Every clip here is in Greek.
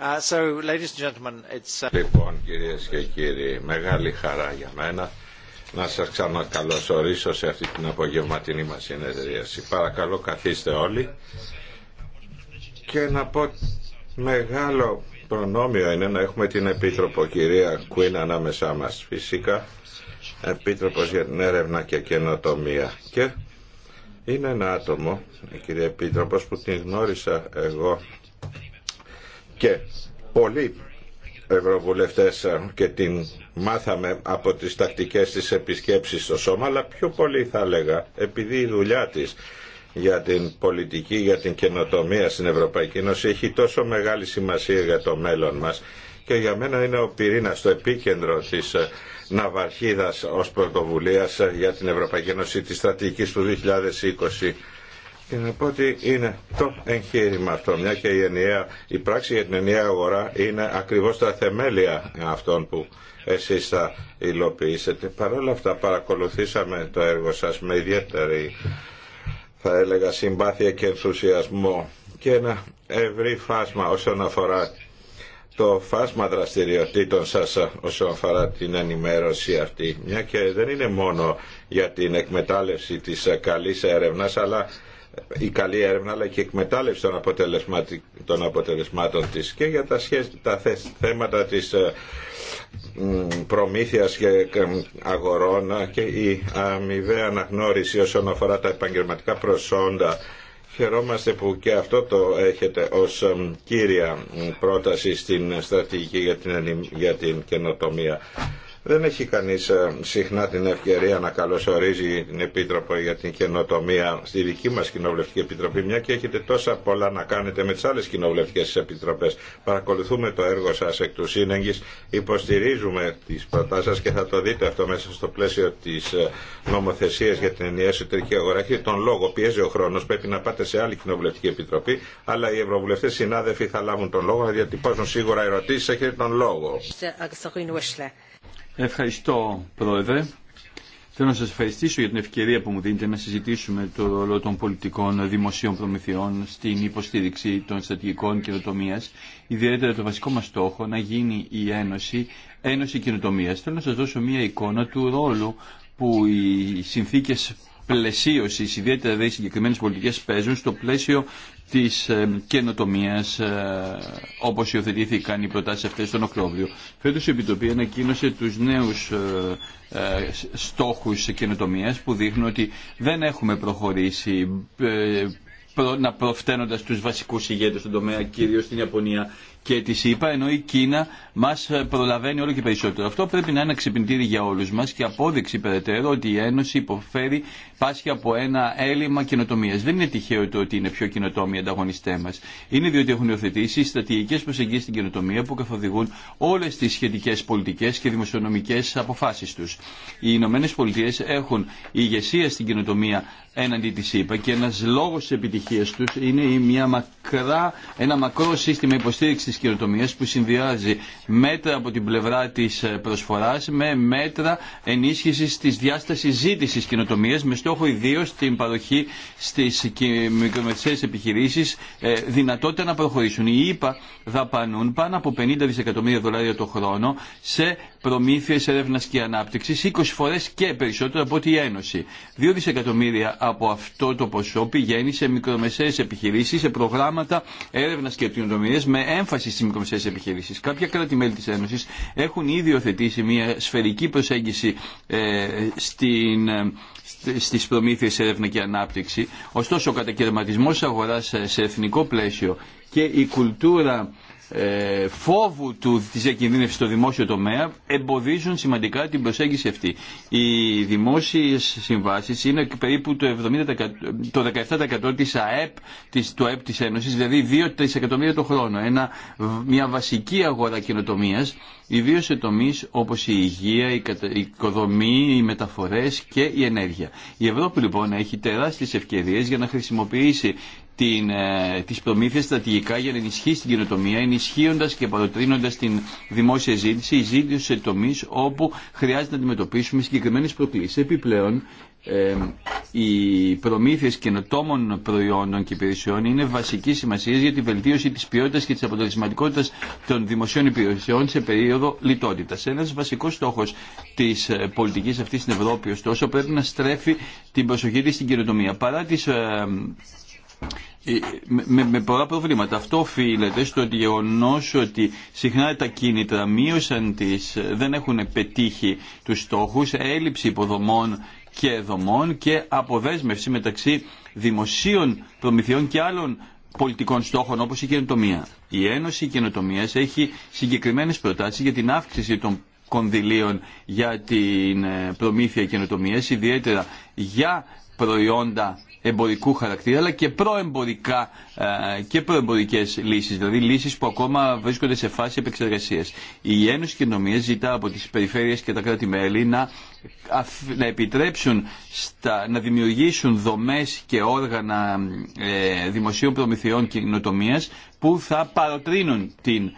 Uh, uh, λοιπόν, κυρίε και κύριοι, μεγάλη χαρά για μένα να σα ξανακαλωσορίσω σε αυτή την απογευματινή μα συνεδρίαση. Παρακαλώ, καθίστε όλοι και να πω μεγάλο προνόμιο είναι να έχουμε την Επίτροπο κυρία Κουίν ανάμεσά μας φυσικά, Επίτροπος για την Έρευνα και Καινοτομία και είναι ένα άτομο, η κυρία Επίτροπος, που την γνώρισα εγώ και πολλοί ευρωβουλευτές ε, και την μάθαμε από τις τακτικές της επισκέψεις στο σώμα αλλά πιο πολύ θα έλεγα επειδή η δουλειά της για την πολιτική, για την καινοτομία στην Ευρωπαϊκή Ένωση έχει τόσο μεγάλη σημασία για το μέλλον μας και για μένα είναι ο πυρήνας, το επίκεντρο της ε, Ναυαρχίδας ως πρωτοβουλίας ε, για την Ευρωπαϊκή Ένωση της στρατηγικής του 2020 και να πω ότι είναι το εγχείρημα αυτό, μια και η, ενιαία, η πράξη για την ενιαία αγορά είναι ακριβώς τα θεμέλια αυτών που εσείς θα υλοποιήσετε. Παρ' όλα αυτά παρακολουθήσαμε το έργο σας με ιδιαίτερη θα έλεγα συμπάθεια και ενθουσιασμό και ένα ευρύ φάσμα όσον αφορά το φάσμα δραστηριοτήτων σας όσον αφορά την ενημέρωση αυτή, μια και δεν είναι μόνο για την εκμετάλλευση της καλής έρευνα, αλλά η καλή έρευνα αλλά και η εκμετάλλευση των, των αποτελεσμάτων της και για τα, θέματα της ε, προμήθειας και ε, αγορών και η αμοιβαία αναγνώριση όσον αφορά τα επαγγελματικά προσόντα Χαιρόμαστε που και αυτό το έχετε ως ε, κύρια πρόταση στην στρατηγική για την καινοτομία. Δεν έχει κανείς ε, συχνά την ευκαιρία να καλωσορίζει την Επίτροπο για την Καινοτομία στη δική μας Κοινοβουλευτική Επιτροπή, μια και έχετε τόσα πολλά να κάνετε με τις άλλες Κοινοβουλευτικές Επιτροπές. Παρακολουθούμε το έργο σας εκ του σύνεγγης, υποστηρίζουμε τις προτάσεις σας και θα το δείτε αυτό μέσα στο πλαίσιο της ε, νομοθεσίας για την ενιαία εσωτερική αγορά. Έχετε τον λόγο, πιέζει ο χρόνος, πρέπει να πάτε σε άλλη Κοινοβουλευτική Επιτροπή, αλλά οι Ευρωβουλευτές συνάδελφοι θα λάβουν τον λόγο, να διατυπώσουν σίγουρα ερωτήσεις, έχετε τον λόγο. Ευχαριστώ, Πρόεδρε. Θέλω να σας ευχαριστήσω για την ευκαιρία που μου δίνετε να συζητήσουμε το ρόλο των πολιτικών δημοσίων προμηθειών στην υποστήριξη των στρατηγικών καινοτομία, ιδιαίτερα το βασικό μας στόχο να γίνει η Ένωση Ένωση Καινοτομία. Θέλω να σας δώσω μία εικόνα του ρόλου που οι συνθήκες πλαισίωση, ιδιαίτερα δε οι συγκεκριμένε πολιτικές παίζουν στο πλαίσιο της ε, καινοτομίας ε, όπω υιοθετήθηκαν οι προτάσει αυτέ τον Οκτώβριο. Φέτο η Επιτροπή ανακοίνωσε τους νέους ε, στόχου καινοτομία, που δείχνουν ότι δεν έχουμε προχωρήσει να προφταίνοντα του βασικού ηγέτε στον τομέα, κυρίω στην Ιαπωνία και τη ΣΥΠΑ, ενώ η Κίνα μα προλαβαίνει όλο και περισσότερο. Αυτό πρέπει να είναι ένα ξυπνητήρι για όλου μα και απόδειξη περαιτέρω ότι η Ένωση υποφέρει πάσχει από ένα έλλειμμα καινοτομία. Δεν είναι τυχαίο το ότι είναι πιο καινοτόμοι οι ανταγωνιστέ μα. Είναι διότι έχουν υιοθετήσει στρατηγικέ προσεγγίσει στην καινοτομία που καθοδηγούν όλε τι σχετικέ πολιτικέ και δημοσιονομικέ αποφάσει του. Οι Ηνωμένε Πολιτείε έχουν ηγεσία στην καινοτομία έναντι τη ΕΠΑ και ένα λόγο τη επιτυχία του είναι μια μακρά, ένα μακρό σύστημα υποστήριξη τη καινοτομία που συνδυάζει μέτρα από την πλευρά τη προσφορά με μέτρα ενίσχυση τη διάσταση ζήτηση καινοτομία. με στόχο ιδίω την παροχή στις μικρομεσαίες επιχειρήσεις ε, δυνατότητα να προχωρήσουν. Οι ΗΠΑ δαπανούν πάνω από 50 δισεκατομμύρια δολάρια το χρόνο σε προμήθειε έρευνα και ανάπτυξη, 20 φορέ και περισσότερο από ό,τι η Ένωση. 2 δισεκατομμύρια από αυτό το ποσό πηγαίνει σε μικρομεσαίε επιχειρήσει, σε προγράμματα έρευνα και κοινωνίας με έμφαση στι μικρομεσαιε επιχειρήσει. επιχειρήσεις. Κάποια κράτη-μέλη τη Ένωση έχουν ήδη οθετήσει μια σφαιρική προσέγγιση ε, στην στις προμήθειες έρευνα και ανάπτυξη. Ωστόσο ο κατακαιρματισμός αγοράς σε εθνικό πλαίσιο και η κουλτούρα ε, φόβου του, της διακινδύνευσης στο δημόσιο τομέα εμποδίζουν σημαντικά την προσέγγιση αυτή. Οι δημόσιες συμβάσεις είναι περίπου το, 70%, το 17% της ΑΕΠ, της, του ΑΕΠ της Ένωσης, δηλαδή 2 2-3 εκατομμύρια το χρόνο. Ένα, μια βασική αγορά καινοτομία, ιδίως σε τομείς όπως η υγεία, η οικοδομή, οι μεταφορές και η ενέργεια. Η Ευρώπη λοιπόν έχει τεράστιες ευκαιρίες για να χρησιμοποιήσει την, ε, τις στρατηγικά για να ενισχύσει την κοινοτομία, ενισχύοντας και παροτρύνοντας την δημόσια ζήτηση, η ζήτηση σε τομείς όπου χρειάζεται να αντιμετωπίσουμε συγκεκριμένες προκλήσεις. Επιπλέον, ε, οι προμήθειες καινοτόμων προϊόντων και υπηρεσιών είναι βασική σημασία για τη βελτίωση της ποιότητας και της αποτελεσματικότητας των δημοσίων υπηρεσιών σε περίοδο λιτότητας. Ένας βασικός στόχος της ε, πολιτικής αυτής στην Ευρώπη, ωστόσο, πρέπει να στρέφει την προσοχή στην καινοτομία. Παρά τις, ε, ε, με, πολλά προβλήματα. Αυτό οφείλεται στο γεγονό ότι συχνά τα κίνητρα μείωσαν τις, δεν έχουν πετύχει τους στόχους, έλλειψη υποδομών και δομών και αποδέσμευση μεταξύ δημοσίων προμηθειών και άλλων πολιτικών στόχων όπως η καινοτομία. Η Ένωση Καινοτομίας έχει συγκεκριμένες προτάσεις για την αύξηση των κονδυλίων για την ε, προμήθεια καινοτομίας, ιδιαίτερα για προϊόντα εμπορικού χαρακτήρα αλλά και, προεμπορικά, ε, και προεμπορικές λύσεις, δηλαδή λύσεις που ακόμα βρίσκονται σε φάση επεξεργασίας. Η Ένωση κοινωνία ζητά από τις περιφέρειες και τα κράτη-μέλη να, να επιτρέψουν να δημιουργήσουν δομέ και όργανα ε, δημοσίων προμηθειών κοινοτομία που θα παροτρύνουν την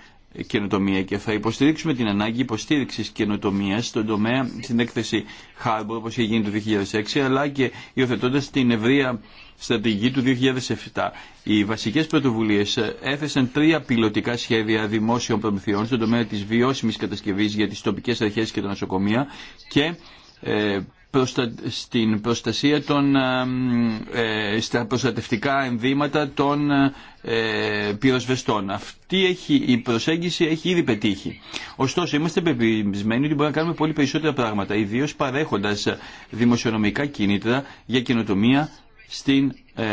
καινοτομία και θα υποστηρίξουμε την ανάγκη υποστήριξη καινοτομία στον τομέα στην έκθεση Harbor όπω είχε γίνει το 2006 αλλά και υιοθετώντα την ευρεία στρατηγική του 2007. Οι βασικέ πρωτοβουλίε έθεσαν τρία πιλωτικά σχέδια δημόσιων προμηθειών στον τομέα τη βιώσιμη κατασκευή για τι τοπικέ αρχέ και τα νοσοκομεία και ε, προστα... στην προστασία των, ε, στα προστατευτικά ενδύματα των ε, πυροσβεστών. Αυτή έχει, η προσέγγιση έχει ήδη πετύχει. Ωστόσο, είμαστε πεπισμένοι ότι μπορούμε να κάνουμε πολύ περισσότερα πράγματα, ιδίω παρέχοντα δημοσιονομικά κίνητρα για καινοτομία στην, ε,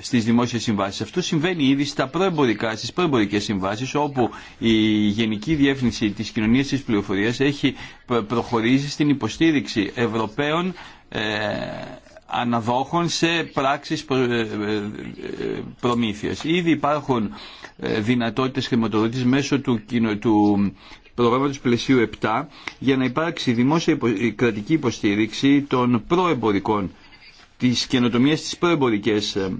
στις δημόσιες συμβάσεις. Αυτό συμβαίνει ήδη στα προεμπορικά, στις προεμπορικές συμβάσεις όπου η Γενική Διεύθυνση της Κοινωνίας της Πληροφορίας έχει προχωρήσει στην υποστήριξη Ευρωπαίων ε, αναδόχων σε πράξεις ε, ε, προμήθειας. Ήδη υπάρχουν δυνατότητες χρηματοδότησης μέσω του, του προγράμματος πλαισίου 7 για να υπάρξει δημόσια κρατική υποστήριξη των προεμπορικών της καινοτομίας στις προεμπορικές ε,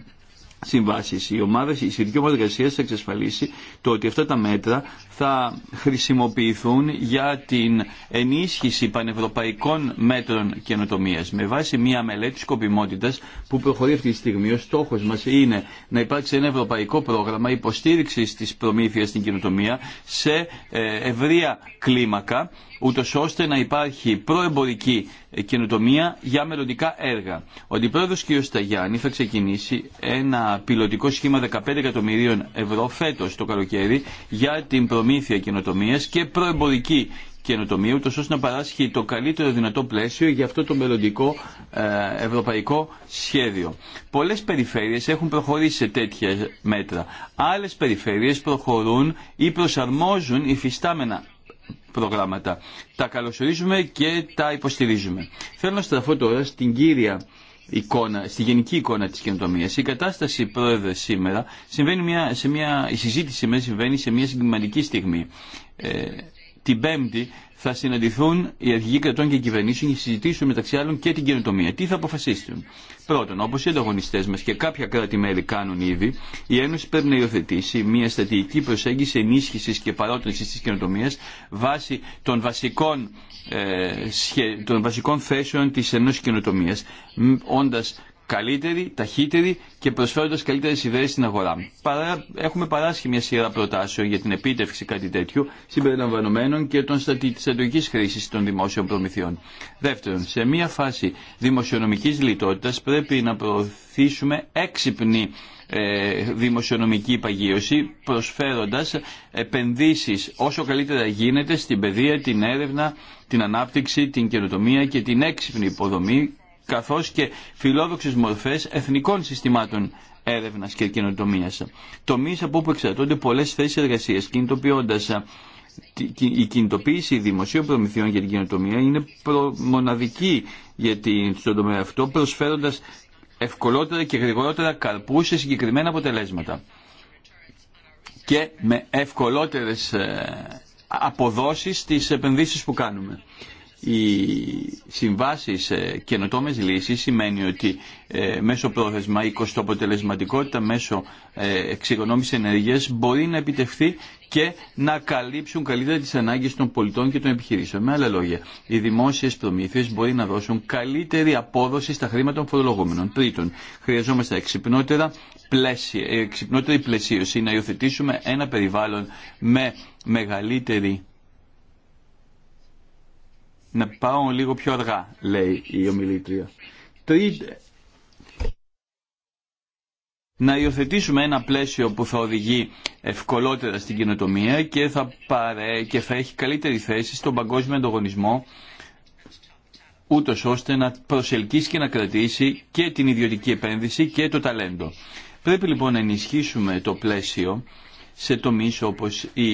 συμβάσεις. Η, ομάδα, η Συρική ομάδα θα εξασφαλίσει το ότι αυτά τα μέτρα θα χρησιμοποιηθούν για την ενίσχυση πανευρωπαϊκών μέτρων καινοτομία. Με βάση μια μελέτη σκοπιμότητα που προχωρεί αυτή τη στιγμή, ο στόχο μα είναι να υπάρξει ένα ευρωπαϊκό πρόγραμμα υποστήριξη τη προμήθεια στην καινοτομία σε ε, ευρεία κλίμακα ούτω ώστε να υπάρχει προεμπορική καινοτομία για μελλοντικά έργα. Ο Αντιπρόεδρος κ. Σταγιάννη θα ξεκινήσει ένα πιλωτικό σχήμα 15 εκατομμυρίων ευρώ φέτος το καλοκαίρι για την προμήθεια καινοτομία και προεμπορική καινοτομία, ούτω ώστε να παράσχει το καλύτερο δυνατό πλαίσιο για αυτό το μελλοντικό ε, ευρωπαϊκό σχέδιο. Πολλέ περιφέρειε έχουν προχωρήσει σε τέτοια μέτρα. Άλλε περιφέρειε προχωρούν ή προσαρμόζουν υφιστάμενα προγράμματα. Τα καλωσορίζουμε και τα υποστηρίζουμε. Θέλω να στραφώ τώρα στην κύρια εικόνα, στη γενική εικόνα της καινοτομίας. Η κατάσταση, πρόεδρε, σήμερα συμβαίνει μια, σε μια, η συζήτηση συμβαίνει σε μια συγκεκριμένη στιγμή. Ε, την Πέμπτη θα συναντηθούν οι αρχηγοί κρατών και κυβερνήσεων και συζητήσουν μεταξύ άλλων και την καινοτομία. Τι θα αποφασίσουν. Πρώτον, όπω οι ανταγωνιστέ μα και κάποια κράτη-μέλη κάνουν ήδη, η Ένωση πρέπει να υιοθετήσει μια στρατηγική προσέγγιση ενίσχυση και παρότριση τη καινοτομία βάσει των βασικών, ε, σχε, των βασικών θέσεων τη ενό καινοτομία, όντα καλύτερη, ταχύτερη και προσφέροντας καλύτερες ιδέες στην αγορά. Παρά, έχουμε παράσχει μια σειρά προτάσεων για την επίτευξη κάτι τέτοιου, συμπεριλαμβανομένων και των στρατηγική χρήση των δημόσιων προμηθειών. Δεύτερον, σε μια φάση δημοσιονομικής λιτότητας πρέπει να προωθήσουμε έξυπνη ε, δημοσιονομική παγίωση προσφέροντας επενδύσεις όσο καλύτερα γίνεται στην παιδεία, την έρευνα, την ανάπτυξη, την καινοτομία και την έξυπνη υποδομή καθώς και φιλόδοξες μορφές εθνικών συστημάτων έρευνας και καινοτομίας. Τομείς από όπου εξαρτώνται πολλές θέσεις εργασίας, κινητοποιώντας η κινητοποίηση δημοσίων προμηθειών για την καινοτομία είναι μοναδική για την, στον τομέα αυτό, προσφέροντας ευκολότερα και γρηγορότερα καρπού σε συγκεκριμένα αποτελέσματα και με ευκολότερες ε, αποδόσεις στις επενδύσεις που κάνουμε οι συμβάσεις καινοτόμε λύσεις σημαίνει ότι ε, μέσω πρόθεσμα η κοστοποτελεσματικότητα μέσω ε, εξοικονόμηση ενέργειας μπορεί να επιτευχθεί και να καλύψουν καλύτερα τις ανάγκες των πολιτών και των επιχειρήσεων. Με άλλα λόγια, οι δημόσιες προμήθειες μπορεί να δώσουν καλύτερη απόδοση στα χρήματα των φορολογούμενων. Τρίτον, χρειαζόμαστε εξυπνότερα ε, εξυπνότερη πλαισίωση, να υιοθετήσουμε ένα περιβάλλον με μεγαλύτερη να πάω λίγο πιο αργά, λέει η ομιλήτρια. Τρίτε, να υιοθετήσουμε ένα πλαίσιο που θα οδηγεί ευκολότερα στην κοινοτομία και θα, παρέ, και θα έχει καλύτερη θέση στον παγκόσμιο ανταγωνισμό ούτως ώστε να προσελκύσει και να κρατήσει και την ιδιωτική επένδυση και το ταλέντο. Πρέπει λοιπόν να ενισχύσουμε το πλαίσιο σε τομείς όπως η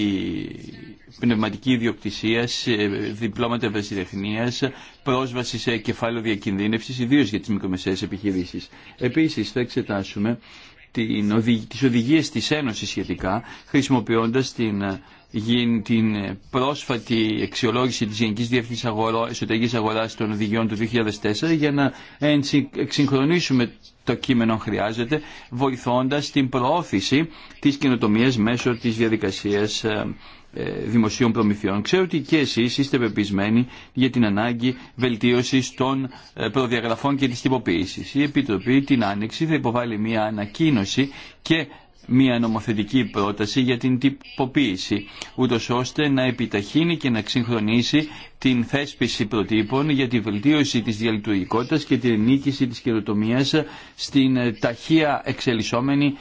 πνευματική ιδιοκτησία, διπλώματα ευρεσιτεχνία, πρόσβαση σε κεφάλαιο διακινδύνευσης, ιδίως για τις μικρομεσαίες επιχειρήσεις. Επίσης θα εξετάσουμε τις οδηγίες της Ένωσης σχετικά, χρησιμοποιώντας την την ε, πρόσφατη αξιολόγηση της Γενικής Διεύθυνσης Αγορά, Εσωτερικής Αγοράς των Οδηγιών του 2004 για να εξυγχρονίσουμε το κείμενο χρειάζεται, βοηθώντας την προώθηση της καινοτομία μέσω της διαδικασίας ε, ε, δημοσίων προμηθειών. Ξέρω ότι και εσείς είστε πεπισμένοι για την ανάγκη βελτίωσης των προδιαγραφών και της τυποποίησης. Η Επιτροπή την Άνοιξη θα υποβάλει μια ανακοίνωση και μια νομοθετική πρόταση για την τυποποίηση, ούτω ώστε να επιταχύνει και να ξυγχρονίσει την θέσπιση προτύπων για τη βελτίωση της διαλειτουργικότητας και την νίκηση της καινοτομία στην ταχεία εξελισσόμενη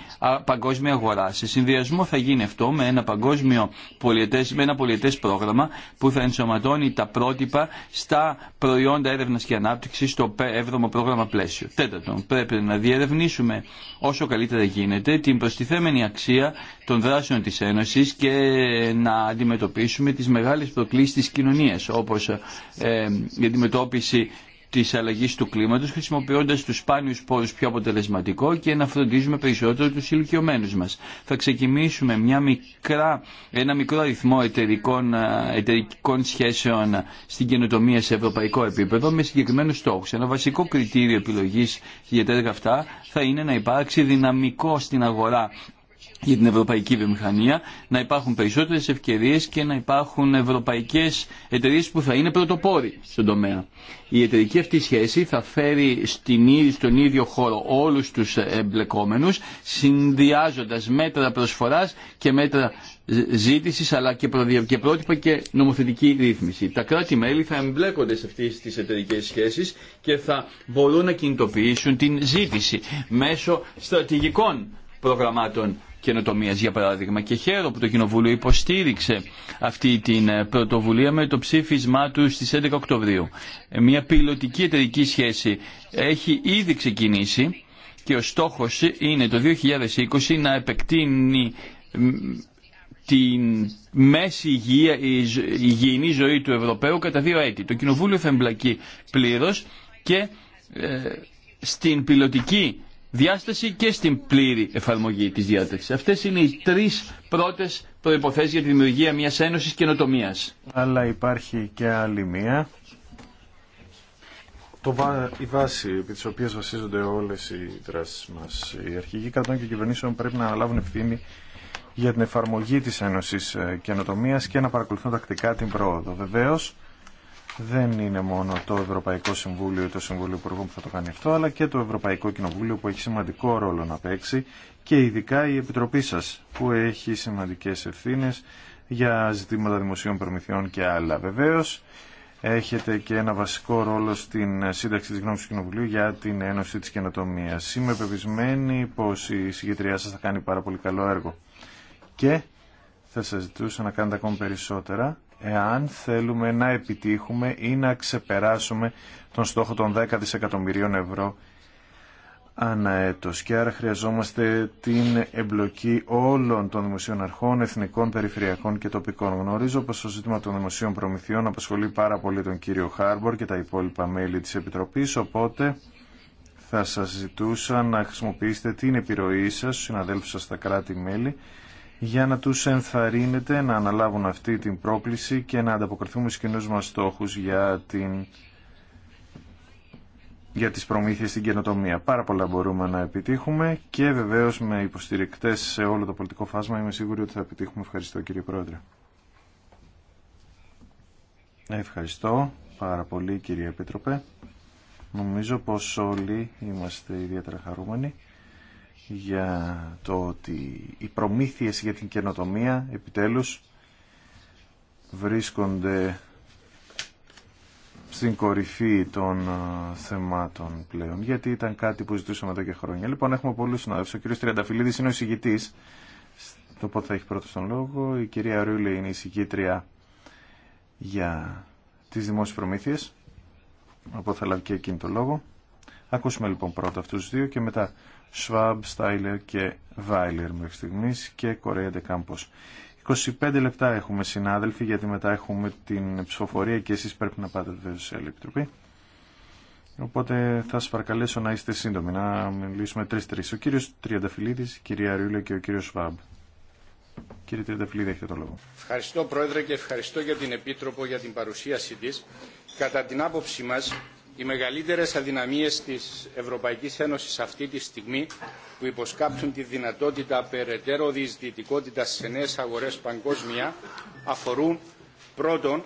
παγκόσμια αγορά. Σε συνδυασμό θα γίνει αυτό με ένα παγκόσμιο πολιετές, με ένα πολιετές πρόγραμμα που θα ενσωματώνει τα πρότυπα στα προϊόντα έρευνας και ανάπτυξης στο 7ο πρόγραμμα πλαίσιο. Τέταρτον, πρέπει να διερευνήσουμε όσο καλύτερα γίνεται την θέμενη αξία των δράσεων της Ένωσης και να αντιμετωπίσουμε τις μεγάλες προκλήσεις της κοινωνίας όπως ε, η αντιμετώπιση τη αλλαγή του κλίματος χρησιμοποιώντας τους σπάνιου πόρου πιο αποτελεσματικό και να φροντίζουμε περισσότερο τους ηλικιωμένου μας. Θα ξεκινήσουμε μια μικρά, ένα μικρό αριθμό εταιρικών, εταιρικών σχέσεων στην καινοτομία σε ευρωπαϊκό επίπεδο με συγκεκριμένου στόχου. Ένα βασικό κριτήριο επιλογής για τα αυτά θα είναι να υπάρξει δυναμικό στην αγορά για την ευρωπαϊκή βιομηχανία, να υπάρχουν περισσότερες ευκαιρίες και να υπάρχουν ευρωπαϊκές εταιρείες που θα είναι πρωτοπόροι στον τομέα. Η εταιρική αυτή σχέση θα φέρει στην, στον ίδιο χώρο όλους τους εμπλεκόμενους, συνδυάζοντας μέτρα προσφοράς και μέτρα ζήτησης, αλλά και, και πρότυπα και νομοθετική ρύθμιση. Τα κράτη-μέλη θα εμπλέκονται σε αυτές τις εταιρικέ σχέσεις και θα μπορούν να κινητοποιήσουν την ζήτηση μέσω στρατηγικών προγραμμάτων καινοτομία, για παράδειγμα και χαίρομαι που το Κοινοβούλιο υποστήριξε αυτή την ε, πρωτοβουλία με το ψήφισμά του στις 11 Οκτωβρίου. Ε, μια πιλωτική εταιρική σχέση έχει ήδη ξεκινήσει και ο στόχος είναι το 2020 να επεκτείνει την μέση υγεία, η υγιεινή ζωή του Ευρωπαίου κατά δύο έτη. Το Κοινοβούλιο θα εμπλακεί πλήρως και ε, στην πιλωτική διάσταση και στην πλήρη εφαρμογή της διάταξης. Αυτές είναι οι τρεις πρώτες προϋποθέσεις για τη δημιουργία μιας ένωσης καινοτομία. Αλλά υπάρχει και άλλη μία. Το η βάση επί της οποίας βασίζονται όλες οι δράσεις μας. Οι αρχηγοί κρατών και κυβερνήσεων πρέπει να αναλάβουν ευθύνη για την εφαρμογή της Ένωσης ε, Καινοτομίας και να παρακολουθούν τακτικά την πρόοδο. Βεβαίως, δεν είναι μόνο το Ευρωπαϊκό Συμβούλιο ή το Συμβούλιο Υπουργών που θα το κάνει αυτό, αλλά και το Ευρωπαϊκό Κοινοβούλιο που έχει σημαντικό ρόλο να παίξει και ειδικά η Επιτροπή σας που έχει σημαντικές ευθύνες για ζητήματα δημοσίων προμηθειών και άλλα. Βεβαίως, έχετε και ένα βασικό ρόλο στην σύνταξη της γνώμης του Κοινοβουλίου για την Ένωση της Καινοτομίας. Είμαι πεπισμένη πως η συγκεντριά σας θα κάνει πάρα πολύ καλό έργο. Και θα σα ζητούσα να κάνετε ακόμη περισσότερα εάν θέλουμε να επιτύχουμε ή να ξεπεράσουμε τον στόχο των 10 δισεκατομμυρίων ευρώ ανά έτος. Και άρα χρειαζόμαστε την εμπλοκή όλων των δημοσίων αρχών, εθνικών, περιφερειακών και τοπικών. Γνωρίζω πως το ζήτημα των δημοσίων προμηθειών απασχολεί πάρα πολύ τον κύριο Χάρμπορ και τα υπόλοιπα μέλη της Επιτροπής, οπότε θα σας ζητούσα να χρησιμοποιήσετε την επιρροή σας, συναδέλφους σας στα κράτη-μέλη, για να τους ενθαρρύνετε να αναλάβουν αυτή την πρόκληση και να ανταποκριθούμε στους κοινούς μας στόχους για, την... για τις προμήθειες στην καινοτομία. Πάρα πολλά μπορούμε να επιτύχουμε και βεβαίως με υποστηρικτές σε όλο το πολιτικό φάσμα είμαι σίγουρη ότι θα επιτύχουμε. Ευχαριστώ κύριε Πρόεδρε. Ευχαριστώ πάρα πολύ κύριε Επίτροπε. Νομίζω πως όλοι είμαστε ιδιαίτερα χαρούμενοι για το ότι οι προμήθειες για την καινοτομία επιτέλους βρίσκονται στην κορυφή των ε, θεμάτων πλέον, γιατί ήταν κάτι που ζητούσαμε εδώ και χρόνια. Λοιπόν, έχουμε πολλού συναδέλφου. Ο κ. Τριανταφυλλίδη είναι ο εισηγητή. Το πότε θα έχει πρώτο τον λόγο. Η κυρία Ρούλη είναι η εισηγήτρια για τι δημόσιε προμήθειε. Οπότε θα λάβει και εκείνη τον λόγο. Ακούσουμε λοιπόν πρώτα αυτού του δύο και μετά Schwab, Στάιλερ και Βάιλερ μέχρι στιγμή και Κορέα Campos. 25 λεπτά έχουμε συνάδελφοι γιατί μετά έχουμε την ψηφοφορία και εσείς πρέπει να πάτε βέβαια σε άλλη επιτροπή. Οπότε θα σας παρακαλέσω να είστε σύντομοι, να μιλήσουμε τρεις-τρεις. Ο κύριος Τριανταφυλλίδης, η κυρία Ριούλα και ο κύριος Σβάμπ. Κύριε Τριανταφυλλίδη, έχετε το λόγο. Ευχαριστώ Πρόεδρε και ευχαριστώ για την Επίτροπο για την παρουσίασή της. Κατά την άποψή μας, οι μεγαλύτερες αδυναμίες της Ευρωπαϊκής Ένωσης αυτή τη στιγμή που υποσκάπτουν τη δυνατότητα περαιτέρω διεισδυτικότητα σε νέες αγορές παγκόσμια αφορούν πρώτον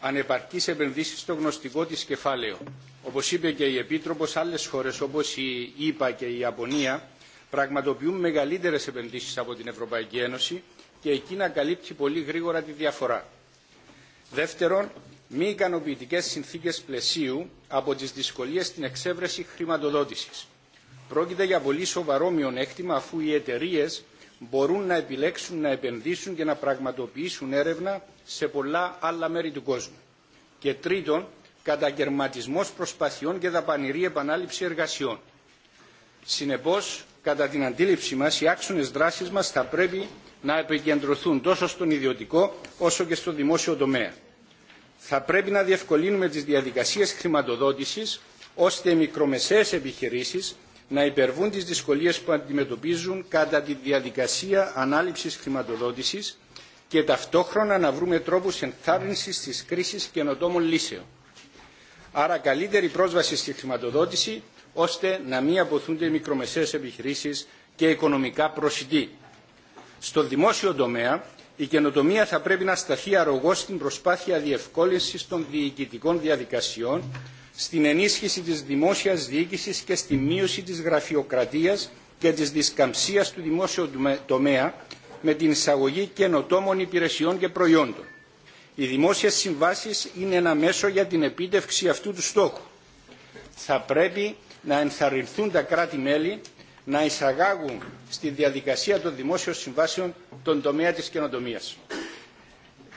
ανεπαρκείς επενδύσεις στο γνωστικό της κεφάλαιο. Όπως είπε και η Επίτροπος, άλλες χώρες όπως η ΙΠΑ και η Ιαπωνία πραγματοποιούν μεγαλύτερες επενδύσεις από την Ευρωπαϊκή Ένωση και να καλύπτει πολύ γρήγορα τη διαφορά. Δεύτερον, μη ικανοποιητικέ συνθήκες πλαισίου από τις δυσκολίες στην εξέβρεση χρηματοδότησης. Πρόκειται για πολύ σοβαρό μειονέκτημα αφού οι εταιρείε μπορούν να επιλέξουν να επενδύσουν και να πραγματοποιήσουν έρευνα σε πολλά άλλα μέρη του κόσμου. Και τρίτον, καταγερματισμός προσπαθειών και δαπανηρή επανάληψη εργασιών. Συνεπώς, κατά την αντίληψή μας, οι άξονες δράση μας θα πρέπει να επικεντρωθούν τόσο στον ιδιωτικό όσο και στο δημόσιο τομέα θα πρέπει να διευκολύνουμε τις διαδικασίες χρηματοδότησης ώστε οι μικρομεσαίες επιχειρήσεις να υπερβούν τις δυσκολίες που αντιμετωπίζουν κατά τη διαδικασία ανάληψης χρηματοδότησης και ταυτόχρονα να βρούμε τρόπους ενθάρρυνσης της κρίσης καινοτόμων λύσεων. Άρα καλύτερη πρόσβαση στη χρηματοδότηση ώστε να μην αποθούνται οι μικρομεσαίες επιχειρήσεις και οικονομικά προσιτοί. Στο δημόσιο τομέα η καινοτομία θα πρέπει να σταθεί αρρωγός στην προσπάθεια διευκόλυνσης των διοικητικών διαδικασιών, στην ενίσχυση της δημόσιας διοίκησης και στη μείωση της γραφειοκρατίας και της δισκαμψίας του δημόσιου τομέα με την εισαγωγή καινοτόμων υπηρεσιών και προϊόντων. Οι δημόσιες συμβάσεις είναι ένα μέσο για την επίτευξη αυτού του στόχου. Θα πρέπει να ενθαρρυνθούν τα κράτη-μέλη να εισαγάγουν στη διαδικασία των δημόσιων συμβάσεων τον τομέα της καινοτομίας.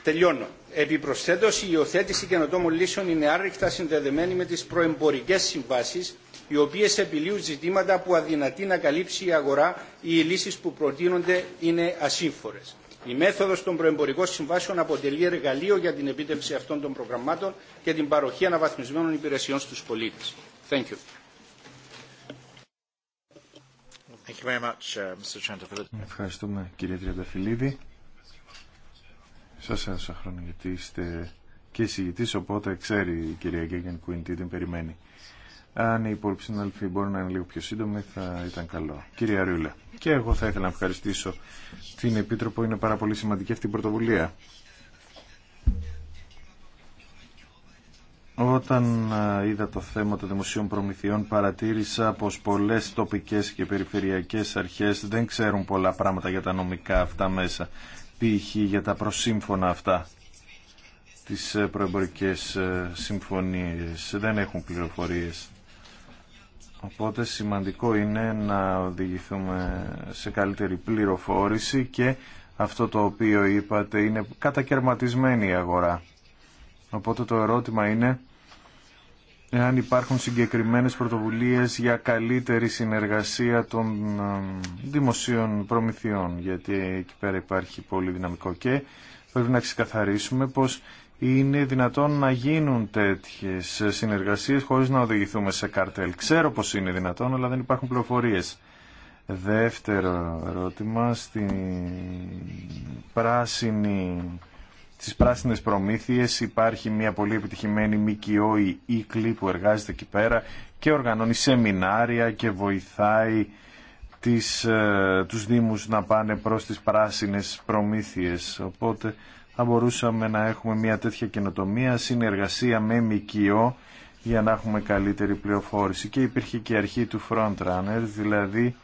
Τελειώνω. Επιπροσθέτω, η υιοθέτηση καινοτόμων λύσεων είναι άρρηκτα συνδεδεμένη με τι προεμπορικέ συμβάσει, οι οποίε επιλύουν ζητήματα που αδυνατεί να καλύψει η αγορά ή οι λύσει που προτείνονται είναι ασύμφορε. Η μέθοδο των προεμπορικών συμβάσεων αποτελεί εργαλείο για την επίτευξη αυτών των προγραμμάτων και την παροχή αναβαθμισμένων υπηρεσιών στου πολίτε. Uh, Ευχαριστούμε κύριε Τριανταφυλλίδη. Σας έδωσα χρόνο γιατί είστε και συγητή, οπότε ξέρει η κυρία Γκέγεν Κουίν τι την περιμένει. Αν οι υπόλοιποι συνάδελφοι μπορούν να είναι λίγο πιο σύντομοι, θα ήταν καλό. Κύριε Ρούλα. και εγώ θα ήθελα να ευχαριστήσω την Επίτροπο. Είναι πάρα πολύ σημαντική αυτή η πρωτοβουλία. Όταν ε, είδα το θέμα των δημοσίων προμηθειών παρατήρησα πως πολλές τοπικές και περιφερειακές αρχές δεν ξέρουν πολλά πράγματα για τα νομικά αυτά μέσα, π.χ. για τα προσύμφωνα αυτά, τις ε, προεμπορικές ε, συμφωνίες, δεν έχουν πληροφορίες. Οπότε σημαντικό είναι να οδηγηθούμε σε καλύτερη πληροφόρηση και αυτό το οποίο είπατε είναι κατακαιρματισμένη η αγορά Οπότε το ερώτημα είναι εάν υπάρχουν συγκεκριμένες πρωτοβουλίες για καλύτερη συνεργασία των ε, δημοσίων προμηθειών, γιατί εκεί πέρα υπάρχει πολύ δυναμικό και πρέπει να ξεκαθαρίσουμε πως είναι δυνατόν να γίνουν τέτοιες συνεργασίες χωρίς να οδηγηθούμε σε καρτέλ. Ξέρω πως είναι δυνατόν, αλλά δεν υπάρχουν πληροφορίες. Δεύτερο ερώτημα, στην πράσινη στις πράσινες προμήθειες υπάρχει μια πολύ επιτυχημένη ΜΚΟ η Ίκλη που εργάζεται εκεί πέρα και οργανώνει σεμινάρια και βοηθάει τις, ε, τους Δήμους να πάνε προς τις πράσινες προμήθειες. Οπότε θα μπορούσαμε να έχουμε μια τέτοια καινοτομία, συνεργασία με ΜΚΟ για να έχουμε καλύτερη πληροφόρηση. Και υπήρχε και η αρχή του Frontrunner, δηλαδή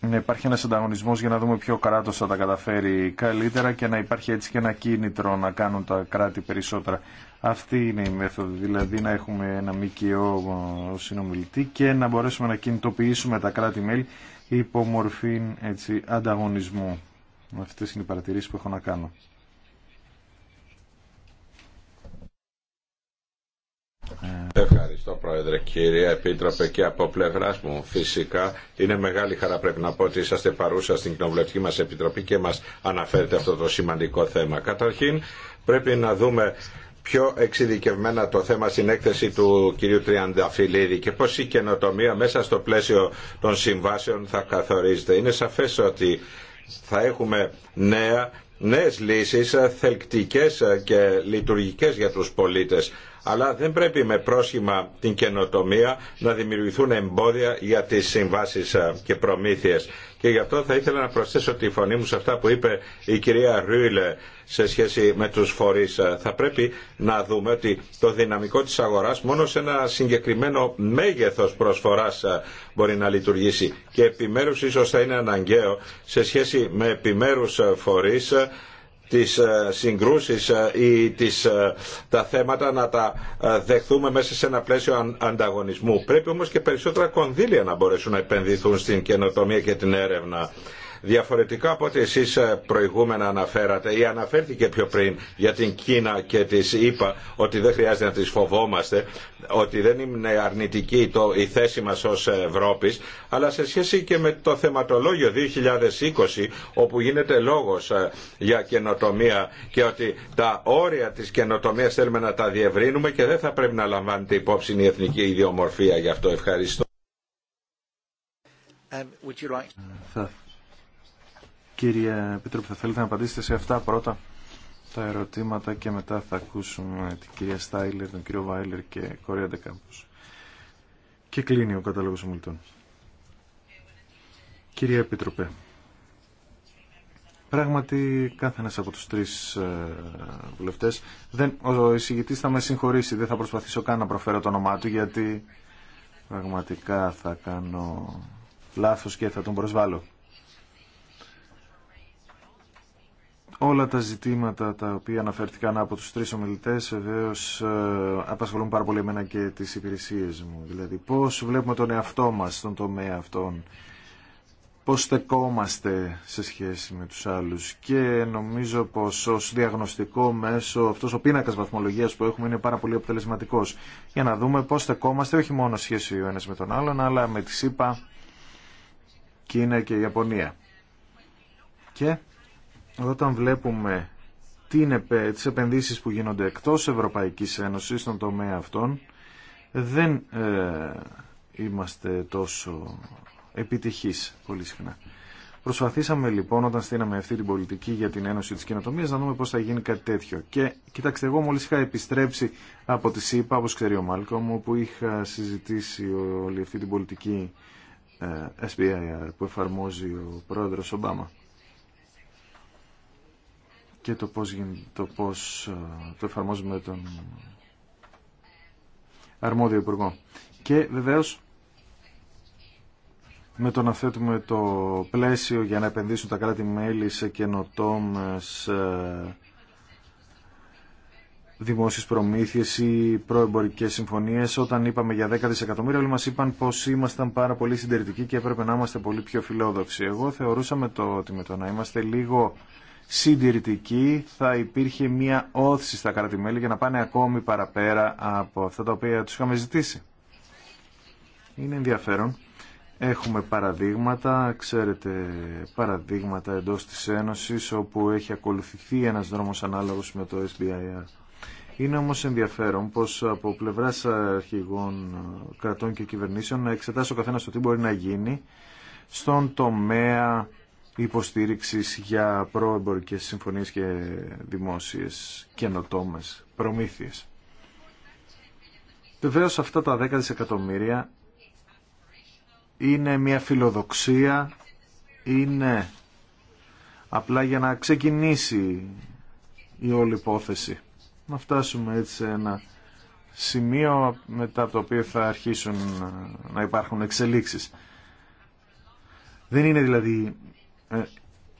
να υπάρχει ένας ανταγωνισμός για να δούμε ποιο κράτος θα τα καταφέρει καλύτερα και να υπάρχει έτσι και ένα κίνητρο να κάνουν τα κράτη περισσότερα. Αυτή είναι η μέθοδο, δηλαδή να έχουμε ένα ΜΚΟ συνομιλητή και να μπορέσουμε να κινητοποιήσουμε τα κράτη-μέλη υπό μορφή έτσι, ανταγωνισμού. Αυτέ είναι οι παρατηρήσεις που έχω να κάνω. Ευχαριστώ Πρόεδρε, κύριε Επίτροπε και από πλευρά μου φυσικά είναι μεγάλη χαρά πρέπει να πω ότι είσαστε παρούσα στην κοινοβουλευτική μας Επιτροπή και μας αναφέρετε αυτό το σημαντικό θέμα. Καταρχήν πρέπει να δούμε πιο εξειδικευμένα το θέμα στην έκθεση του κυρίου Τριανταφυλλίδη και πώς η καινοτομία μέσα στο πλαίσιο των συμβάσεων θα καθορίζεται. Είναι σαφές ότι θα έχουμε νέα νέες λύσεις θελκτικές και λειτουργικές για τους πολίτες αλλά δεν πρέπει με πρόσχημα την καινοτομία να δημιουργηθούν εμπόδια για τις συμβάσεις ε, και προμήθειες. Και γι' αυτό θα ήθελα να προσθέσω τη φωνή μου σε αυτά που είπε η κυρία Ρούιλε σε σχέση με τους φορείς. Ε, θα πρέπει να δούμε ότι το δυναμικό της αγοράς μόνο σε ένα συγκεκριμένο μέγεθος προσφοράς ε, μπορεί να λειτουργήσει. Και επιμέρους ίσως θα είναι αναγκαίο σε σχέση με επιμέρους φορείς τις ε, συγκρούσεις ε, ή τις, ε, τα θέματα να τα δεχθούμε μέσα σε ένα πλαίσιο ανταγωνισμού. Πρέπει όμως και περισσότερα κονδύλια να μπορέσουν να επενδυθούν στην καινοτομία και την έρευνα. Διαφορετικά από ό,τι εσείς ε, προηγούμενα αναφέρατε ή αναφέρθηκε πιο πριν για την Κίνα και της είπα ότι δεν χρειάζεται να τις φοβόμαστε, ότι δεν είναι αρνητική η θέση μας ως Ευρώπης, αλλά σε σχέση και με το θεματολόγιο 2020 όπου γίνεται λόγος ε, για καινοτομία και ότι τα όρια της καινοτομίας θέλουμε να τα διευρύνουμε και δεν θα πρέπει να λαμβάνεται υπόψη η εθνική ιδιομορφία γι' αυτό. Ευχαριστώ. Ε, Κύριε Επίτροπε, θα θέλετε να απαντήσετε σε αυτά πρώτα τα ερωτήματα και μετά θα ακούσουμε την κυρία Στάιλερ, τον κύριο Βάιλερ και Κορία Ντεκάμπους. Και κλείνει ο κατάλογος ομιλητών. Κυρία Επίτροπε, Πράγματι, κάθε ένας από τους τρεις ε, βουλευτές, δεν, ο εισηγητής θα με συγχωρήσει, δεν θα προσπαθήσω καν να προφέρω το όνομά του, γιατί πραγματικά θα κάνω λάθος και θα τον προσβάλλω. Όλα τα ζητήματα τα οποία αναφέρθηκαν από τους τρεις ομιλητές βεβαίω ε, απασχολούν πάρα πολύ εμένα και τις υπηρεσίες μου. Δηλαδή πώς βλέπουμε τον εαυτό μας στον τομέα αυτών, πώς στεκόμαστε σε σχέση με τους άλλους και νομίζω πως ως διαγνωστικό μέσο αυτός ο πίνακας βαθμολογίας που έχουμε είναι πάρα πολύ αποτελεσματικός για να δούμε πώς στεκόμαστε όχι μόνο σχέση ο ένας με τον άλλον αλλά με τη ΣΥΠΑ, Κίνα και Ιαπωνία. Και όταν βλέπουμε τις επενδύσεις που γίνονται εκτός Ευρωπαϊκής Ένωσης στον τομέα αυτών δεν ε, είμαστε τόσο επιτυχείς πολύ συχνά. Προσπαθήσαμε λοιπόν όταν στείναμε αυτή την πολιτική για την Ένωση της Κοινοτομίας να δούμε πώς θα γίνει κάτι τέτοιο. Και κοιτάξτε εγώ μόλις είχα επιστρέψει από τη ΣΥΠΑ, όπως ξέρει ο Μάλκομ, όπου είχα συζητήσει όλη αυτή την πολιτική ε, SBIR ε, που εφαρμόζει ο πρόεδρος Ομπάμα και το πώς, το πώς ε, το εφαρμόζουμε τον αρμόδιο υπουργό. Και βεβαίως με το να θέτουμε το πλαίσιο για να επενδύσουν τα κράτη-μέλη σε καινοτόμες ε, δημόσιες προμήθειες ή προεμπορικές συμφωνίες. Όταν είπαμε για 10 δισεκατομμύρια όλοι μας είπαν πως ήμασταν πάρα πολύ συντηρητικοί και έπρεπε να είμαστε πολύ πιο φιλόδοξοι. Εγώ θεωρούσαμε το ότι με το να είμαστε λίγο συντηρητική θα υπήρχε μια όθηση στα κρατημέλη για να πάνε ακόμη παραπέρα από αυτά τα οποία τους είχαμε ζητήσει. Είναι ενδιαφέρον. Έχουμε παραδείγματα, ξέρετε, παραδείγματα εντός της Ένωσης όπου έχει ακολουθηθεί ένας δρόμος ανάλογος με το SBIR. Είναι όμως ενδιαφέρον πως από πλευράς αρχηγών κρατών και κυβερνήσεων να εξετάσει ο καθένας το τι μπορεί να γίνει στον τομέα υποστήριξης για προεμπορικέ συμφωνίες και δημόσιες καινοτόμε προμήθειες. Βεβαίω αυτά τα 10 δισεκατομμύρια είναι μια φιλοδοξία, είναι απλά για να ξεκινήσει η όλη υπόθεση. Να φτάσουμε έτσι σε ένα σημείο μετά από το οποίο θα αρχίσουν να υπάρχουν εξελίξεις. Δεν είναι δηλαδή ε,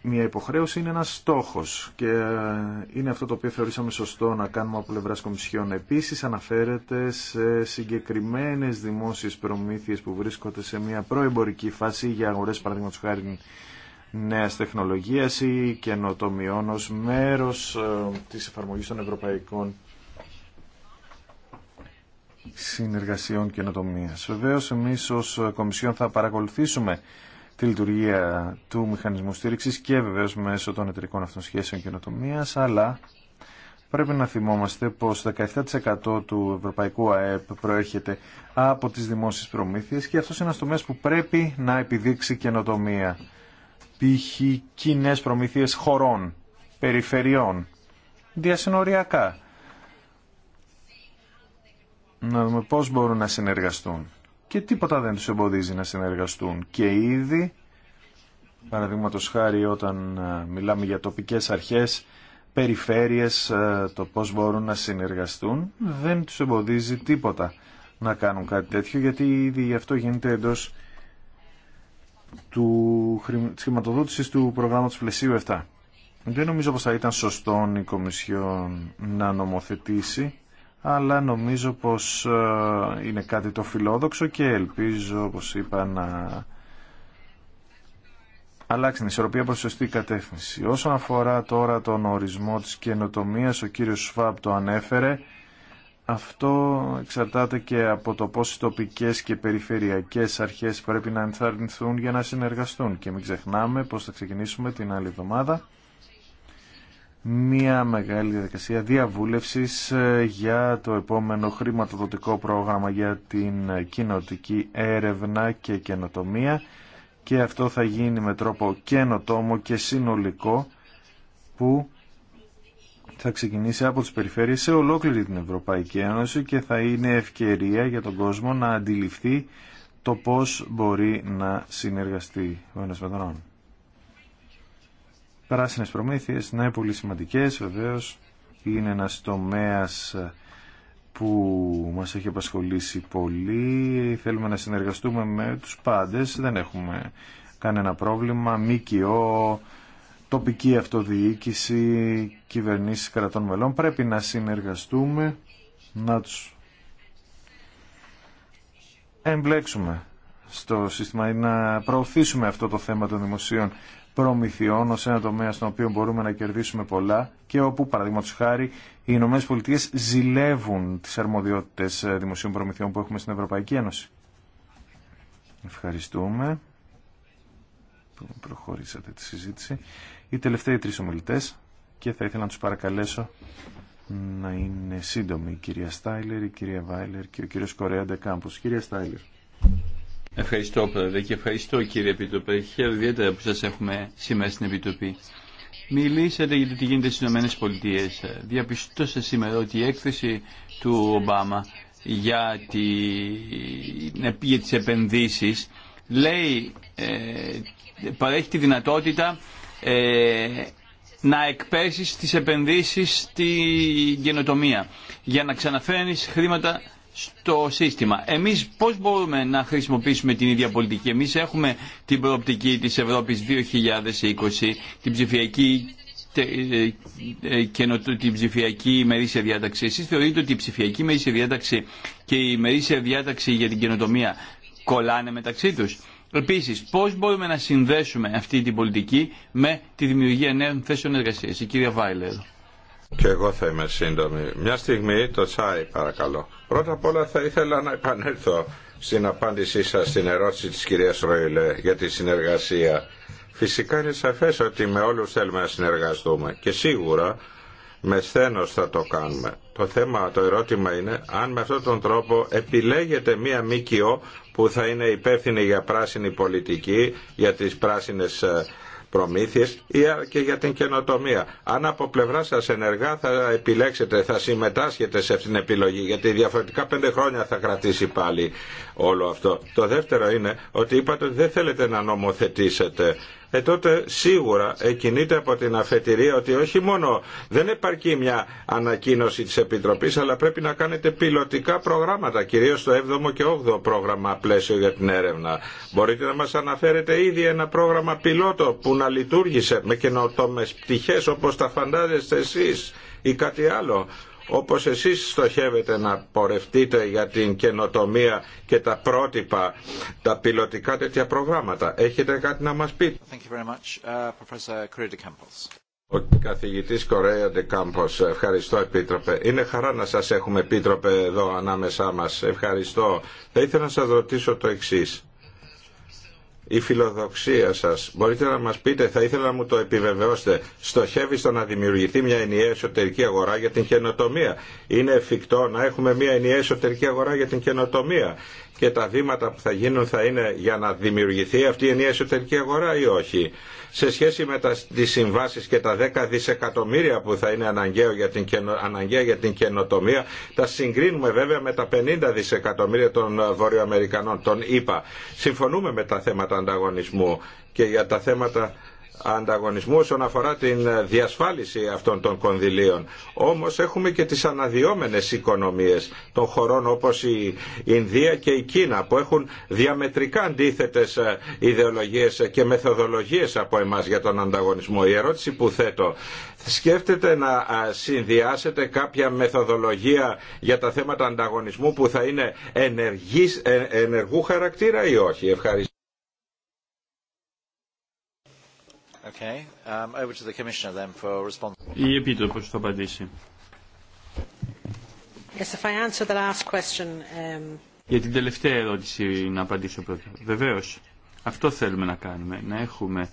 μια υποχρέωση είναι ένας στόχος και ε, είναι αυτό το οποίο θεωρήσαμε σωστό να κάνουμε από πλευρά κομισιών. Επίσης αναφέρεται σε συγκεκριμένες δημόσιες προμήθειες που βρίσκονται σε μια προεμπορική φάση για αγορές παραδείγματος χάρη νέας τεχνολογίας ή καινοτομιών ως μέρος ε, της εφαρμογής των ευρωπαϊκών συνεργασιών καινοτομίας. Βεβαίως εμείς ως Κομισιόν θα παρακολουθήσουμε τη λειτουργία του μηχανισμού στήριξης και βεβαίως μέσω των εταιρικών αυτών σχέσεων καινοτομία, αλλά πρέπει να θυμόμαστε πως 17% του ευρωπαϊκού ΑΕΠ προέρχεται από τις δημόσιες προμήθειες και αυτός είναι ένας τομέας που πρέπει να επιδείξει καινοτομία. Π.χ. κοινέ προμήθειες χωρών, περιφερειών, διασυνοριακά. Να δούμε πώς μπορούν να συνεργαστούν και τίποτα δεν τους εμποδίζει να συνεργαστούν. Και ήδη, παραδείγματο χάρη όταν ε, μιλάμε για τοπικές αρχές, περιφέρειες, ε, το πώς μπορούν να συνεργαστούν, δεν τους εμποδίζει τίποτα να κάνουν κάτι τέτοιο, γιατί ήδη αυτό γίνεται εντός του, της χρηματοδότησης του προγράμματος πλαισίου 7. Δεν νομίζω πως θα ήταν σωστό η Κομισιόν να νομοθετήσει αλλά νομίζω πως ε, είναι κάτι το φιλόδοξο και ελπίζω, όπως είπα, να αλλάξει την ισορροπία προς σωστή κατεύθυνση. Όσον αφορά τώρα τον ορισμό της καινοτομίας, ο κύριος Σφάπ το ανέφερε, αυτό εξαρτάται και από το πώς οι τοπικές και περιφερειακές αρχές πρέπει να ενθαρρυνθούν για να συνεργαστούν. Και μην ξεχνάμε πώς θα ξεκινήσουμε την άλλη εβδομάδα μια μεγάλη διαδικασία διαβούλευσης ε, για το επόμενο χρηματοδοτικό πρόγραμμα για την κοινοτική έρευνα και καινοτομία και αυτό θα γίνει με τρόπο καινοτόμο και συνολικό που θα ξεκινήσει από τις περιφέρειες σε ολόκληρη την Ευρωπαϊκή Ένωση και θα είναι ευκαιρία για τον κόσμο να αντιληφθεί το πώς μπορεί να συνεργαστεί ο ένας με τον Πράσινε προμήθειες, ναι, πολύ σημαντικές βεβαίω. Είναι ένα τομέα που μας έχει απασχολήσει πολύ. Θέλουμε να συνεργαστούμε με τους πάντες. Δεν έχουμε κανένα πρόβλημα. ΜΚΟ, τοπική αυτοδιοίκηση, κυβερνήσεις κρατών μελών. Πρέπει να συνεργαστούμε, να του εμπλέξουμε στο σύστημα ή να προωθήσουμε αυτό το θέμα των δημοσίων προμηθειών ως ένα τομέα στον οποίο μπορούμε να κερδίσουμε πολλά και όπου, παραδείγματο χάρη, οι Ηνωμένε Πολιτείες ζηλεύουν τις αρμοδιότητες ε, δημοσίων προμηθειών που έχουμε στην Ευρωπαϊκή Ένωση. Ευχαριστούμε που προχωρήσατε τη συζήτηση. Οι τελευταίοι τρεις ομιλητές και θα ήθελα να τους παρακαλέσω να είναι σύντομοι η κυρία Στάιλερ, η κυρία Βάιλερ και ο κύριος Κορέα Ντεκάμπος. Κυρία Στάιλερ. Ευχαριστώ πρόεδρε και ευχαριστώ κύριε Επιτροπέ. Χαίρομαι ιδιαίτερα που σας έχουμε σήμερα στην Επιτροπή. Μιλήσατε για το τι γίνεται στις Ηνωμένες Διαπιστώσα σήμερα ότι η έκθεση του Ομπάμα για, τη, για τις επενδύσεις λέει, ε, παρέχει τη δυνατότητα ε, να εκπέσεις τις επενδύσεις στην καινοτομία για να ξαναφέρνεις χρήματα στο σύστημα. Εμείς πώς μπορούμε να χρησιμοποιήσουμε την ίδια πολιτική. Εμείς έχουμε την προοπτική της Ευρώπης 2020, την ψηφιακή ε, ε, και την ψηφιακή ημερήσια διάταξη. Εσείς θεωρείτε ότι η ψηφιακή ημερήσια διάταξη και η ημερήσια διάταξη για την καινοτομία κολλάνε μεταξύ τους. Επίση, πώ μπορούμε να συνδέσουμε αυτή την πολιτική με τη δημιουργία νέων θέσεων εργασίας. Η κυρία Βάιλερ. Και εγώ θα είμαι σύντομη. Μια στιγμή το τσάι παρακαλώ. Πρώτα απ' όλα θα ήθελα να επανέλθω στην απάντησή σας στην ερώτηση της κυρίας Ροϊλέ για τη συνεργασία. Φυσικά είναι σαφές ότι με όλους θέλουμε να συνεργαστούμε και σίγουρα με σθένος θα το κάνουμε. Το θέμα, το ερώτημα είναι αν με αυτόν τον τρόπο επιλέγεται μία ΜΚΟ που θα είναι υπεύθυνη για πράσινη πολιτική, για τις πράσινες ε, προμήθειες ή και για την καινοτομία. Αν από πλευρά σας ενεργά θα επιλέξετε, θα συμμετάσχετε σε αυτήν την επιλογή, γιατί διαφορετικά πέντε χρόνια θα κρατήσει πάλι όλο αυτό. Το δεύτερο είναι ότι είπατε ότι δεν θέλετε να νομοθετήσετε ε, τότε σίγουρα εκινείται από την αφετηρία ότι όχι μόνο δεν επαρκεί μια ανακοίνωση της Επιτροπής, αλλά πρέπει να κάνετε πιλωτικά προγράμματα, κυρίως το 7ο και 8ο πρόγραμμα πλαίσιο για την έρευνα. Μπορείτε να μας αναφέρετε ήδη ένα πρόγραμμα πιλότο που να λειτουργήσε με καινοτόμες πτυχές όπως τα φαντάζεστε εσείς ή κάτι άλλο όπως εσείς στοχεύετε να πορευτείτε για την καινοτομία και τα πρότυπα, τα πιλωτικά τέτοια προγράμματα. Έχετε κάτι να μας πείτε. Thank you very much, uh, ο καθηγητής Κορέα Ντεκάμπος, ευχαριστώ Επίτροπε. Είναι χαρά να σας έχουμε Επίτροπε εδώ ανάμεσά μας. Ευχαριστώ. Θα ήθελα να σας ρωτήσω το εξής η φιλοδοξία σας. Μπορείτε να μας πείτε, θα ήθελα να μου το επιβεβαιώσετε, στοχεύει στο να δημιουργηθεί μια ενιαία εσωτερική αγορά για την καινοτομία. Είναι εφικτό να έχουμε μια ενιαία εσωτερική αγορά για την καινοτομία και τα βήματα που θα γίνουν θα είναι για να δημιουργηθεί αυτή η ενιαία εσωτερική αγορά ή όχι. Σε σχέση με τα, τις συμβάσεις και τα 10 δισεκατομμύρια που θα είναι αναγκαίο για την, αναγκαία για την καινοτομία, τα συγκρίνουμε βέβαια με τα 50 δισεκατομμύρια των Βορειοαμερικανών, των ΗΠΑ. Συμφωνούμε με τα θέματα ανταγωνισμού και για τα θέματα ανταγωνισμού όσον αφορά την διασφάλιση αυτών των κονδυλίων. Όμως έχουμε και τις αναδυόμενες οικονομίες των χωρών όπως η Ινδία και η Κίνα που έχουν διαμετρικά αντίθετες ε, ιδεολογίες και μεθοδολογίες από εμάς για τον ανταγωνισμό. Η ερώτηση που θέτω, σκέφτεται να συνδυάσετε κάποια μεθοδολογία για τα θέματα ανταγωνισμού που θα είναι ενεργής, ε, ενεργού χαρακτήρα ή όχι. Ευχαριστώ. Η θα απαντήσει. Um, Για την τελευταία ερώτηση να απαντήσω πρώτα. Βεβαίως, αυτό θέλουμε να κάνουμε, να έχουμε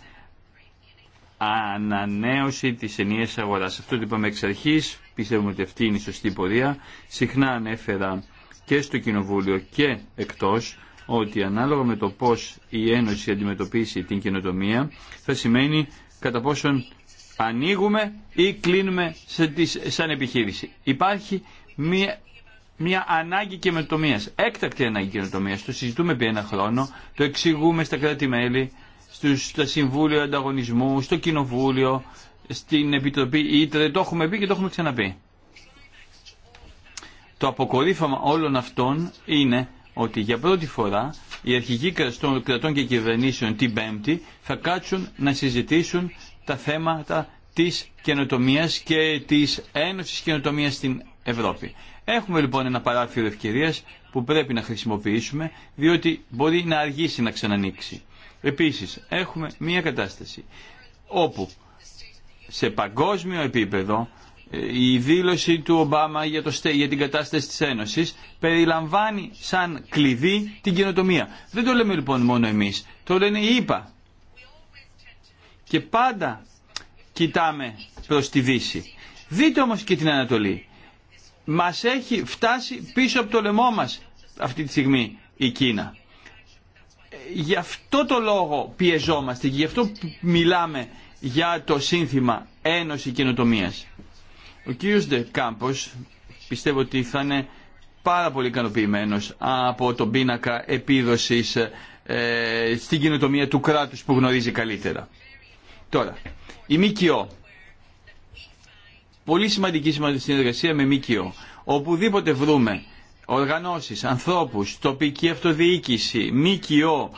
ανανέωση της ενιαίας αγοράς. Αυτό το είπαμε εξ αρχής, πιστεύουμε ότι αυτή είναι η σωστή πορεία. Συχνά ανέφερα και στο Κοινοβούλιο και εκτός ότι ανάλογα με το πώς η Ένωση αντιμετωπίσει την καινοτομία θα σημαίνει κατά πόσον ανοίγουμε ή κλείνουμε σε σαν επιχείρηση. Υπάρχει μια, μια ανάγκη καινοτομίας, έκτακτη ανάγκη καινοτομίας. Το συζητούμε επί ένα χρόνο, το εξηγούμε στα κράτη-μέλη, στα Συμβούλια Ανταγωνισμού, στο Κοινοβούλιο, στην Επιτροπή Ήτρε, το έχουμε πει και το έχουμε ξαναπεί. Το αποκορύφωμα όλων αυτών είναι ότι για πρώτη φορά οι αρχηγοί κρατών και κυβερνήσεων την Πέμπτη θα κάτσουν να συζητήσουν τα θέματα της καινοτομίας και της ένωσης καινοτομίας στην Ευρώπη. Έχουμε λοιπόν ένα παράθυρο ευκαιρία που πρέπει να χρησιμοποιήσουμε διότι μπορεί να αργήσει να ξανανοίξει. Επίσης έχουμε μια κατάσταση όπου σε παγκόσμιο επίπεδο η δήλωση του Ομπάμα για, το, για την κατάσταση της Ένωσης περιλαμβάνει σαν κλειδί την καινοτομία. Δεν το λέμε λοιπόν μόνο εμείς, το λένε οι ΙΠΑ. Και πάντα κοιτάμε προς τη Δύση. Δείτε όμως και την Ανατολή. Μας έχει φτάσει πίσω από το λαιμό μας αυτή τη στιγμή η Κίνα. Γι' αυτό το λόγο πιεζόμαστε και γι' αυτό μιλάμε για το σύνθημα Ένωση Καινοτομίας. Ο κύριος Ντε πιστεύω ότι θα είναι πάρα πολύ ικανοποιημένο από τον πίνακα επίδοσης ε, στην κοινοτομία του κράτους που γνωρίζει καλύτερα. Τώρα, η ΜΚΟ. Πολύ σημαντική συνεργασία με ΜΚΟ. Οπουδήποτε βρούμε οργανώσεις, ανθρώπους, τοπική αυτοδιοίκηση, ΜΚΟ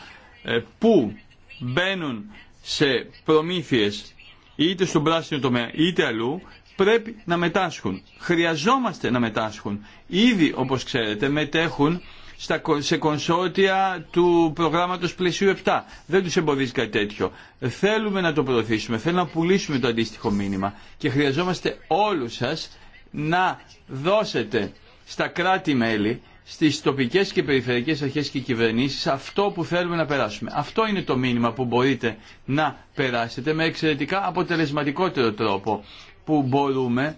ε, που μπαίνουν σε προμήθειες είτε στον πράσινο τομέα είτε αλλού πρέπει να μετάσχουν. Χρειαζόμαστε να μετάσχουν. Ήδη, όπως ξέρετε, μετέχουν στα, σε κονσόρτια του προγράμματος πλαισίου 7. Δεν τους εμποδίζει κάτι τέτοιο. Θέλουμε να το προωθήσουμε, θέλουμε να πουλήσουμε το αντίστοιχο μήνυμα και χρειαζόμαστε όλους σας να δώσετε στα κράτη-μέλη, στις τοπικές και περιφερειακές αρχές και κυβερνήσεις αυτό που θέλουμε να περάσουμε. Αυτό είναι το μήνυμα που μπορείτε να περάσετε με εξαιρετικά αποτελεσματικότερο τρόπο που μπορούμε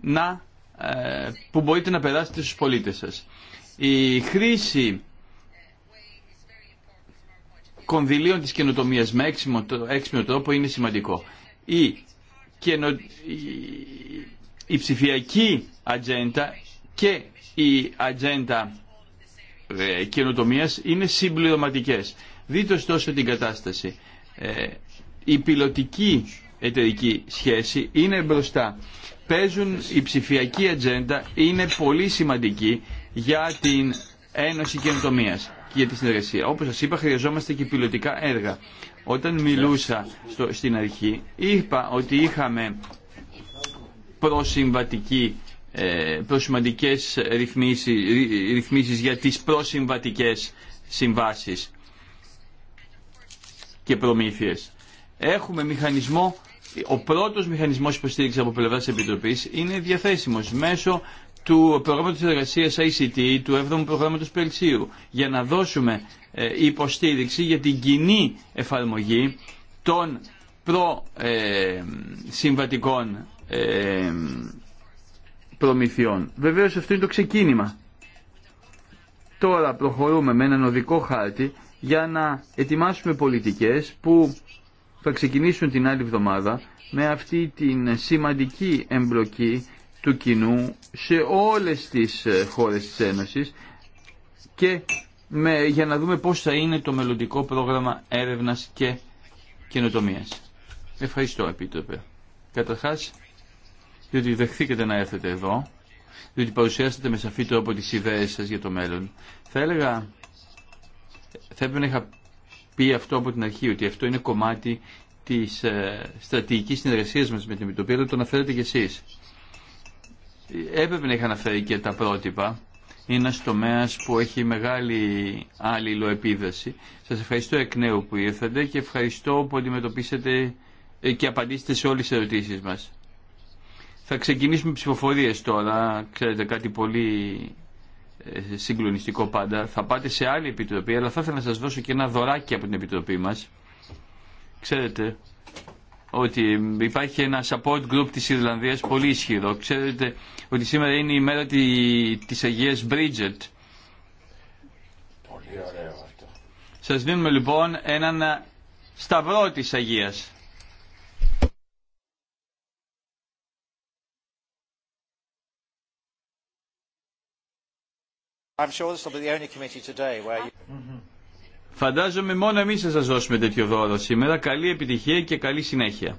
να, ε, μπορείτε να περάσετε στους πολίτες σας. Η χρήση κονδυλίων της καινοτομίας με έξυπνο τρόπο είναι σημαντικό. Η, καινο, η, ψηφιακή ατζέντα και η ατζέντα ε, καινοτομίας είναι συμπληρωματικές. Δείτε ωστόσο την κατάσταση. Ε, η πιλωτική εταιρική σχέση είναι μπροστά. Παίζουν η ψηφιακή ατζέντα, είναι πολύ σημαντική για την Ένωση Καινοτομία και για τη συνεργασία. Όπω σα είπα, χρειαζόμαστε και πιλωτικά έργα. Όταν μιλούσα στο, στην αρχή, είπα ότι είχαμε προσυμβατική ε, προσυμβατικές ρυθμίσεις, ρυθμίσεις για τις προσυμβατικές συμβάσεις και προμήθειες. Έχουμε μηχανισμό ο πρώτος μηχανισμός υποστήριξη από πλευρά τη Επιτροπής είναι διαθέσιμος μέσω του προγράμματος εργασία ICT, του 7ου προγράμματος Πελσίου, για να δώσουμε ε, υποστήριξη για την κοινή εφαρμογή των προ-συμβατικών ε, ε, προμηθειών. Βεβαίως αυτό είναι το ξεκίνημα. Τώρα προχωρούμε με έναν οδικό χάρτη για να ετοιμάσουμε πολιτικές που θα ξεκινήσουν την άλλη εβδομάδα με αυτή την σημαντική εμπλοκή του κοινού σε όλες τις ε, χώρες της Ένωσης και με, για να δούμε πώς θα είναι το μελλοντικό πρόγραμμα έρευνας και καινοτομίας. Ευχαριστώ, Επίτροπε. Καταρχάς, διότι δεχθήκατε να έρθετε εδώ, διότι παρουσιάσατε με σαφή τρόπο τις ιδέες σας για το μέλλον. Θα έλεγα, θα έπρεπε να είχα πει αυτό από την αρχή, ότι αυτό είναι κομμάτι της ε, στρατηγική συνεργασία μας με την Επιτροπή, αλλά το αναφέρετε κι εσείς. Έπρεπε να είχα αναφέρει και τα πρότυπα. Είναι ένα τομέα που έχει μεγάλη άλληλο επίδραση. Σας ευχαριστώ εκ νέου που ήρθατε και ευχαριστώ που αντιμετωπίσατε ε, και απαντήσετε σε όλε τι ερωτήσει μα. Θα ξεκινήσουμε ψηφοφορίε τώρα, ξέρετε κάτι πολύ συγκλονιστικό πάντα. Θα πάτε σε άλλη επιτροπή, αλλά θα ήθελα να σας δώσω και ένα δωράκι από την επιτροπή μας. Ξέρετε ότι υπάρχει ένα support group της Ιρλανδίας πολύ ισχυρό. Ξέρετε ότι σήμερα είναι η μέρα της Αγίας Bridget. Πολύ αυτό. Σας δίνουμε λοιπόν έναν σταυρό της Αγίας. Φαντάζομαι μόνο εμείς θα σας δώσουμε τέτοιο δώρο σήμερα. Καλή επιτυχία και καλή συνέχεια.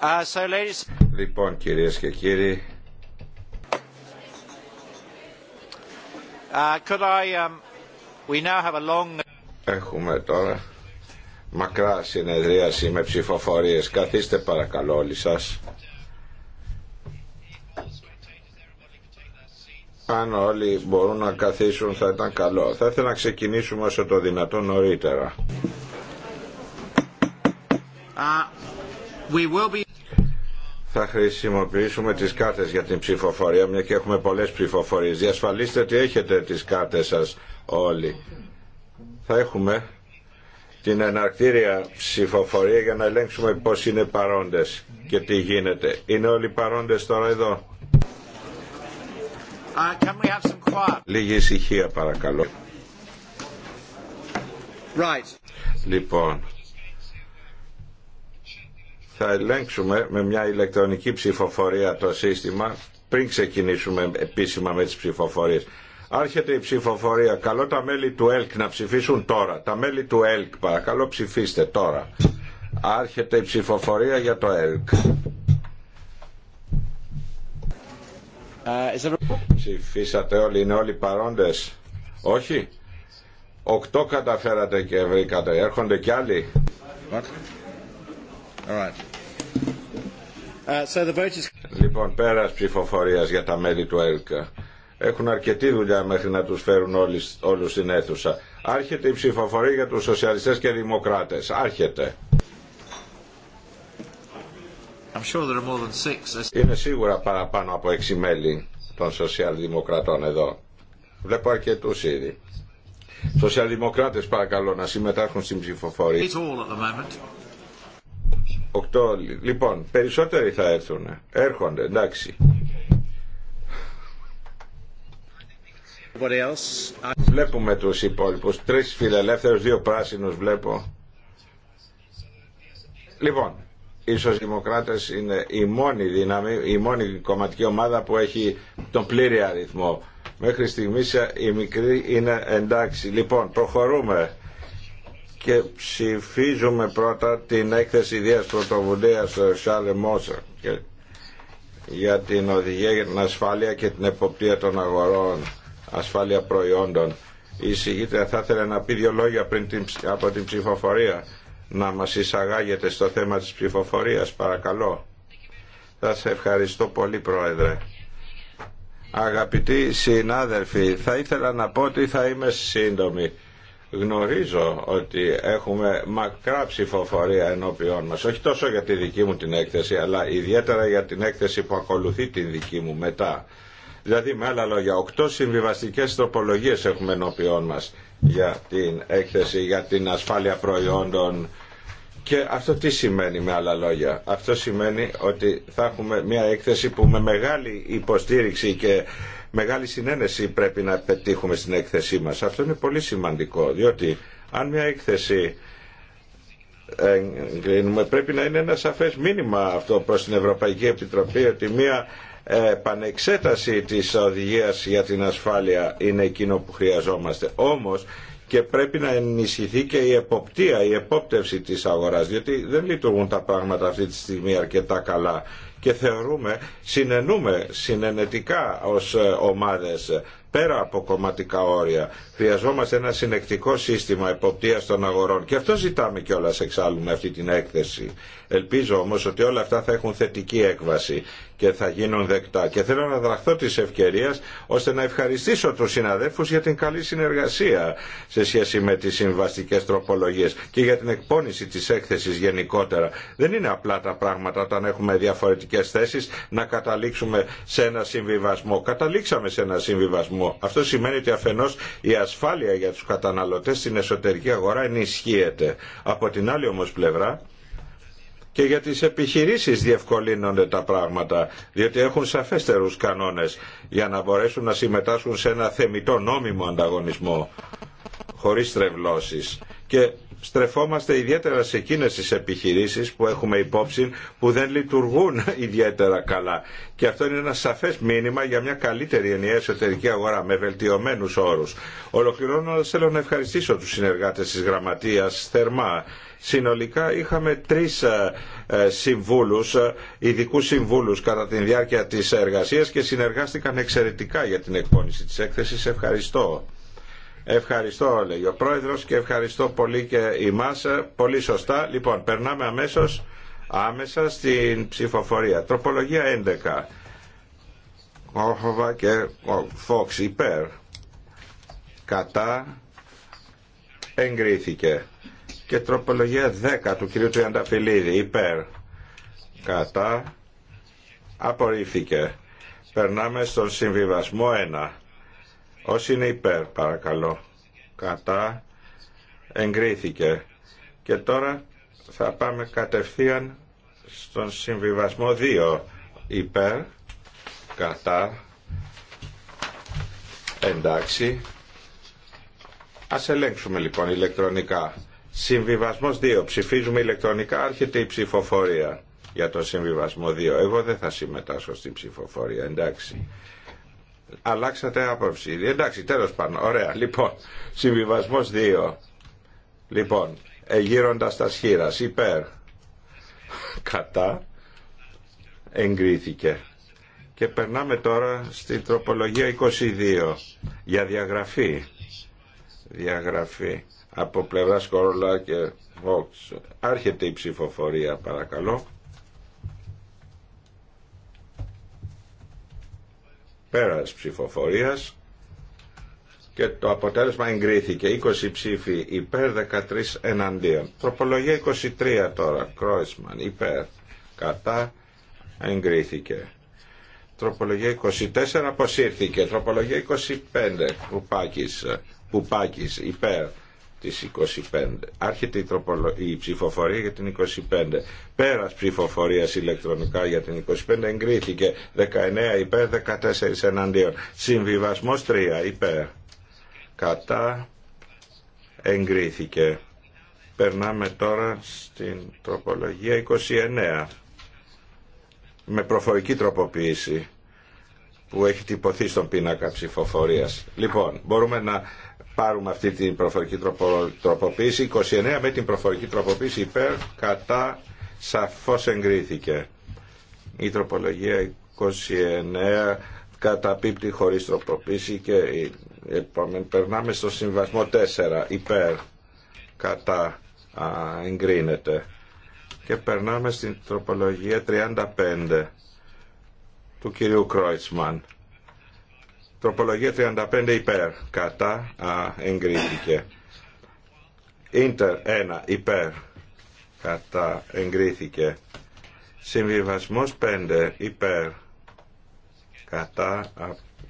Uh, λοιπόν κυρίες και κύριοι uh, could I, um, we now have a long... Έχουμε τώρα μακρά συνεδρίαση με ψηφοφορίες. Καθίστε παρακαλώ όλοι σας. Αν όλοι μπορούν να καθίσουν θα ήταν καλό. Θα ήθελα να ξεκινήσουμε όσο το δυνατόν νωρίτερα. Uh, we will θα χρησιμοποιήσουμε τις κάρτες για την ψηφοφορία, μια και έχουμε πολλές ψηφοφορίες. Διασφαλίστε ότι έχετε τις κάρτες σας όλοι. Θα έχουμε την εναρκτήρια ψηφοφορία για να ελέγξουμε πώς είναι παρόντες και τι γίνεται. Είναι όλοι παρόντες τώρα εδώ. Uh, Λίγη ησυχία παρακαλώ. Right. Λοιπόν, θα ελέγξουμε με μια ηλεκτρονική ψηφοφορία το σύστημα πριν ξεκινήσουμε επίσημα με τις ψηφοφορίες. Άρχεται η ψηφοφορία. Καλό τα μέλη του ΕΛΚ να ψηφίσουν τώρα. Τα μέλη του ΕΛΚ παρακαλώ ψηφίστε τώρα. Άρχεται η ψηφοφορία για το ΕΛΚ. Ψηφίσατε όλοι, είναι όλοι παρόντες. Όχι. Οκτώ καταφέρατε και βρήκατε. Έρχονται κι άλλοι. What? All right. Λοιπόν, πέρα ψηφοφορία για τα μέλη του ΕΛΚΑ. Έχουν αρκετή δουλειά μέχρι να τους φέρουν όλους, στην αίθουσα. Άρχεται η ψηφοφορία για τους σοσιαλιστές και δημοκράτες. Άρχεται. Είναι σίγουρα παραπάνω από έξι μέλη των σοσιαλδημοκρατών εδώ. Βλέπω αρκετούς ήδη. Σοσιαλδημοκράτες παρακαλώ να συμμετάχουν στην ψηφοφορία. Οκτώ Λοιπόν, περισσότεροι θα έρθουν. Έρχονται, εντάξει. Βλέπουμε του υπόλοιπου. Τρεις φιλελεύθερου, δύο πράσινους βλέπω. Λοιπόν, οι σοσιαλδημοκράτε είναι η μόνη δύναμη, η μόνη κομματική ομάδα που έχει τον πλήρη αριθμό. Μέχρι στιγμή η μικρή είναι εντάξει. Λοιπόν, προχωρούμε και ψηφίζουμε πρώτα την έκθεση ιδίας πρωτοβουλίας ε, Σάλε Μόσα για την οδηγία για την ασφάλεια και την εποπτεία των αγορών, ασφάλεια προϊόντων. Η συγγήτρια θα ήθελε να πει δύο λόγια πριν από την ψηφοφορία να μας εισαγάγεται στο θέμα της ψηφοφορίας, παρακαλώ. Θα σε ευχαριστώ πολύ, Πρόεδρε. Αγαπητοί συνάδελφοι, θα ήθελα να πω ότι θα είμαι σύντομη γνωρίζω ότι έχουμε μακρά ψηφοφορία ενώπιόν μας, όχι τόσο για τη δική μου την έκθεση, αλλά ιδιαίτερα για την έκθεση που ακολουθεί την δική μου μετά. Δηλαδή, με άλλα λόγια, οκτώ συμβιβαστικές τροπολογίες έχουμε ενώπιόν μας για την έκθεση, για την ασφάλεια προϊόντων, και αυτό τι σημαίνει με άλλα λόγια. Αυτό σημαίνει ότι θα έχουμε μια έκθεση που με μεγάλη υποστήριξη και μεγάλη συνένεση πρέπει να πετύχουμε στην έκθεσή μας. Αυτό είναι πολύ σημαντικό, διότι αν μια έκθεση πρέπει να είναι ένα σαφές μήνυμα αυτό προς την Ευρωπαϊκή Επιτροπή ότι μια επανεξέταση της οδηγίας για την ασφάλεια είναι εκείνο που χρειαζόμαστε. Όμως και πρέπει να ενισχυθεί και η εποπτεία, η επόπτευση της αγοράς, διότι δεν λειτουργούν τα πράγματα αυτή τη στιγμή αρκετά καλά και θεωρούμε, συνενούμε συνενετικά ως ε, ομάδες ε, πέρα από κομματικά όρια. Χρειαζόμαστε ένα συνεκτικό σύστημα εποπτείας των αγορών και αυτό ζητάμε κιόλα εξάλλου με αυτή την έκθεση. Ελπίζω όμως ότι όλα αυτά θα έχουν θετική έκβαση και θα γίνουν δεκτά. Και θέλω να δραχθώ της ευκαιρίας ώστε να ευχαριστήσω τους συναδέλφους για την καλή συνεργασία σε σχέση με τις συμβαστικές τροπολογίες και για την εκπόνηση της έκθεσης γενικότερα. Δεν είναι απλά τα πράγματα όταν έχουμε διαφορετικές και θέσεις να καταλήξουμε σε ένα συμβιβασμό. Καταλήξαμε σε ένα συμβιβασμό. Αυτό σημαίνει ότι αφενός η ασφάλεια για τους καταναλωτές στην εσωτερική αγορά ενισχύεται. Από την άλλη όμως πλευρά και για τις επιχειρήσεις διευκολύνονται τα πράγματα, διότι έχουν σαφέστερους κανόνες για να μπορέσουν να συμμετάσχουν σε ένα θεμητό νόμιμο ανταγωνισμό, χωρίς τρευλώσεις και στρεφόμαστε ιδιαίτερα σε εκείνες τις επιχειρήσεις που έχουμε υπόψη που δεν λειτουργούν ιδιαίτερα καλά. Και αυτό είναι ένα σαφές μήνυμα για μια καλύτερη ενιαία εσωτερική αγορά με βελτιωμένους όρους. Ολοκληρώνοντα θέλω να ευχαριστήσω τους συνεργάτες της Γραμματείας θερμά. Συνολικά είχαμε τρεις ε, ε, συμβούλους, ε, ειδικού συμβούλους κατά τη διάρκεια της εργασίας και συνεργάστηκαν εξαιρετικά για την εκπόνηση της έκθεσης. Ευχαριστώ. Ευχαριστώ, λέγει ο Πρόεδρος και ευχαριστώ πολύ και η Μάσα. Πολύ σωστά. Λοιπόν, περνάμε αμέσως άμεσα στην ψηφοφορία. Τροπολογία 11. Όχοβα και Φόξ υπέρ. Κατά εγκρίθηκε. Και τροπολογία 10 του κυρίου Τριανταφυλλίδη υπέρ. Κατά απορρίφθηκε. Περνάμε στον συμβιβασμό 1 Όσοι είναι υπέρ, παρακαλώ. Κατά. Εγκρίθηκε. Και τώρα θα πάμε κατευθείαν στον συμβιβασμό 2. Υπέρ. Κατά. Εντάξει. Ας ελέγξουμε λοιπόν ηλεκτρονικά. Συμβιβασμός 2. Ψηφίζουμε ηλεκτρονικά. Άρχεται η ψηφοφορία για τον συμβιβασμό 2. Εγώ δεν θα συμμετάσχω στην ψηφοφορία. Εντάξει αλλάξατε άποψη. Εντάξει, τέλο πάντων. Ωραία. Λοιπόν, συμβιβασμός 2. Λοιπόν, εγείροντα τα σχήρα. υπέρ, κατά, εγκρίθηκε. Και περνάμε τώρα στην τροπολογία 22 για διαγραφή. Διαγραφή από πλευρά Κορολά και Βόξ. Άρχεται η ψηφοφορία παρακαλώ. Πέρας ψηφοφορίας και το αποτέλεσμα εγκρίθηκε 20 ψήφοι υπέρ 13 εναντίον. Τροπολογία 23 τώρα, Κρόισμαν, υπέρ, κατά, εγκρίθηκε. Τροπολογία 24 αποσύρθηκε. Τροπολογία 25, Κουπάκης, Πουπάκης, υπέρ, της 25. Άρχεται η, τροπολο... η ψηφοφορία για την 25. Πέρας ψηφοφορίας ηλεκτρονικά για την 25 εγκρίθηκε 19 υπέρ 14 εναντίον. Συμβιβασμός 3 υπέρ. Κατά εγκρίθηκε. Περνάμε τώρα στην τροπολογία 29 με προφορική τροποποίηση που έχει τυπωθεί στον πίνακα ψηφοφορίας. Λοιπόν, μπορούμε να πάρουμε αυτή την προφορική τροποποίηση. 29 με την προφορική τροποποίηση υπέρ κατά σαφώς εγκρίθηκε. Η τροπολογία 29 καταπίπτει χωρίς τροποποίηση και περνάμε στο συμβασμό 4 υπέρ κατά α, εγκρίνεται. Και περνάμε στην τροπολογία 35 του κυρίου Κρόιτσμαν Τροπολογία 35 υπέρ. Κατά. Α, εγκρίθηκε. Ίντερ 1 υπέρ. Κατά. Εγκρίθηκε. Συμβιβασμός 5 υπέρ. Κατά.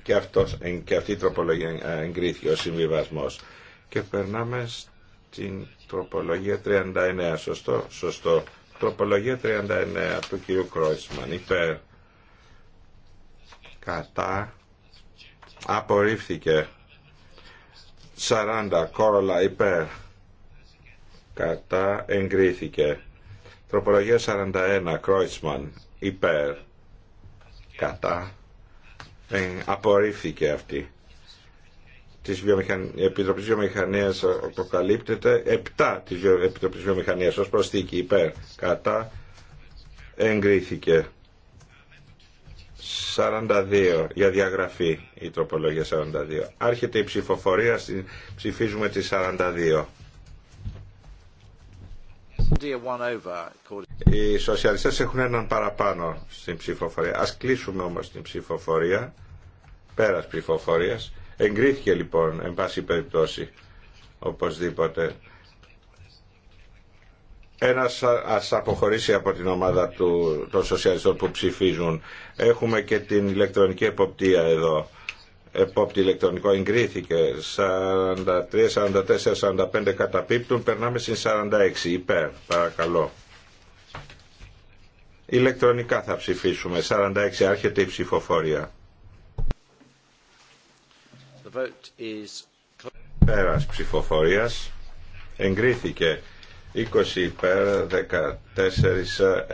Και, αυτός, και αυτή η τροπολογία ε, εγκρίθηκε ο συμβιβασμός. Και περνάμε στην τροπολογία 39. Σωστό. Σωστό. Τροπολογία 39 του κυρίου Κρόισμαν υπέρ. Κατά απορρίφθηκε 40 κόρολα υπέρ κατά εγκρίθηκε τροπολογία 41 Κρόιτσμαν υπέρ κατά ε, απορρίφθηκε αυτή της Βιομηχαν... Επιτροπής Βιομηχανίας αποκαλύπτεται 7 της Επιτροπής Βιομηχανίας ως προσθήκη υπέρ κατά εγκρίθηκε 42 για διαγραφή η τροπολογία 42. Άρχεται η ψηφοφορία, ψηφίζουμε τη 42. Οι σοσιαλιστές έχουν έναν παραπάνω στην ψηφοφορία. Ας κλείσουμε όμως την ψηφοφορία, πέρας ψηφοφορίας. Εγκρίθηκε λοιπόν, εν πάση περιπτώσει, οπωσδήποτε. Ένα α αποχωρήσει από την ομάδα του, των σοσιαλιστών που ψηφίζουν. Έχουμε και την ηλεκτρονική εποπτεία εδώ. Επόπτη ηλεκτρονικό εγκρίθηκε. 43, 44, 45 καταπίπτουν. Περνάμε στην 46. Υπέρ, παρακαλώ. Ηλεκτρονικά θα ψηφίσουμε. 46 άρχεται η ψηφοφορία. The ψηφοφορία. ψηφοφορίας. Εγκρίθηκε. 20 υπέρ 14 ε,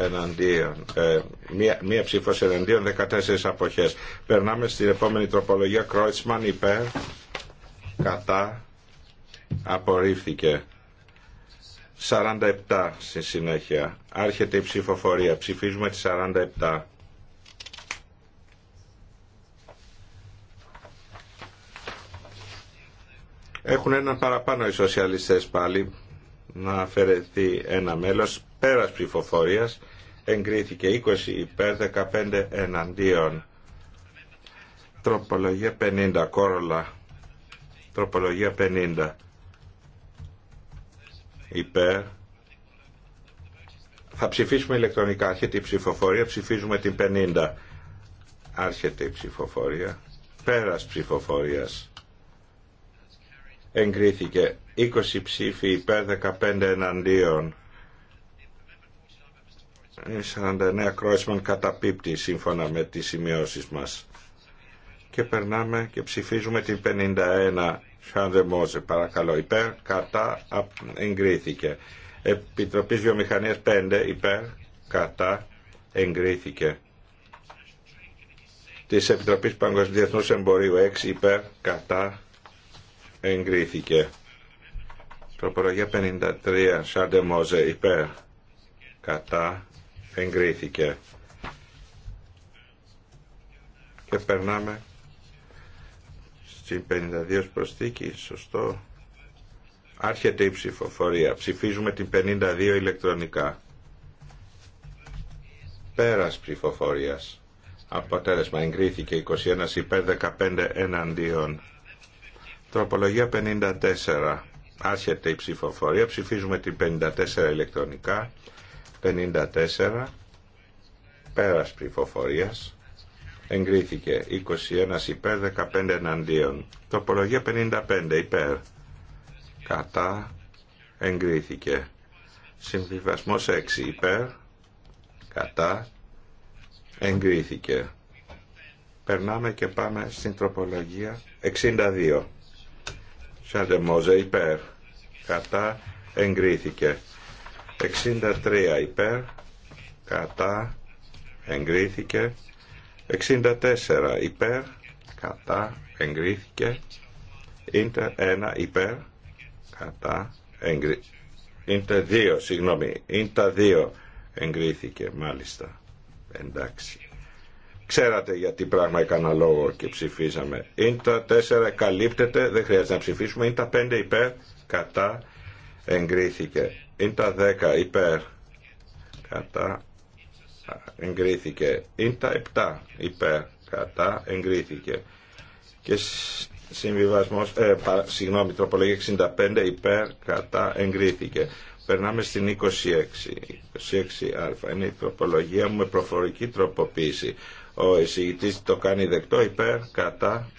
εναντίον. Ε, μία, μία ψήφος εναντίον 14 αποχές. Περνάμε στην επόμενη τροπολογία Κρόιτσμαν υπέρ κατά απορρίφθηκε. 47 στη συνέχεια. Άρχεται η ψηφοφορία. Ψηφίζουμε τη 47. Έχουν έναν παραπάνω οι σοσιαλιστές πάλι να αφαιρεθεί ένα μέλος πέρας ψηφοφορίας εγκρίθηκε 20 υπέρ 15 εναντίον τροπολογία 50 κόρολα τροπολογία 50 υπέρ θα ψηφίσουμε ηλεκτρονικά άρχεται η ψηφοφορία ψηφίζουμε την 50 άρχεται η ψηφοφορία πέρας ψηφοφορίας εγκρίθηκε 20 ψήφοι υπέρ 15 εναντίον 49 ε, κρόσμαν καταπίπτει σύμφωνα με τις σημειώσεις μας και περνάμε και ψηφίζουμε την 51 Σάνδε Μόζε παρακαλώ υπέρ κατά εγκρίθηκε Επιτροπής Βιομηχανίας 5 υπέρ κατά εγκρίθηκε της Επιτροπής Παγκοσμίου Διεθνούς Εμπορίου 6 υπέρ κατά εγκρίθηκε. Τροπολογία 53, Σάντε υπέρ, κατά, εγκρίθηκε. Και περνάμε στην 52 προσθήκη, σωστό. Άρχεται η ψηφοφορία. Ψηφίζουμε την 52 ηλεκτρονικά. Πέρας ψηφοφορίας. Αποτέλεσμα εγκρίθηκε 21 υπέρ 15 εναντίον. Τροπολογία 54. Άρχεται η ψηφοφορία. Ψηφίζουμε την 54 ηλεκτρονικά. 54. Πέρας ψηφοφορίας. Εγκρίθηκε. 21 υπέρ, 15 εναντίον. Τροπολογία 55 υπέρ. Κατά. Εγκρίθηκε. Συμβιβασμός 6 υπέρ. Κατά. Εγκρίθηκε. Περνάμε και πάμε στην τροπολογία 62 Σάντε Μόζε υπέρ. Κατά εγκρίθηκε. 63 υπέρ. Κατά εγκρίθηκε. 64 υπέρ. Κατά εγκρίθηκε. Ίντερ 1 υπέρ. Κατά εγκρίθηκε. Ίντερ 2, συγγνώμη. Ίντερ 2 εγκρίθηκε μάλιστα. Εντάξει. Ξέρατε για τι πράγμα έκανα λόγο και ψηφίσαμε. Είναι τα 4 καλύπτεται, δεν χρειάζεται να ψηφίσουμε. Είναι τα 5 υπέρ, κατά, εγκρίθηκε. Είναι τα 10 υπέρ, κατά, εγκρίθηκε. Είναι τα 7 υπέρ, κατά, εγκρίθηκε. Και συμβιβασμός, ε, συγγνώμη, τροπολογία 65 υπέρ, κατά, εγκρίθηκε. Περνάμε στην 26. 26α. Είναι η τροπολογία μου με προφορική τροποποίηση. Ο εισηγητής το κάνει δεκτό υπέρ, κατά,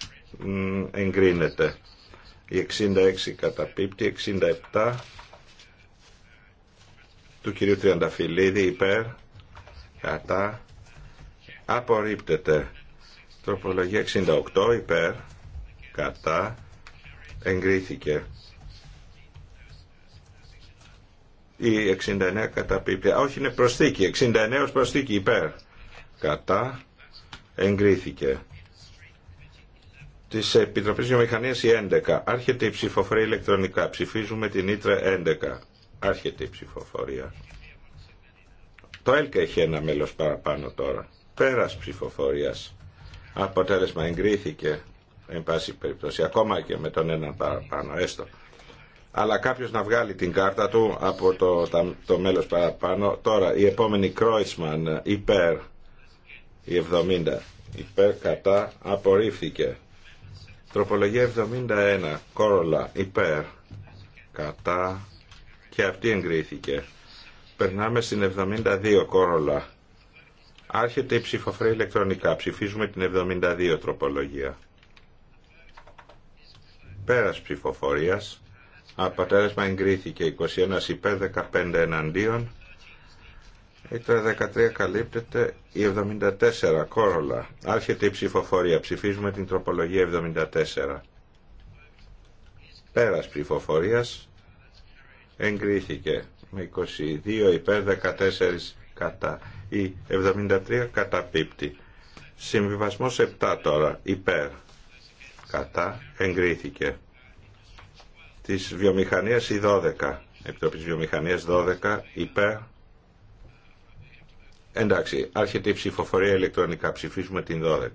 εγκρίνεται. Η 66 καταπίπτει, 67 του κυρίου Τριανταφυλλίδη υπέρ, κατά, απορρίπτεται. Τροπολογία 68 υπέρ, κατά, εγκρίθηκε. Η 69 καταπίπτει, όχι είναι προσθήκη, 69 ως προσθήκη υπέρ, κατά, εγκρίθηκε. Τη Επιτροπή Βιομηχανία η 11. Άρχεται η ψηφοφορία ηλεκτρονικά. Ψηφίζουμε την Ήτρε 11. Άρχεται η ψηφοφορία. Το ΕΛΚΑ έχει ένα μέλος παραπάνω τώρα. Πέρας ψηφοφορίας. Αποτέλεσμα εγκρίθηκε, εν πάση περιπτώσει, ακόμα και με τον έναν παραπάνω, έστω. Αλλά κάποιος να βγάλει την κάρτα του από το, το, μέλος παραπάνω. Τώρα, η επόμενη Κρόιτσμαν, υπέρ. Η 70 υπέρ κατά απορρίφθηκε. Τροπολογία 71 κόρολα υπέρ κατά και αυτή εγκρίθηκε. Περνάμε στην 72 κόρολα. Άρχεται η ψηφοφορία ηλεκτρονικά. Ψηφίζουμε την 72 τροπολογία. Πέρας ψηφοφορίας. Αποτέλεσμα εγκρίθηκε 21 υπέρ 15 εναντίον. Η 13 καλύπτεται. Η 74 κόρολα. Άρχεται η ψηφοφορία. Ψηφίζουμε την τροπολογία 74. Πέρας ψηφοφορίας εγκρίθηκε με 22 υπέρ 14 κατά. Η 73 καταπίπτει. Συμβιβασμός 7 τώρα υπέρ κατά εγκρίθηκε. Της βιομηχανίας η 12. Επιτροπής βιομηχανίας 12 υπέρ Εντάξει, άρχεται η ψηφοφορία ηλεκτρονικά. Ψηφίζουμε την 12.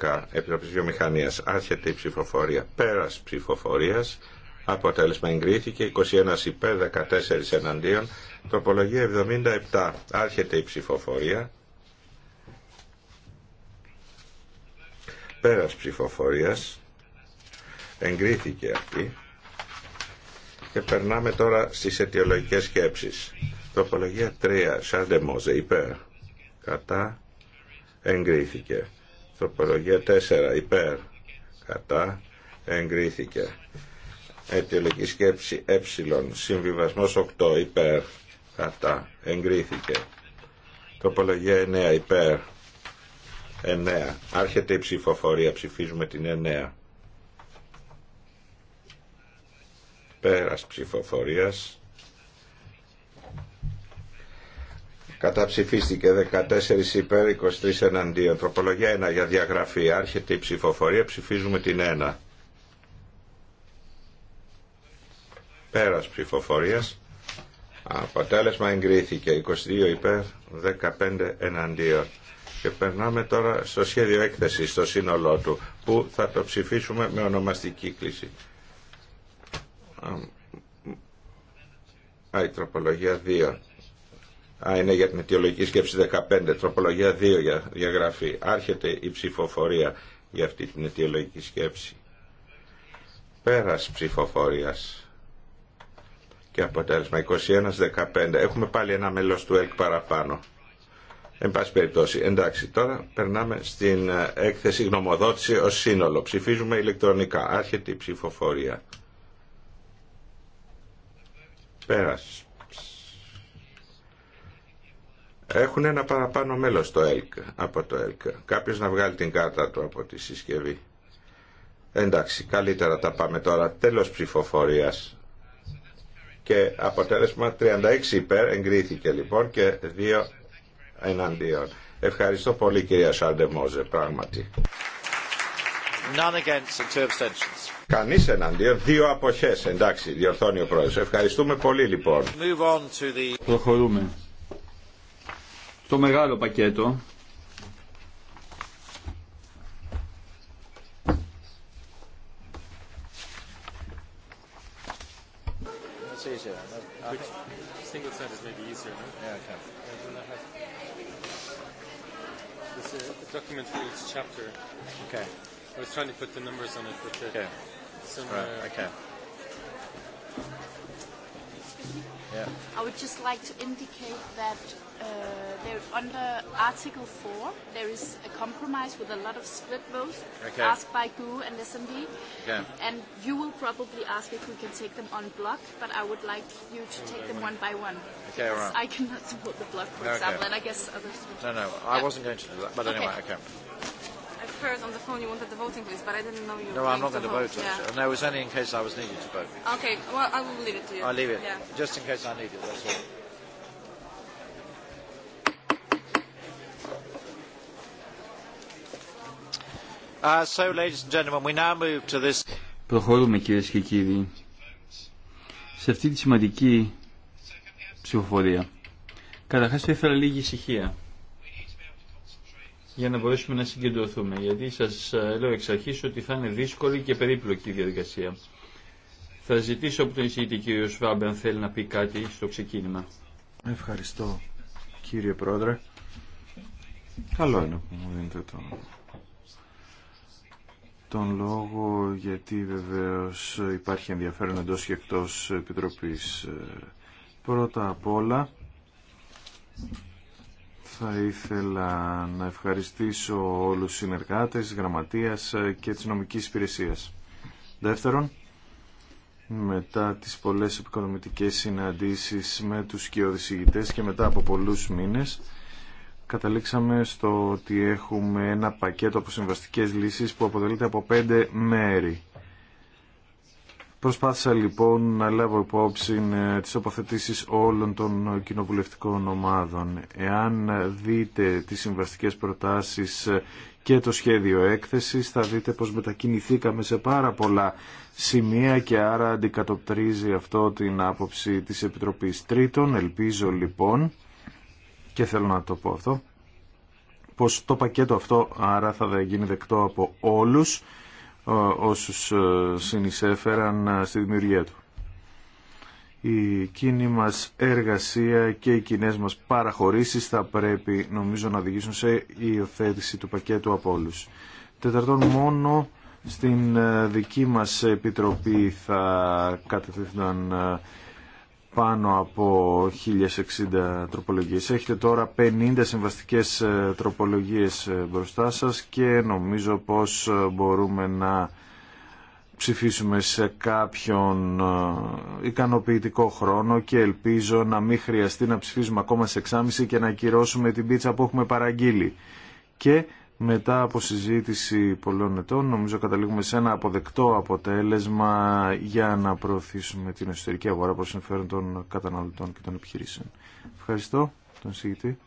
12 Επιτροπής Βιομηχανίας. Άρχεται η ψηφοφορία. Πέρας ψηφοφορίας. Αποτέλεσμα εγκρίθηκε 21 υπέρ 14 εναντίον. Τροπολογία 77. Άρχεται η ψηφοφορία. Πέρας ψηφοφορίας. Εγκρίθηκε αυτή. Και περνάμε τώρα στις αιτιολογικές σκέψεις. Τροπολογία 3. Σάντε Μόζε υπέρ. Κατά. Εγκρίθηκε. Τροπολογία 4. Υπέρ. Κατά. Εγκρίθηκε. Αιτιολογική σκέψη ε. Συμβιβασμό 8. Υπέρ. Κατά. Εγκρίθηκε. Τροπολογία 9. Υπέρ. 9. Άρχεται η ψηφοφορία. Ψηφίζουμε την 9. Πέρας ψηφοφορίας Καταψηφίστηκε 14 υπέρ 23 εναντίον. Τροπολογία 1 για διαγραφή. Άρχεται η ψηφοφορία. Ψηφίζουμε την 1. Πέρας ψηφοφορίας. Αποτέλεσμα εγκρίθηκε. 22 υπέρ 15 εναντίον. Και περνάμε τώρα στο σχέδιο έκθεση στο σύνολό του που θα το ψηφίσουμε με ονομαστική κλίση. Α, η τροπολογία 2. Α, είναι για την αιτιολογική σκέψη 15, τροπολογία 2 για διαγραφή. Άρχεται η ψηφοφορία για αυτή την αιτιολογική σκέψη. Πέρας ψηφοφορίας και αποτέλεσμα 21-15. Έχουμε πάλι ένα μέλος του ΕΛΚ παραπάνω. Εν πάση περιπτώσει. Εντάξει, τώρα περνάμε στην ε, έκθεση γνωμοδότηση ως σύνολο. Ψηφίζουμε ηλεκτρονικά. Άρχεται η ψηφοφορία. Πέρας. Έχουν ένα παραπάνω μέλος το ΕΛΚ, από το ΕΛΚ. Κάποιος να βγάλει την κάρτα του από τη συσκευή. Εντάξει, καλύτερα τα πάμε τώρα. Τέλος ψηφοφορίας. Και αποτέλεσμα 36 υπέρ εγκρίθηκε λοιπόν και 2 εναντίον. Ευχαριστώ πολύ κυρία Σάντε Μόζε, πράγματι. None against Κανείς εναντίον, δύο αποχές, εντάξει, διορθώνει ο πρόεδρος. Ευχαριστούμε πολύ λοιπόν. Προχωρούμε το μεγάλο πακέτο I was trying to put the numbers on it, I would just like to indicate that there, under Article 4, there is a compromise with a lot of split votes asked by GU and SMD. And you will probably ask if we can take them on block, but I would like you to take them one by one. Okay, right. I cannot support the block, for example, and I guess others would. No, no, I wasn't going to do that, but anyway, okay. I heard on the phone you wanted the voting list, but I didn't know you were No, I'm not going to vote. And it was only in case I was needed to vote. Okay, well, I will leave it to you. I'll leave it, just in case I need it, that's all. Προχωρούμε κυρίες και κύριοι σε αυτή τη σημαντική ψηφοφορία. Καταρχά θα ήθελα λίγη ησυχία για να μπορέσουμε να συγκεντρωθούμε. Γιατί σας ε, λέω εξ αρχής ότι θα είναι δύσκολη και περίπλοκη η διαδικασία. Θα ζητήσω από τον εισηγητή κύριο Σβάμπε αν θέλει να πει κάτι στο ξεκίνημα. Ευχαριστώ κύριε Πρόεδρε. Καλό είναι που μου δίνετε το τον λόγο γιατί βεβαίως υπάρχει ενδιαφέρον εντό και εκτός Επιτροπής. Πρώτα απ' όλα θα ήθελα να ευχαριστήσω όλους τους συνεργάτες, γραμματείας και της νομικής υπηρεσίας. Δεύτερον, μετά τις πολλές επικοδομητικές συναντήσεις με τους κοιοδησηγητές και μετά από πολλούς μήνες, καταλήξαμε στο ότι έχουμε ένα πακέτο από συμβαστικές λύσεις που αποτελείται από πέντε μέρη. Προσπάθησα λοιπόν να λάβω υπόψη ε, τις οποθετήσεις όλων των κοινοβουλευτικών ομάδων. Εάν δείτε τις συμβαστικές προτάσεις ε, και το σχέδιο έκθεσης θα δείτε πως μετακινηθήκαμε σε πάρα πολλά σημεία και άρα αντικατοπτρίζει αυτό την άποψη της Επιτροπής Τρίτων. Ελπίζω λοιπόν και θέλω να το πω αυτό, πως το πακέτο αυτό άρα θα γίνει δεκτό από όλους ε, όσους ε, συνεισέφεραν ε, στη δημιουργία του. Η κοινή μας εργασία και οι κοινέ μας παραχωρήσεις θα πρέπει νομίζω να οδηγήσουν σε υιοθέτηση του πακέτου από όλους. Τεταρτόν μόνο στην δική μας επιτροπή θα κατευθύνταν πάνω από 1060 τροπολογίες. Έχετε τώρα 50 συμβαστικές ε, τροπολογίες ε, μπροστά σας και νομίζω πως ε, μπορούμε να ψηφίσουμε σε κάποιον ικανοποιητικό χρόνο και ελπίζω να μην χρειαστεί να ψηφίσουμε ακόμα σε 6,5 και να ακυρώσουμε την πίτσα που έχουμε παραγγείλει. Και μετά από συζήτηση πολλών ετών νομίζω καταλήγουμε σε ένα αποδεκτό αποτέλεσμα για να προωθήσουμε την εσωτερική αγορά προς συμφέρον των καταναλωτών και των επιχειρήσεων. Ευχαριστώ τον συγητή.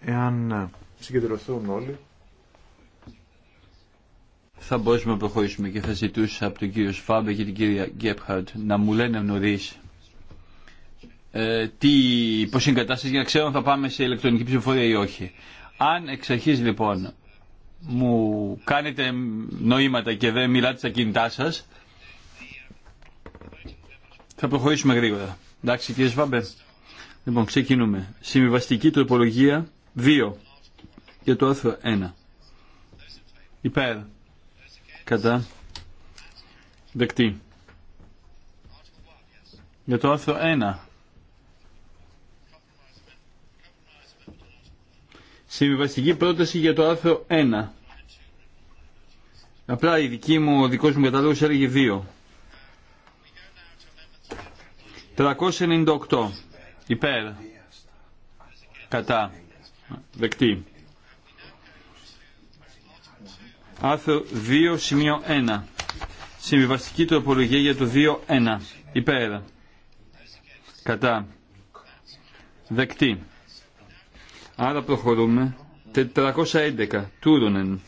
Εάν συγκεντρωθούν όλοι θα μπορούσαμε να προχωρήσουμε και θα ζητούσα από τον κύριο Σφάμπε και την κυρία Γκέπχαρτ να μου λένε νωρίς ε, είναι τι κατάσταση για να ξέρω αν θα πάμε σε ηλεκτρονική ψηφοφορία ή όχι. Αν εξ λοιπόν μου κάνετε νοήματα και δεν μιλάτε στα κινητά σας, θα προχωρήσουμε γρήγορα. Εντάξει κύριε Σβάμπερ. Λοιπόν, ξεκινούμε. Συμβιβαστική τροπολογία 2 για το άρθρο 1. Υπέρ. Κατά. Δεκτή. Για το άρθρο 1. Συμβιβαστική πρόταση για το άρθρο 1. Απλά η δική μου, ο δικός μου κατάλογος έλεγε 2. 398. Υπέρ. Κατά. Δεκτή. Άρθρο 2 σημείο 1. Συμβιβαστική τροπολογία για το 2-1. Υπέρ. Κατά. Δεκτή. Άρα προχωρούμε. 411. Τούρουνεν.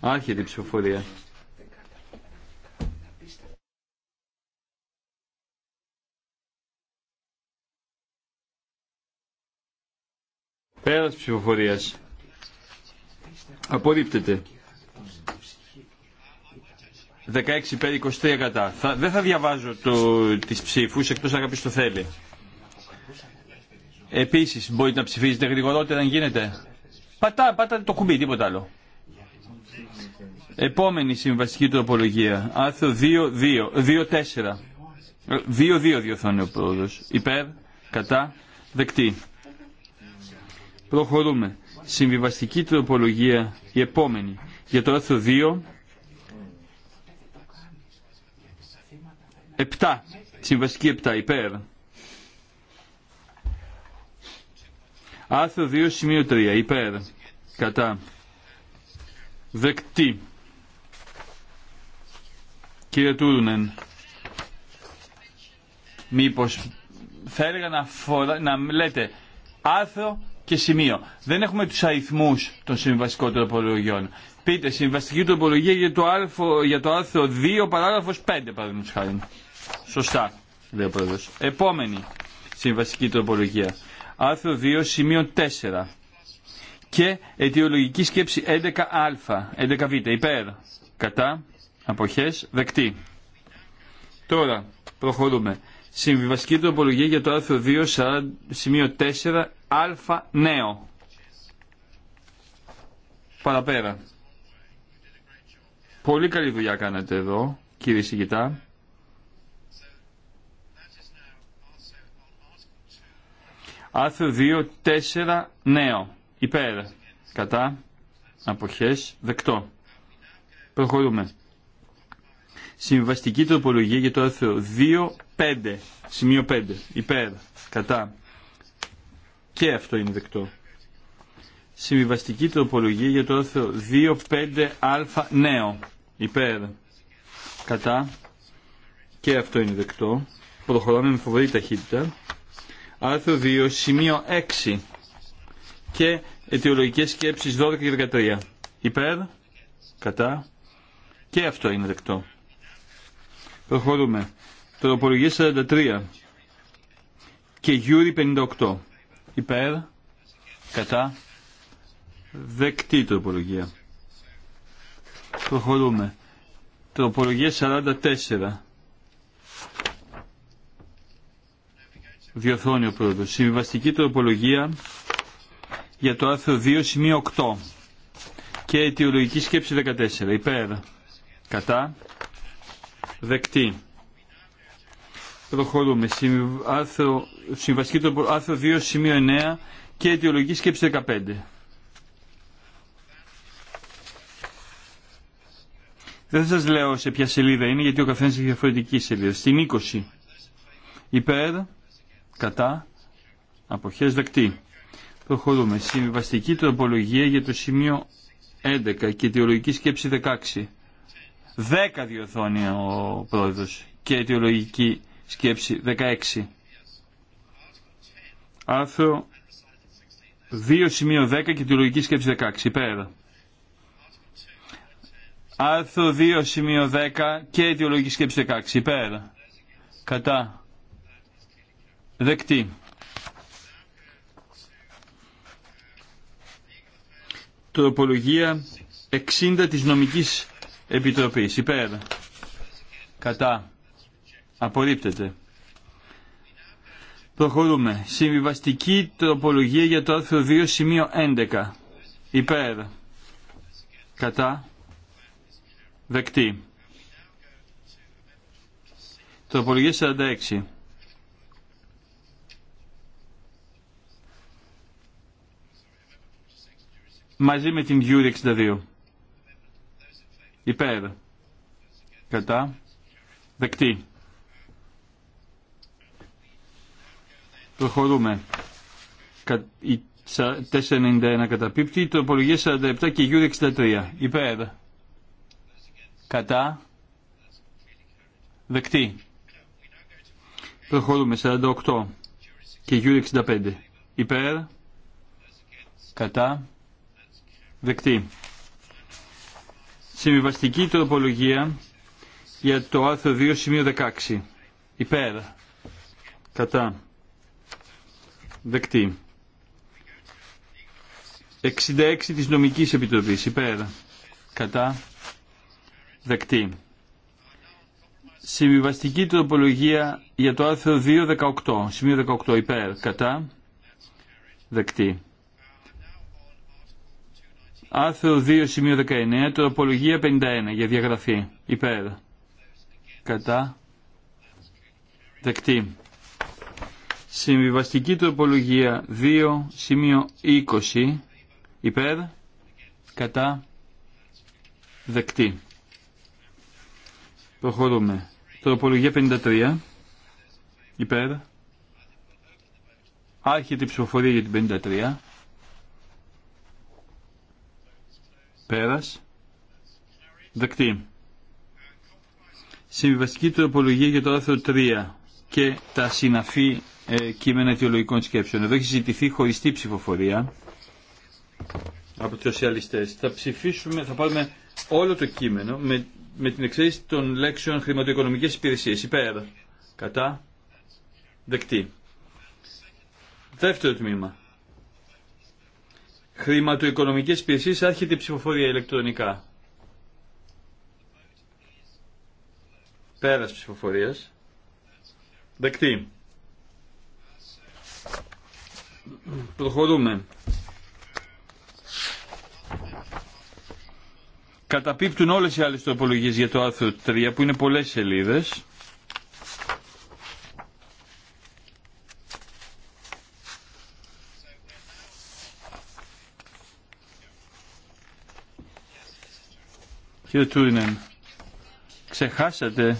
Άρχεται η ψηφοφορία. Πέρας ψηφοφορίας. Απορρίπτεται. 16 υπέρ 23 κατά. δεν θα διαβάζω το, τις ψήφους εκτός αν κάποιος το θέλει. Επίσης μπορείτε να ψηφίζετε γρηγορότερα αν γίνεται. Πατά, πατάτε το κουμπί, τίποτα άλλο. Επόμενη συμβαστική τροπολογία. Άρθρο 2-2. 2-4. 2-2 διορθώνει ο πρόεδρος. Υπέρ, κατά, δεκτή. Προχωρούμε. Συμβιβαστική τροπολογία η επόμενη. Για το άρθρο 2. 7. Συμβαστική 7. Υπέρ. Άρθρο 2 σημείο 3 υπέρ κατά δεκτή. Κύριε Τούρνεν, μήπως θα έλεγα να, να λέτε άρθρο και σημείο. Δεν έχουμε τους αριθμούς των συμβασικών τροπολογιών. Πείτε συμβαστική τροπολογία για το, άρθρο, για το άρθρο 2 παράγραφος 5 παραδείγματος χάρη. Σωστά, λέει ο πρόεδρος. Επόμενη συμβαστική τροπολογία άρθρο 2, σημείο 4 και αιτιολογική σκέψη 11α, 11β, υπέρ, κατά, αποχές, δεκτή. Τώρα προχωρούμε. Συμβιβαστική τροπολογία για το άρθρο 2, σημείο 4, α, νέο. Παραπέρα. Πολύ καλή δουλειά κάνατε εδώ, κύριε Σιγητά. Άρθρο 2, 4, νέο. Υπέρ. Κατά. Αποχές. Δεκτό. Προχωρούμε. Συμβαστική τροπολογία για το άρθρο 2, 5. Σημείο 5. Υπέρ. Κατά. Και αυτό είναι δεκτό. Συμβιβαστική τροπολογία για το άρθρο 2.5α νέο. Υπέρ. Κατά. Και αυτό είναι δεκτό. Προχωράμε με φοβερή ταχύτητα άρθρο 2, σημείο 6 και αιτιολογικές σκέψεις 12 και 13. Υπέρ, κατά και αυτό είναι δεκτό. Προχωρούμε. Τροπολογία 43 και Γιούρι 58. Υπέρ, κατά, δεκτή τροπολογία. Προχωρούμε. Τροπολογία 44 Διορθώνει ο πρόεδρος. Συμβιβαστική τροπολογία για το άρθρο 2 σημείο 8 και αιτιολογική σκέψη 14. Υπέρ. Κατά. Δεκτή. Προχωρούμε. Άρθρο, συμβαστική τροπολογία, άρθρο 2 σημείο 9 και αιτιολογική σκέψη 15. Δεν σας λέω σε ποια σελίδα είναι, γιατί ο καθένας έχει διαφορετική σελίδα. Στην 20. Υπέρ κατά αποχές δεκτή. Προχωρούμε. Συμβαστική τροπολογία για το σημείο 11 και αιτιολογική σκέψη 16. 10 διορθώνει ο πρόεδρος και αιτιολογική σκέψη 16. Άρθρο 2 σημείο 10 και αιτιολογική σκέψη 16. πέρα. Άρθρο 2 σημείο 10 και αιτιολογική σκέψη 16. πέρα. Κατά δεκτή. Τροπολογία 60 της νομικής επιτροπής. Υπέρ. Κατά. Απορρίπτεται. Προχωρούμε. Συμβιβαστική τροπολογία για το άρθρο 2 σημείο 11. Υπέρ. Κατά. Δεκτή. Τροπολογία 46. μαζί με την Γιούρι 62. Υπέρ. Κατά. Δεκτή. Προχωρούμε. Η 491 καταπίπτει, τροπολογία 47 και η Γιούρι 63. Υπέρ. Κατά. Δεκτή. Προχωρούμε. 48 και Γιούρι 65. Υπέρ. Κατά. Δεκτή. Συμβιβαστική τροπολογία για το άρθρο 2 σημείο 16. Υπέρ. Κατά. Δεκτή. 66 της Νομικής Επιτροπής. Υπέρ. Κατά. Δεκτή. Συμβιβαστική τροπολογία για το άρθρο 2.18. Σημείο 18. Υπέρ. Κατά. Δεκτή. Άρθρο 2 σημείο 19, τροπολογία 51 για διαγραφή. Υπέρ. Κατά. Δεκτή. Συμβιβαστική τροπολογία 2 σημείο 20. Υπέρ. Κατά. Δεκτή. Προχωρούμε. Τροπολογία 53. Υπέρ. Άρχεται η ψηφοφορία για την 53. Πέρας. Δεκτή. Συμβιβαστική τροπολογία για το άρθρο 3 και τα συναφή ε, κείμενα αιτιολογικών σκέψεων. Εδώ έχει ζητηθεί χωριστή ψηφοφορία από τους σοσιαλιστές. Θα ψηφίσουμε, θα πάρουμε όλο το κείμενο με, με την εξαίρεση των λέξεων χρηματοοικονομικές υπηρεσίες. Υπέρ. Κατά. Δεκτή. Δεύτερο τμήμα χρηματοοικονομικές υπηρεσίες άρχεται η ψηφοφορία ηλεκτρονικά. Πέρας ψηφοφορίας. Δεκτή. Προχωρούμε. Καταπίπτουν όλες οι άλλες τροπολογίες για το άρθρο 3 που είναι πολλές σελίδες. Κύριε Τούρινεν, ξεχάσατε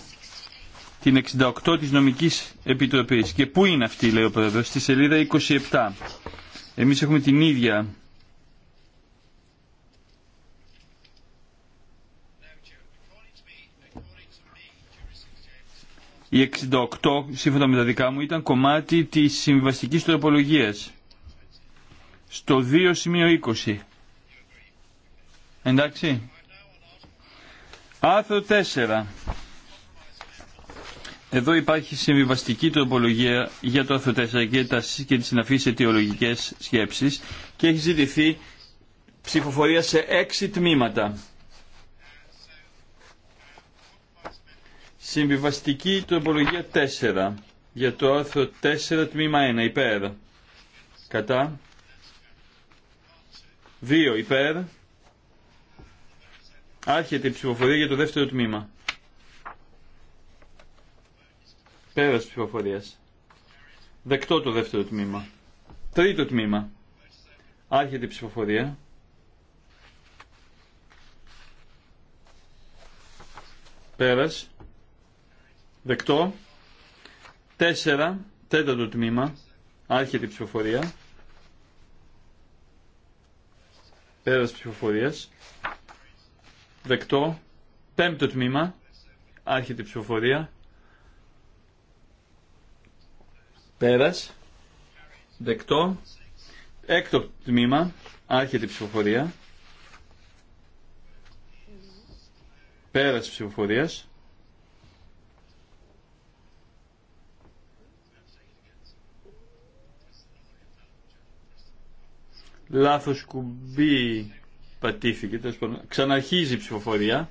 την 68 της νομικής επιτροπής. Και πού είναι αυτή, λέει ο πρόεδρος, στη σελίδα 27. Εμείς έχουμε την ίδια Η 68, σύμφωνα με τα δικά μου, ήταν κομμάτι της συμβαστικής τροπολογίας. Στο 2 σημείο 20. Εντάξει. Άρθρο 4. Εδώ υπάρχει συμβιβαστική τροπολογία για το άρθρο 4 και, τα, και τις συναφείς αιτιολογικές σκέψεις και έχει ζητηθεί ψηφοφορία σε έξι τμήματα. Συμβιβαστική τροπολογία 4 για το άρθρο 4 τμήμα 1 υπέρ. Κατά. 2 υπέρ. Άρχεται η ψηφοφορία για το δεύτερο τμήμα. Πέρας ψηφοφορίας. Δεκτό το δεύτερο τμήμα. Τρίτο τμήμα. Άρχεται η ψηφοφορία. Πέρας. Δεκτό. Τέσσερα. Τέταρτο τμήμα. Άρχεται η ψηφοφορία. Πέρας ψηφοφορίας. Δεκτό. Πέμπτο τμήμα. Άρχεται η ψηφοφορία. Πέρας. Δεκτό. Έκτο τμήμα. Άρχεται η ψηφοφορία. Πέρας ψηφοφορίας. Λάθος κουμπί πατήθηκε, τέλος πάντων, ξαναρχίζει η ψηφοφορία.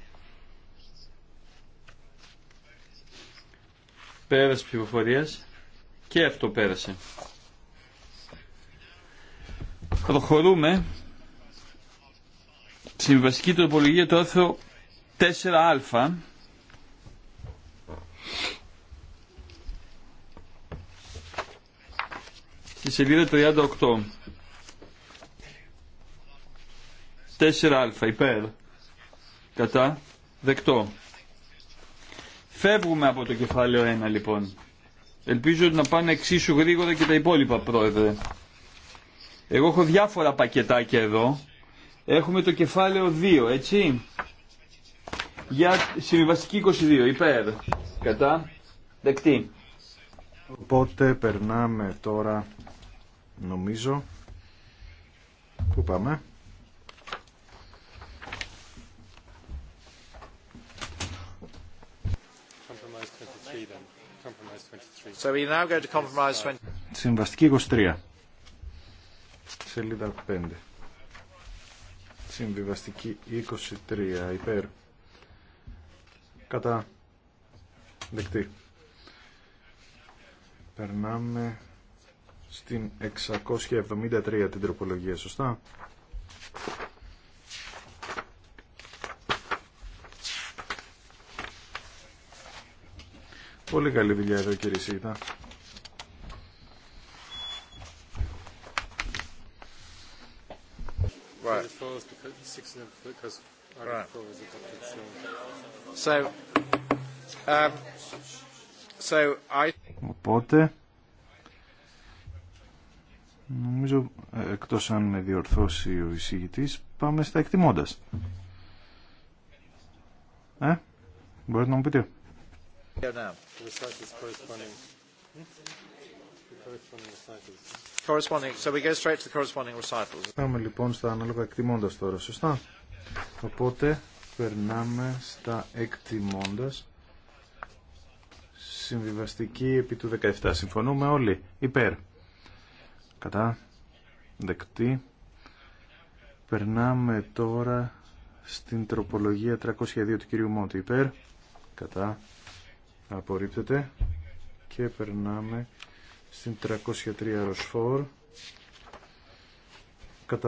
Πέρασε ψηφοφορία και αυτό πέρασε. Προχωρούμε βασική τροπολογία το άρθρο 4α στη σελίδα 38 4α υπέρ κατά δεκτό. Φεύγουμε από το κεφάλαιο 1 λοιπόν. Ελπίζω να πάνε εξίσου γρήγορα και τα υπόλοιπα πρόεδρε. Εγώ έχω διάφορα πακετάκια εδώ. Έχουμε το κεφάλαιο 2 έτσι. Για συμβιβαστική 22 υπέρ κατά δεκτή. Οπότε περνάμε τώρα νομίζω. Πού πάμε. So we now go to compromise 20... Συμβαστική 23. Σελίδα 5. Συμβιβαστική 23. Υπέρ. Κατά. Δεκτή. Περνάμε στην 673 την τροπολογία, σωστά. Πολύ καλή δουλειά εδώ κύριε Σίγητα. Um, Οπότε, νομίζω, ε, εκτός αν με διορθώσει ο εισηγητής, πάμε στα εκτιμώντας. Ε, μπορείτε να μου πείτε. Πάμε λοιπόν στα ανάλογα εκτιμώντας τώρα, σωστά. Οπότε περνάμε στα εκτιμώντας. Συμβιβαστική επί του 17. Συμφωνούμε όλοι. Υπέρ. Κατά. Δεκτή. Περνάμε τώρα στην τροπολογία 302 του κυρίου Μότη. Υπέρ. Κατά απορρίπτεται και περνάμε στην 303 ροσφόρ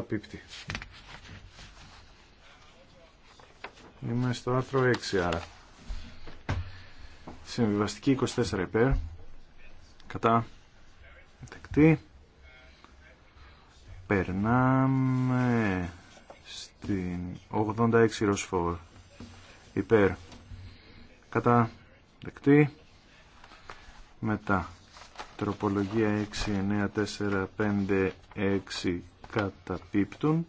πίπτη. Είμαστε στο άρθρο 6 άρα. Συμβιβαστική 24 υπέρ. Κατά. Δεκτή. Περνάμε στην 86 ροσφόρ. Υπέρ. Κατά. Δεκτή. Μετά. Τροπολογία 6, 9, 4, 5, 6 καταπίπτουν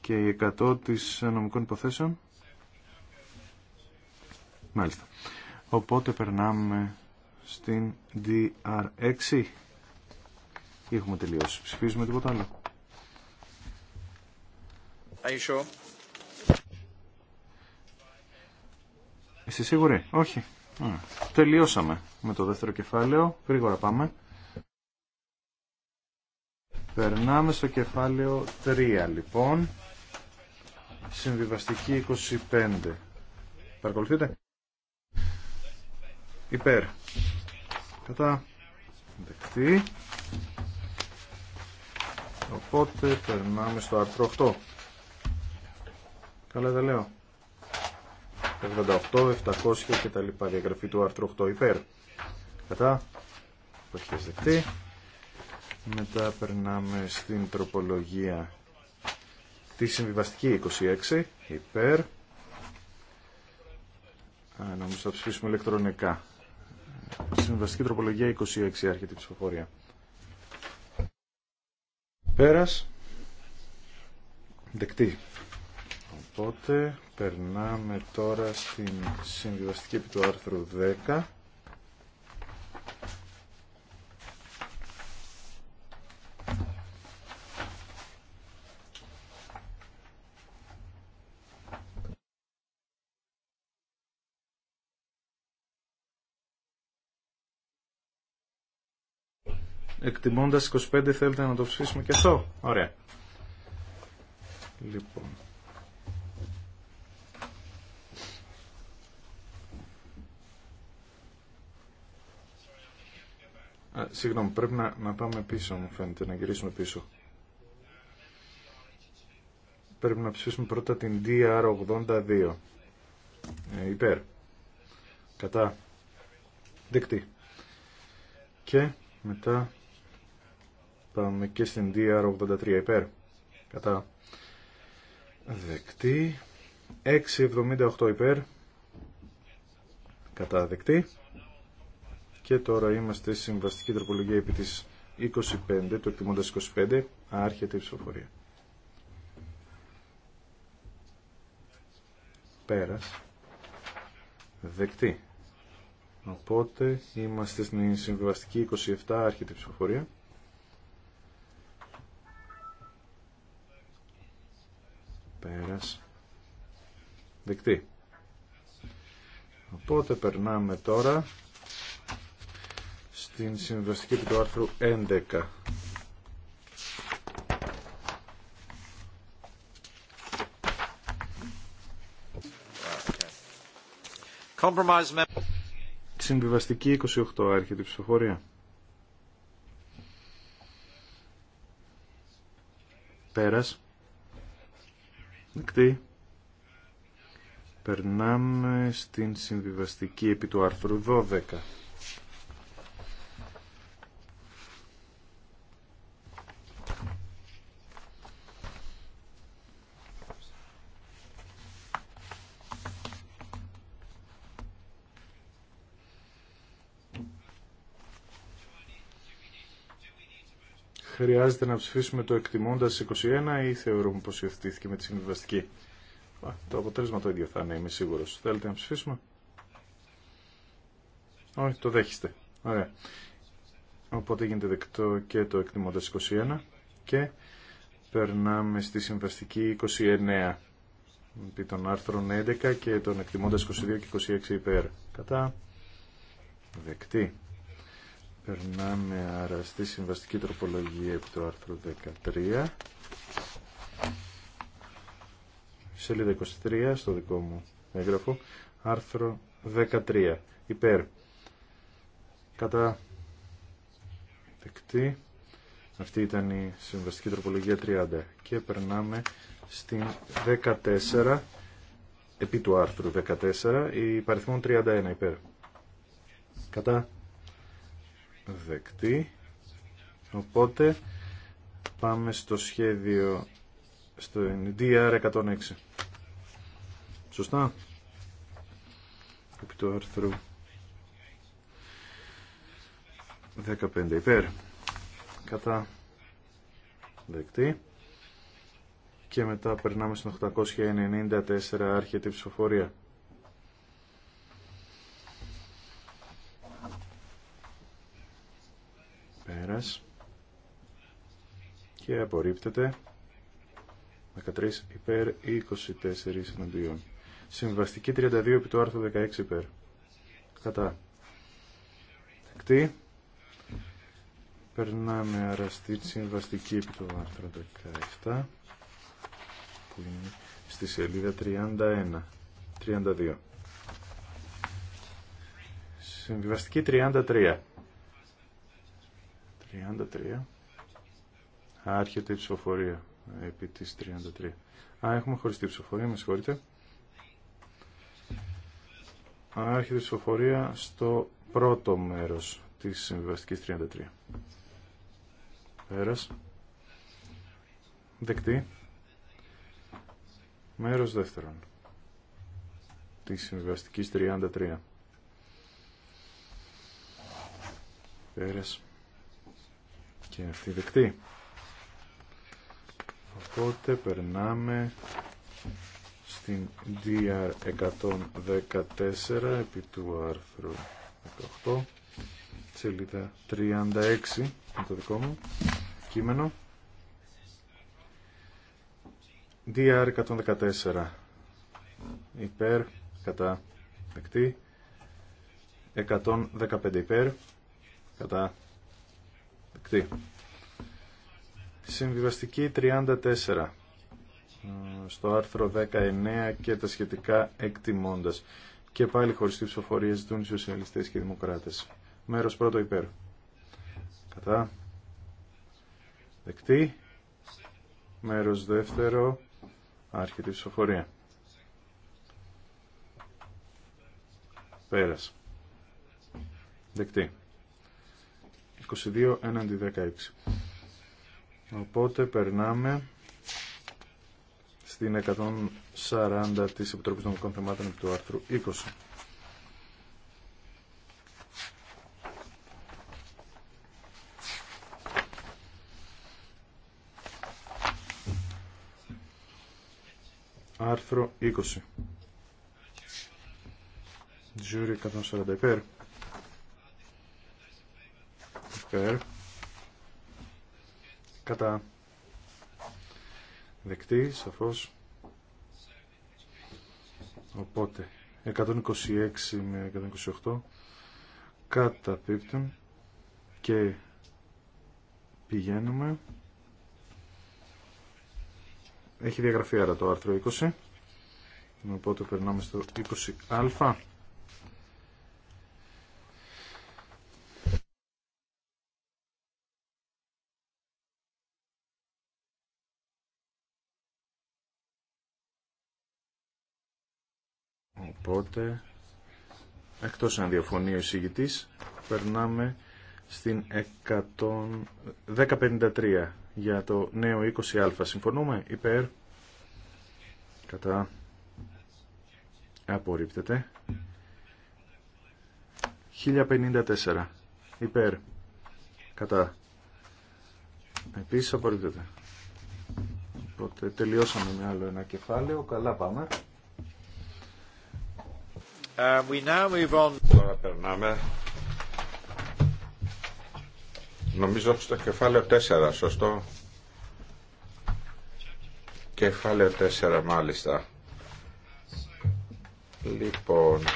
και η 100 της νομικών υποθέσεων. Μάλιστα. Οπότε περνάμε στην DR6 ή έχουμε τελειώσει. Ψηφίζουμε τίποτα άλλο. Are you sure? Είστε σίγουροι? Όχι. Τελειώσαμε με το δεύτερο κεφάλαιο. Γρήγορα πάμε. Περνάμε στο κεφάλαιο 3 λοιπόν. Συμβιβαστική 25. Παρακολουθείτε. Υπέρ. Κατά. Δεκτή. Οπότε περνάμε στο άρθρο 8. Καλά τα λέω. 88, 700 και τα λοιπά. Διαγραφή του άρθρου 8 υπέρ. Κατά. έχει δεκτή. Μετά περνάμε στην τροπολογία τη συμβιβαστική 26 υπέρ. Α, νομίζω θα ψηφίσουμε ηλεκτρονικά. Συμβαστική τροπολογία 26 άρχεται η ψηφοφορία. Πέρας. Δεκτή. Οπότε περνάμε τώρα στην συνδυαστική επί του άρθρου 10. Εκτιμώντας 25 θέλετε να το ψηφίσουμε και αυτό. Ωραία. Λοιπόν, Α, συγγνώμη, πρέπει να, πάμε πίσω, μου φαίνεται, να γυρίσουμε πίσω. Πρέπει να ψηφίσουμε πρώτα την DR82. Ε, υπέρ. Κατά. Δεκτή. Και μετά πάμε και στην DR83. Υπέρ. Κατά. Δεκτή. 678 υπέρ. Κατά δεκτή. Και τώρα είμαστε στη συμβαστική τροπολογία επί της 25, το εκτιμώντας 25, άρχεται η ψηφοφορία. Πέρας. Δεκτή. Οπότε είμαστε στην συμβαστική 27, άρχεται η ψηφοφορία. Πέρας. Δεκτή. Οπότε περνάμε τώρα στην συμβαστική του άρθρου 11. Συμβιβαστική 28 έρχεται η ψηφοφορία. Πέρας. Δεκτή. Περνάμε στην συμβιβαστική επί του άρθρου 12. χρειάζεται να ψηφίσουμε το εκτιμώντα 21 ή θεωρούμε πω υιοθετήθηκε με τη συμβιβαστική. Το αποτέλεσμα το ίδιο θα είναι, είμαι σίγουρο. Θέλετε να ψηφίσουμε. Όχι, το δέχεστε. Ωραία. Οπότε γίνεται δεκτό και το εκτιμώντα 21 και περνάμε στη συμβαστική 29 επί των άρθρων 11 και των εκτιμώντας 22 και 26 υπέρ. Κατά δεκτή. Περνάμε άρα στη συμβαστική τροπολογία επί του άρθρου 13. Σελίδα 23 στο δικό μου έγγραφο. Άρθρο 13. Υπέρ. Κατά. Δεκτή. Αυτή ήταν η συμβαστική τροπολογία 30. Και περνάμε στην 14. Επί του άρθρου 14. Η παριθμόν 31. Υπέρ. Κατά δεκτή. Οπότε πάμε στο σχέδιο στο DR106. Σωστά. Επί του άρθρου 15 υπέρ. Κατά δεκτή. Και μετά περνάμε στο 894 άρχεται η ψηφοφορία. και απορρίπτεται 13 υπέρ 24 εναντίον. Συμβαστική 32 επί το άρθρο 16 υπέρ. Κατά. Δεκτή. Περνάμε αραστή τη συμβαστική επί το άρθρο 17 που είναι στη σελίδα 31. 32. Συμβιβαστική 33. 33. Άρχεται η ψηφοφορία επί της 33. Α, έχουμε χωριστή ψηφοφορία, με συγχωρείτε. Άρχεται η ψηφοφορία στο πρώτο μέρος της συμβιβαστικής 33. Πέρας. Δεκτή. Μέρος δεύτερον. Τη συμβιβαστικής 33. Πέρας και αυτή δεκτή. Οπότε περνάμε στην DR114 επί του άρθρου 18 σελίδα 36 το δικό μου κείμενο DR114 υπέρ κατά δεκτή 115 υπέρ κατά τι. Συμβιβαστική 34 στο άρθρο 19 και τα σχετικά εκτιμώντας. Και πάλι τη ψηφοφορία ζητούν οι σοσιαλιστές και οι δημοκράτες. Μέρος πρώτο υπέρ. Κατά. Δεκτή. Μέρος δεύτερο. Άρχεται ψηφοφορία. Πέρας. Δεκτή. 22 έναντι 16. Οπότε περνάμε στην 140 της Επιτροπής Νομικών Θεμάτων του άρθρου 20. Άρθρο 20. Τζούρι 140 υπέρ κατά δεκτή σαφώς οπότε 126 με 128 κατά καταπίπτουν και πηγαίνουμε έχει διαγραφεί άρα το άρθρο 20 οπότε περνάμε στο 20α Οπότε, εκτός αν διαφωνεί ο εισηγητής, περνάμε στην 1053 για το νέο 20α. Συμφωνούμε, υπέρ, κατά, απορρίπτεται. 1054, υπέρ, κατά, επίσης απορρίπτεται. Οπότε τελειώσαμε με άλλο ένα κεφάλαιο, καλά πάμε. Ε, we now move on. Τώρα περνάμε. Νομίζω στο κεφάλαιο 4, σωστό. Κεφάλαιο 4 μάλιστα. Λοιπόν. So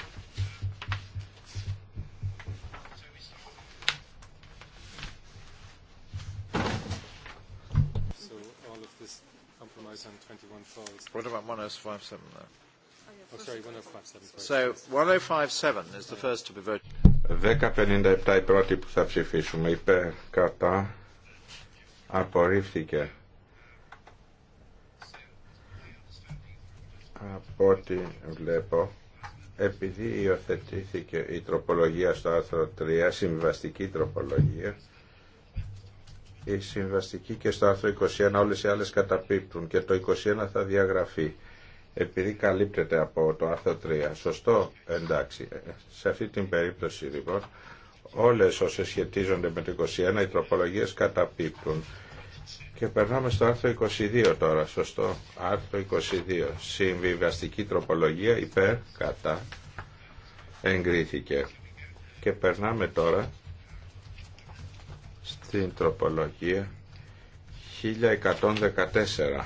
all of this compromise on 21 falls. What about 105 now? 1057 η πρώτη που θα ψηφίσουμε υπέρ κατά απορρίφθηκε από ό,τι βλέπω επειδή υιοθετήθηκε η τροπολογία στο άρθρο 3 συμβαστική τροπολογία η συμβαστική και στο άρθρο 21 όλες οι άλλες καταπίπτουν και το 21 θα διαγραφεί επειδή καλύπτεται από το άρθρο 3. Σωστό, εντάξει. Σε αυτή την περίπτωση λοιπόν όλες όσε σχετίζονται με το 21 οι τροπολογίες καταπίπτουν. Και περνάμε στο άρθρο 22 τώρα, σωστό. Άρθρο 22. Συμβιβαστική τροπολογία υπέρ, κατά, εγκρίθηκε. Και περνάμε τώρα στην τροπολογία 1114.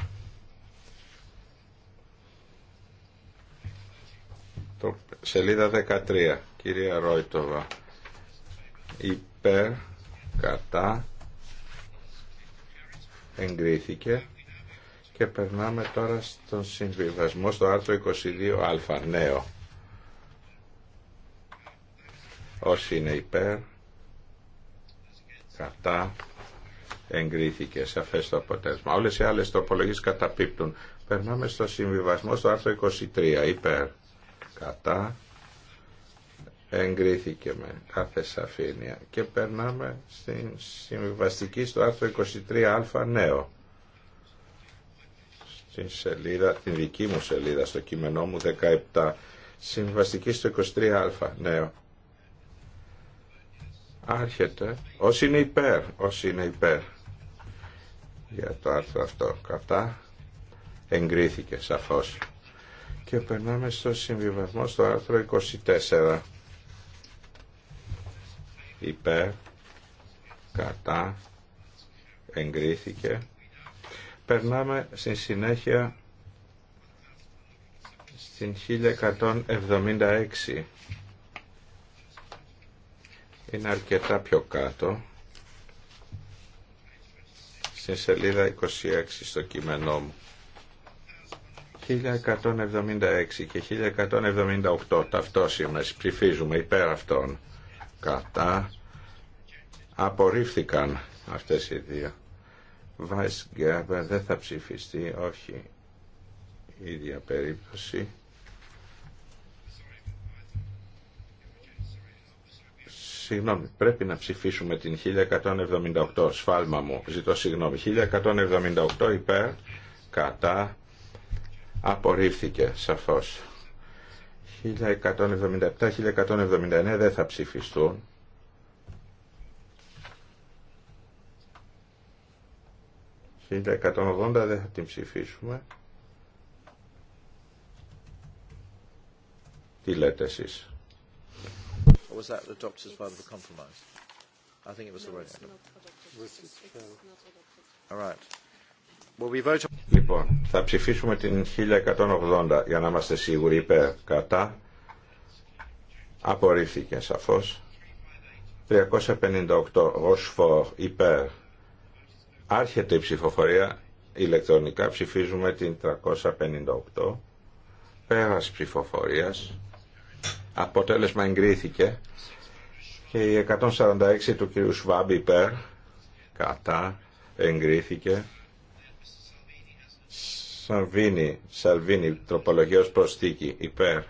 Σελίδα 13. Κυρία Ρόιτοβα. Υπέρ, κατά, εγκρίθηκε. Και περνάμε τώρα στον συμβιβασμό στο άρθρο 22α νέο. Όσοι είναι υπέρ, κατά, εγκρίθηκε σαφές το αποτέλεσμα. Όλες οι άλλες τοπολογίες καταπίπτουν. Περνάμε στο συμβιβασμό στο άρθρο 23 υπέρ κατά εγκρίθηκε με κάθε σαφήνεια και περνάμε στην συμβιβαστική στο άρθρο 23α νέο στην σελίδα, την δική μου σελίδα στο κείμενό μου 17 συμβιβαστική στο 23α νέο άρχεται όσοι είναι υπέρ όσοι είναι υπέρ για το άρθρο αυτό κατά εγκρίθηκε σαφώς και περνάμε στο συμβιβασμό στο άρθρο 24. Υπέρ, κατά, εγκρίθηκε. Περνάμε στη συνέχεια στην 1176. Είναι αρκετά πιο κάτω. Στην σελίδα 26 στο κείμενό μου. 1176 και 1178 ταυτόσημες ψηφίζουμε υπέρ αυτών κατά απορρίφθηκαν αυτές οι δύο Βάις δεν θα ψηφιστεί όχι η ίδια περίπτωση Συγγνώμη, πρέπει να ψηφίσουμε την 1178, σφάλμα μου, ζητώ συγγνώμη, 1178 υπέρ, κατά, απορρίφθηκε σαφώς. 1177-1179 δεν θα ψηφιστούν. ...1180 δεν θα την ψηφίσουμε. Τι λέτε εσείς. All Λοιπόν, θα ψηφίσουμε την 1180 για να είμαστε σίγουροι υπέρ κατά. Απορρίφθηκε σαφώς. 358 Ροσφόρ υπέρ. Άρχεται η ψηφοφορία. Ηλεκτρονικά ψηφίζουμε την 358. Πέρας ψηφοφορίας. Αποτέλεσμα εγκρίθηκε. Και η 146 του κ. Σβάμπ υπέρ. Κατά. Εγκρίθηκε. Σαλβίνη, Σαλβίνη, τροπολογία ως προσθήκη, υπέρ,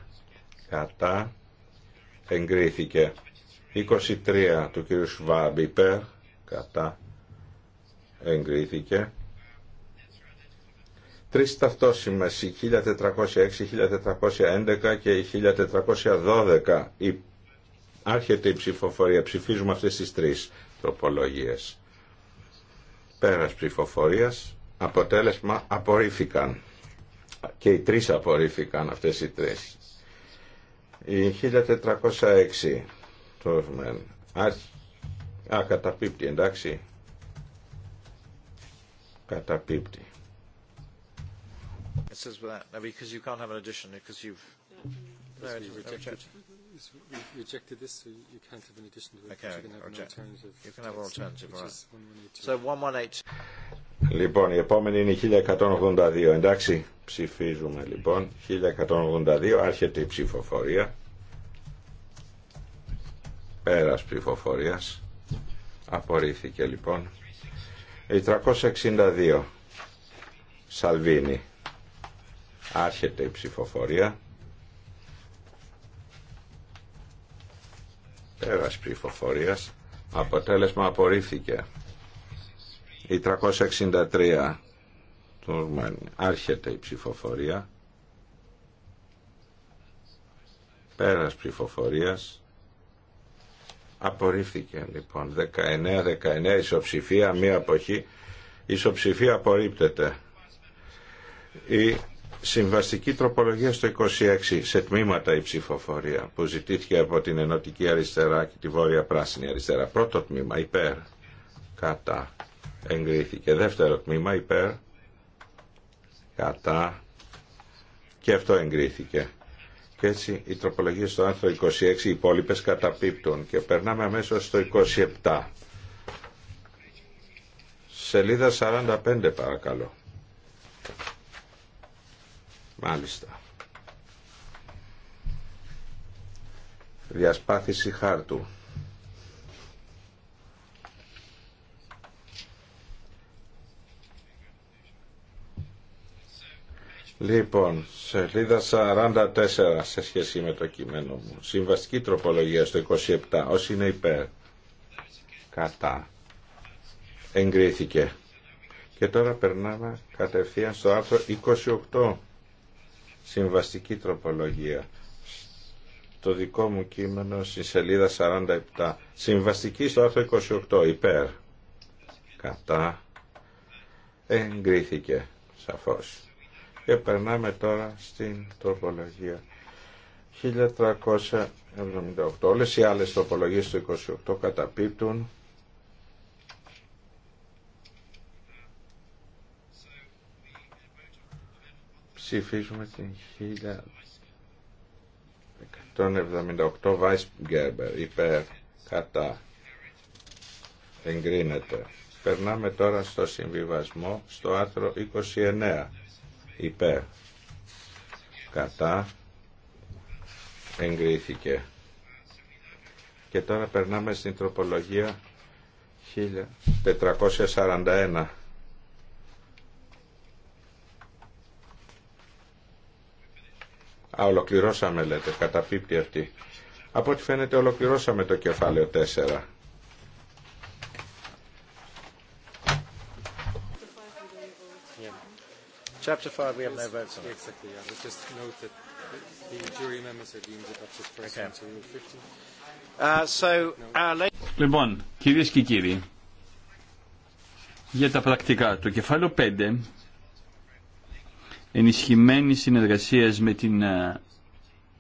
κατά, εγκρίθηκε. 23 του κ. Σουβάμπ, υπέρ, κατά, εγκρίθηκε. Τρεις ταυτόσημες, η 1406, 1411 και η 1412, η... άρχεται η ψηφοφορία, ψηφίζουμε αυτές τις τρεις τροπολογίες. Πέρας ψηφοφορίας, Αποτέλεσμα απορρίφθηκαν και οι τρεις απορρίφθηκαν αυτές οι τρεις. Η 1406 το Α, καταπίπτει, εντάξει. Καταπίπτει. It says that because you can't have an addition because you've. No, it's rejected. Mm -hmm you rejected this, so you can't have an addition to it. Okay, you can have an alternative. You can have an alternative, right. So 118. Λοιπόν, η επόμενη είναι 1182, εντάξει. Ψηφίζουμε λοιπόν. 1182, άρχεται η ψηφοφορία. Πέρας ψηφοφορίας. Απορρίφθηκε λοιπόν. Η 362, Σαλβίνη. Άρχεται η ψηφοφορία. Πέρας ψηφοφορίας. Αποτέλεσμα απορρίφθηκε. Η 363 άρχεται η ψηφοφορία. Πέρας ψηφοφορίας. Απορρίφθηκε λοιπόν. 19-19 ισοψηφία, μία αποχή. ισοψηφία απορρίπτεται. Η Συμβαστική τροπολογία στο 26, σε τμήματα η ψηφοφορία που ζητήθηκε από την Ενωτική Αριστερά και τη Βόρεια Πράσινη Αριστερά. Πρώτο τμήμα υπέρ, κατά, εγκρίθηκε. Δεύτερο τμήμα υπέρ, κατά, και αυτό εγκρίθηκε. Και έτσι οι τροπολογία στο άρθρο 26, οι υπόλοιπε καταπίπτουν. Και περνάμε αμέσως στο 27. Σελίδα 45 παρακαλώ. Μάλιστα. Διασπάθηση χάρτου. Λοιπόν, σελίδα 44 σε σχέση με το κείμενο μου. Συμβαστική τροπολογία στο 27. Όσοι είναι υπέρ. Κατά. Εγκρίθηκε. Και τώρα περνάμε κατευθείαν στο άρθρο 28. Συμβαστική τροπολογία. Το δικό μου κείμενο στη σελίδα 47. Συμβαστική στο άρθρο 28. Υπέρ. Κατά. Εγκρίθηκε. Σαφώς. Και περνάμε τώρα στην τροπολογία. 1378. Όλες οι άλλες τροπολογίες του 28 καταπίπτουν. Ψηφίζουμε την 1178 Weisgerber υπέρ κατά εγκρίνεται. Περνάμε τώρα στο συμβιβασμό στο άρθρο 29 υπέρ κατά εγκρίθηκε. Και τώρα περνάμε στην τροπολογία 1441 Α, ολοκληρώσαμε λέτε, καταπίπτει αυτή. Από ό,τι φαίνεται ολοκληρώσαμε το κεφάλαιο 4. Chapter 5, we have no votes on Exactly, yeah. But just note that the jury members are deemed adopted pursuant to Rule 15. Uh, so, uh, λοιπόν, κυρίες και κύριοι, για τα πρακτικά, το κεφάλαιο 5 Ενισχυμένη συνεργασία με την ε,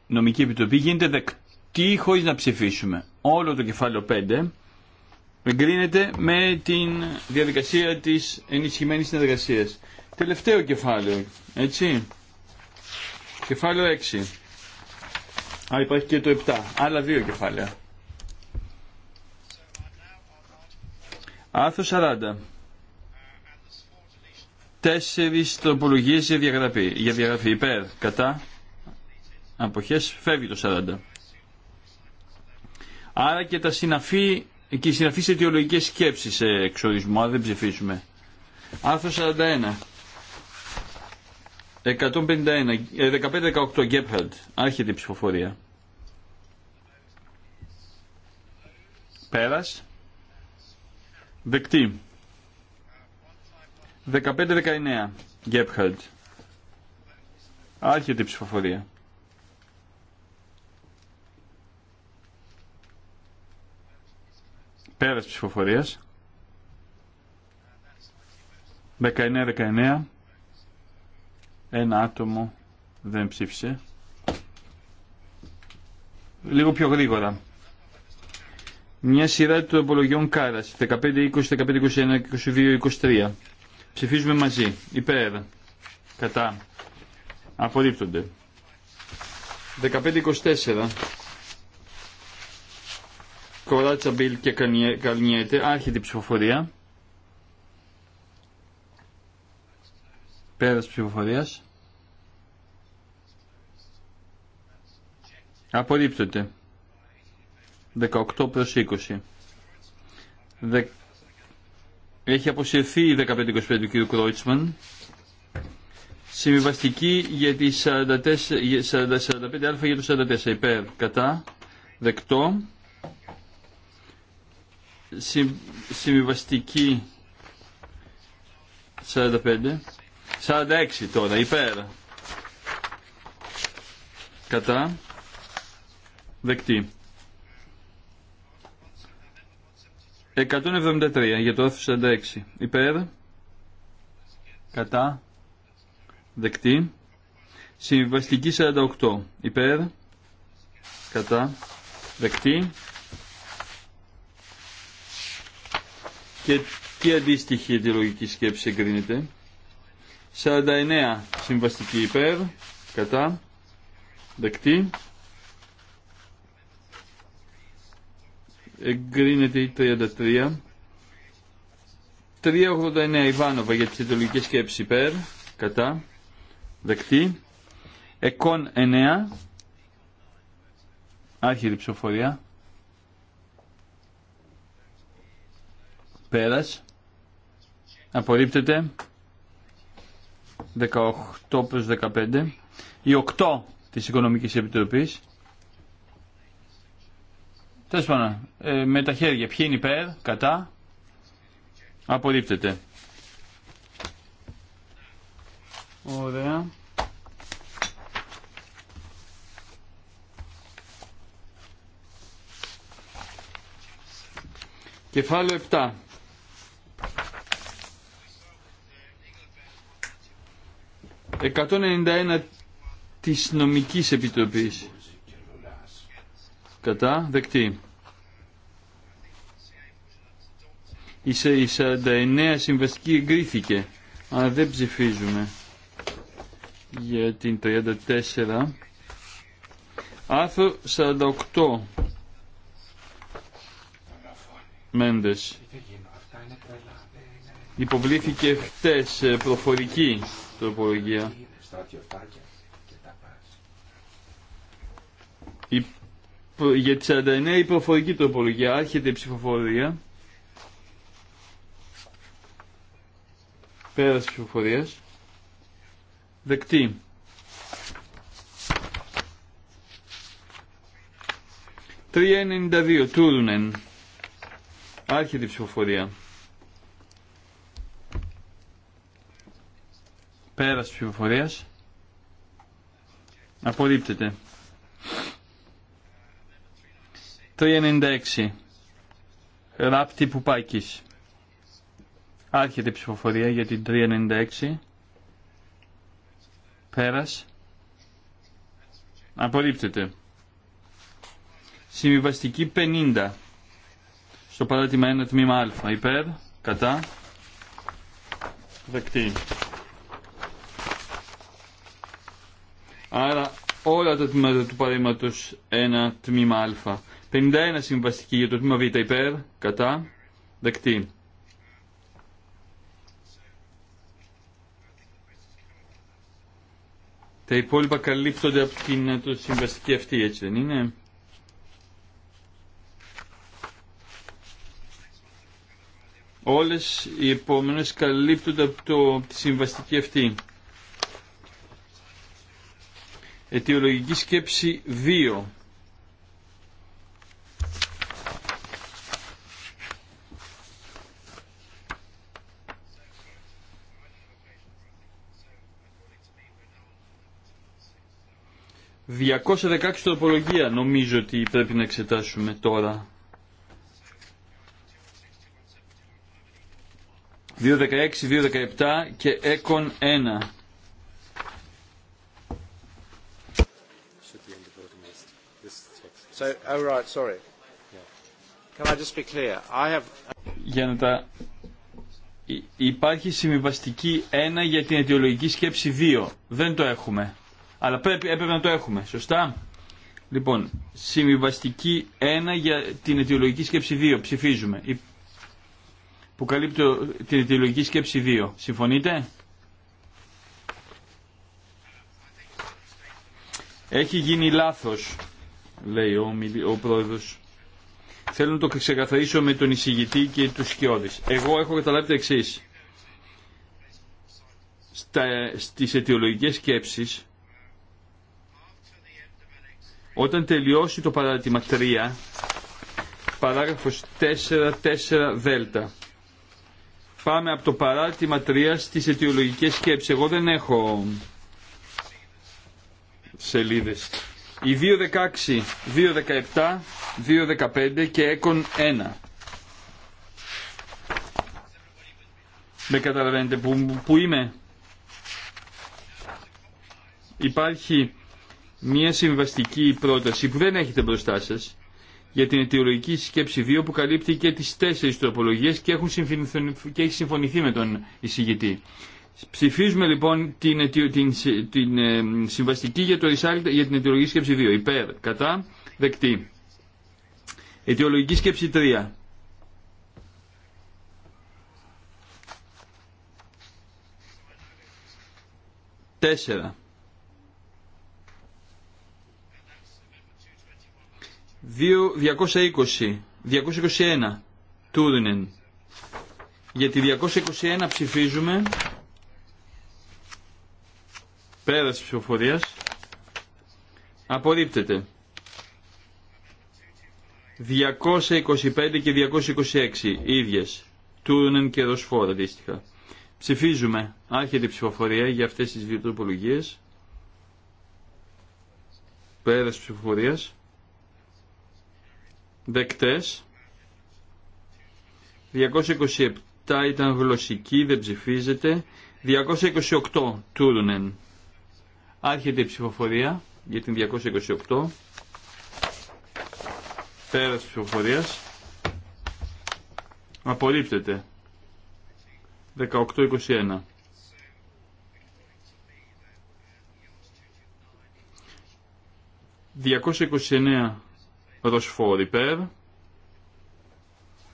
νομική επιτροπή γίνεται δεκτή χωρίς να ψηφίσουμε. Όλο το κεφάλαιο 5 εγκρίνεται με τη διαδικασία της ενισχυμένης συνεργασίας. Τελευταίο κεφάλαιο, έτσι. Κεφάλαιο 6. Α, υπάρχει και το 7. Άλλα δύο κεφάλαια. Άρθρο 40 τέσσερι τροπολογίε για διαγραφή. Για διαγραφή υπέρ, κατά, αποχέ, φεύγει το 40. Άρα και τα συναφή, και οι συναφείς αιτιολογικέ σκέψει σε εξορισμό, αν δεν ψηφίσουμε. Άρθρο 41. 151, 15-18 Γκέπχαρντ, άρχεται η ψηφοφορία. Πέρας. Δεκτή. 15-19. Γκέπχαλτ. Άρχεται η ψηφοφορία. Πέρας ψηφοφορίας. 19-19. Ένα άτομο δεν ψήφισε. Λίγο πιο γρήγορα. Μια σειρά του απολογιών Κάρας. 15-20, 15-21, 22-23. Ψηφίζουμε μαζί. Υπέρ. Κατά. Απορρίπτονται. 15-24. Κοράτσα Μπίλ και Καλνιέτε. Άρχεται η ψηφοφορία. Πέρας ψηφοφορίας. Απορρίπτεται. 18 προς 20. Έχει αποσυρθεί η 1525 του κ. Κρόιτσμαν. Συμβιβαστική για τη 45α για το 44 υπέρ κατά δεκτό. συμβιβαστική 45 46 τώρα υπέρ κατά δεκτή. 173 για το άρθρο 46. Υπέρ. Κατά. Δεκτή. Συμβαστική 48. Υπέρ. Κατά. Δεκτή. Και τι αντίστοιχη αιτιολογική σκέψη εγκρίνεται. 49 συμβαστική υπέρ. Κατά. Δεκτή. εγκρίνεται η 33 389 Ιβάνοβα για τι θετολογική σκέψη υπέρ κατά δεκτή εκόν 9 άρχιρη ψηφοφορία πέρας απορρίπτεται 18 προς 15 η 8 της Οικονομικής Επιτροπής Τέλο πάντων, ε, με τα χέρια. Ποιοι είναι υπέρ, κατά. Απορρίπτεται. Ωραία. Κεφάλαιο 7. «191 της νομικής επιτροπής» κατά δεκτή. Η 49 συμβαστική εγκρίθηκε, αλλά δεν ψηφίζουμε για την 34. Άρθρο 48. Μέντες. Υποβλήθηκε χτες ε, προφορική τροπολογία για τη 49 η προφορική τροπολογία. Άρχεται η ψηφοφορία. Πέρας Πέραση Δεκτή. Τρία Τούρνεν. Άρχεται η ψηφοφορία. Πέρας ψηφοφορία. Απορρίπτεται. 396. Ράπτη Πουπάκης. Άρχεται η ψηφοφορία για την 396. Πέρας. Απορρίπτεται. Συμβιβαστική 50. Στο παράδειγμα 1 τμήμα α. Υπέρ. Κατά. Δεκτή. Άρα όλα τα τμήματα του παρήματος 1 τμήμα α 51 συμβαστική για το τμήμα Β υπέρ, κατά, δεκτή. Τα υπόλοιπα καλύπτονται από την ε, το συμβαστική αυτή, έτσι δεν είναι. Όλες οι επόμενες καλύπτονται από το, τη συμβαστική αυτή. Αιτιολογική σκέψη 2. 216 τροπολογία νομίζω ότι πρέπει να εξετάσουμε τώρα. 216, 217 και έκον 1. Για να τα... Υπάρχει συμβιβαστική 1 για την αιτιολογική σκέψη 2. Δεν το έχουμε. Αλλά πρέπει, έπρεπε να το έχουμε. Σωστά. Λοιπόν, συμβιβαστική 1 για την αιτιολογική σκέψη 2. Ψηφίζουμε. Που καλύπτει την αιτιολογική σκέψη 2. Συμφωνείτε. Έχει γίνει λάθος, λέει ο, ο πρόεδρος. Θέλω να το ξεκαθαρίσω με τον εισηγητή και του σκιώδης. Εγώ έχω καταλάβει το εξή. Στις αιτιολογικές σκέψεις όταν τελειώσει το παράδειγμα 3, παράγραφος 4, 4 δέλτα. Πάμε από το παράδειγμα 3 στις αιτιολογικές σκέψεις. Εγώ δεν έχω σελίδες. Οι 2.16, 2.17, 2.15 και έκον 1. Με καταλαβαίνετε που, που είμαι. Υπάρχει μια συμβαστική πρόταση που δεν έχετε μπροστά σα για την αιτιολογική σκέψη 2 που καλύπτει και τι τέσσερι τροπολογίε και, και έχει συμφωνηθεί με τον εισηγητή. Ψηφίζουμε λοιπόν την, την, την ε, συμβαστική για, το για την αιτιολογική σκέψη 2. Υπέρ, κατά, δεκτή. Αιτιολογική σκέψη 3. Τέσσερα. 220, 221 Τούρνεν. Για τη 221 ψηφίζουμε πέρας ψηφοφορίας απορρίπτεται. 225 και 226 ίδιες. Τούρνεν και Ροσφόρ αντίστοιχα. Ψηφίζουμε. Άρχεται η ψηφοφορία για αυτές τις δύο τροπολογίες. Πέρας ψηφοφορίας δεκτές 227 ήταν γλωσσική δεν ψηφίζεται 228 Τούρνεν. άρχεται η ψηφοφορία για την 228 πέρας ψηφοφορίας απορρίπτεται 18-21 229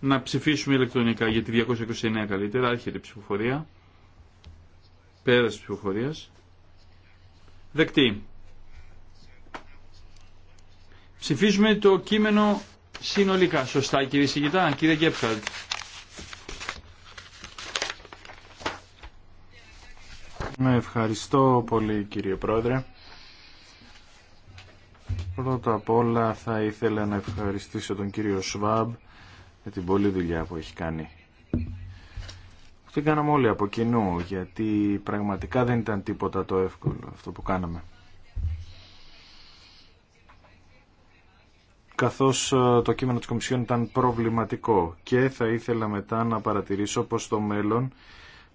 να ψηφίσουμε ηλεκτρονικά για τη 229 καλύτερα. Άρχεται η ψηφοφορία. Πέρας ψηφοφορίας. Δεκτή. Ψηφίζουμε το κείμενο συνολικά. Σωστά κύριε Σιγητά, κύριε Γκέπχαρτ. Ναι, ευχαριστώ πολύ κύριε Πρόεδρε. Πρώτα απ' όλα θα ήθελα να ευχαριστήσω τον κύριο Σβάμπ για την πολλή δουλειά που έχει κάνει. Την κάναμε όλοι από κοινού, γιατί πραγματικά δεν ήταν τίποτα το εύκολο αυτό που κάναμε. καθώς ε, το κείμενο της Κομισιόν ήταν προβληματικό και θα ήθελα μετά να παρατηρήσω πως στο μέλλον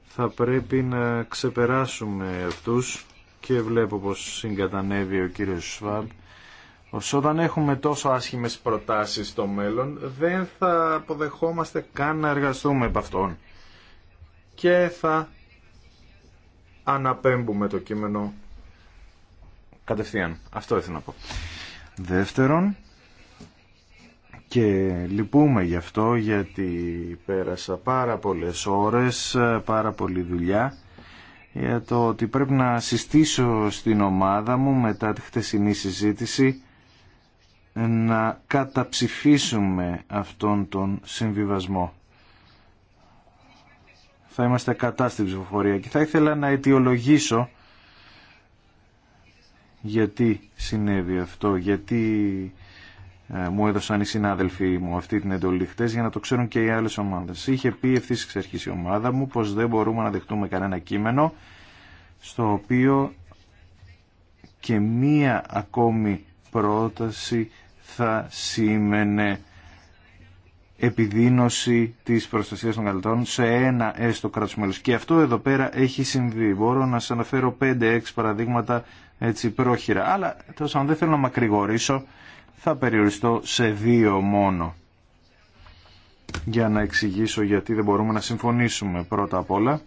θα πρέπει να ξεπεράσουμε αυτούς και βλέπω πως συγκατανεύει ο κύριος Σβάμπ Όσο όταν έχουμε τόσο άσχημες προτάσεις στο μέλλον, δεν θα αποδεχόμαστε καν να εργαστούμε από αυτόν. Και θα αναπέμπουμε το κείμενο κατευθείαν. Αυτό ήθελα να πω. Δεύτερον, και λυπούμε γι' αυτό γιατί πέρασα πάρα πολλές ώρες, πάρα πολλή δουλειά για το ότι πρέπει να συστήσω στην ομάδα μου μετά τη χτεσινή συζήτηση να καταψηφίσουμε αυτόν τον συμβιβασμό. Θα είμαστε κατά στην ψηφοφορία και θα ήθελα να αιτιολογήσω γιατί συνέβη αυτό, γιατί ε, μου έδωσαν οι συνάδελφοί μου αυτή την εντολή χτες για να το ξέρουν και οι άλλες ομάδες. Είχε πει ευθύ εξ αρχή η ομάδα μου πως δεν μπορούμε να δεχτούμε κανένα κείμενο στο οποίο και μία ακόμη πρόταση θα σήμαινε επιδείνωση της προστασίας των καλλιτών σε ένα έστω κράτος Και αυτό εδώ πέρα έχει συμβεί. Μπορώ να σας αναφέρω 5-6 παραδείγματα έτσι πρόχειρα. Αλλά τόσο αν δεν θέλω να μακρηγορήσω θα περιοριστώ σε δύο μόνο. Για να εξηγήσω γιατί δεν μπορούμε να συμφωνήσουμε πρώτα απ' όλα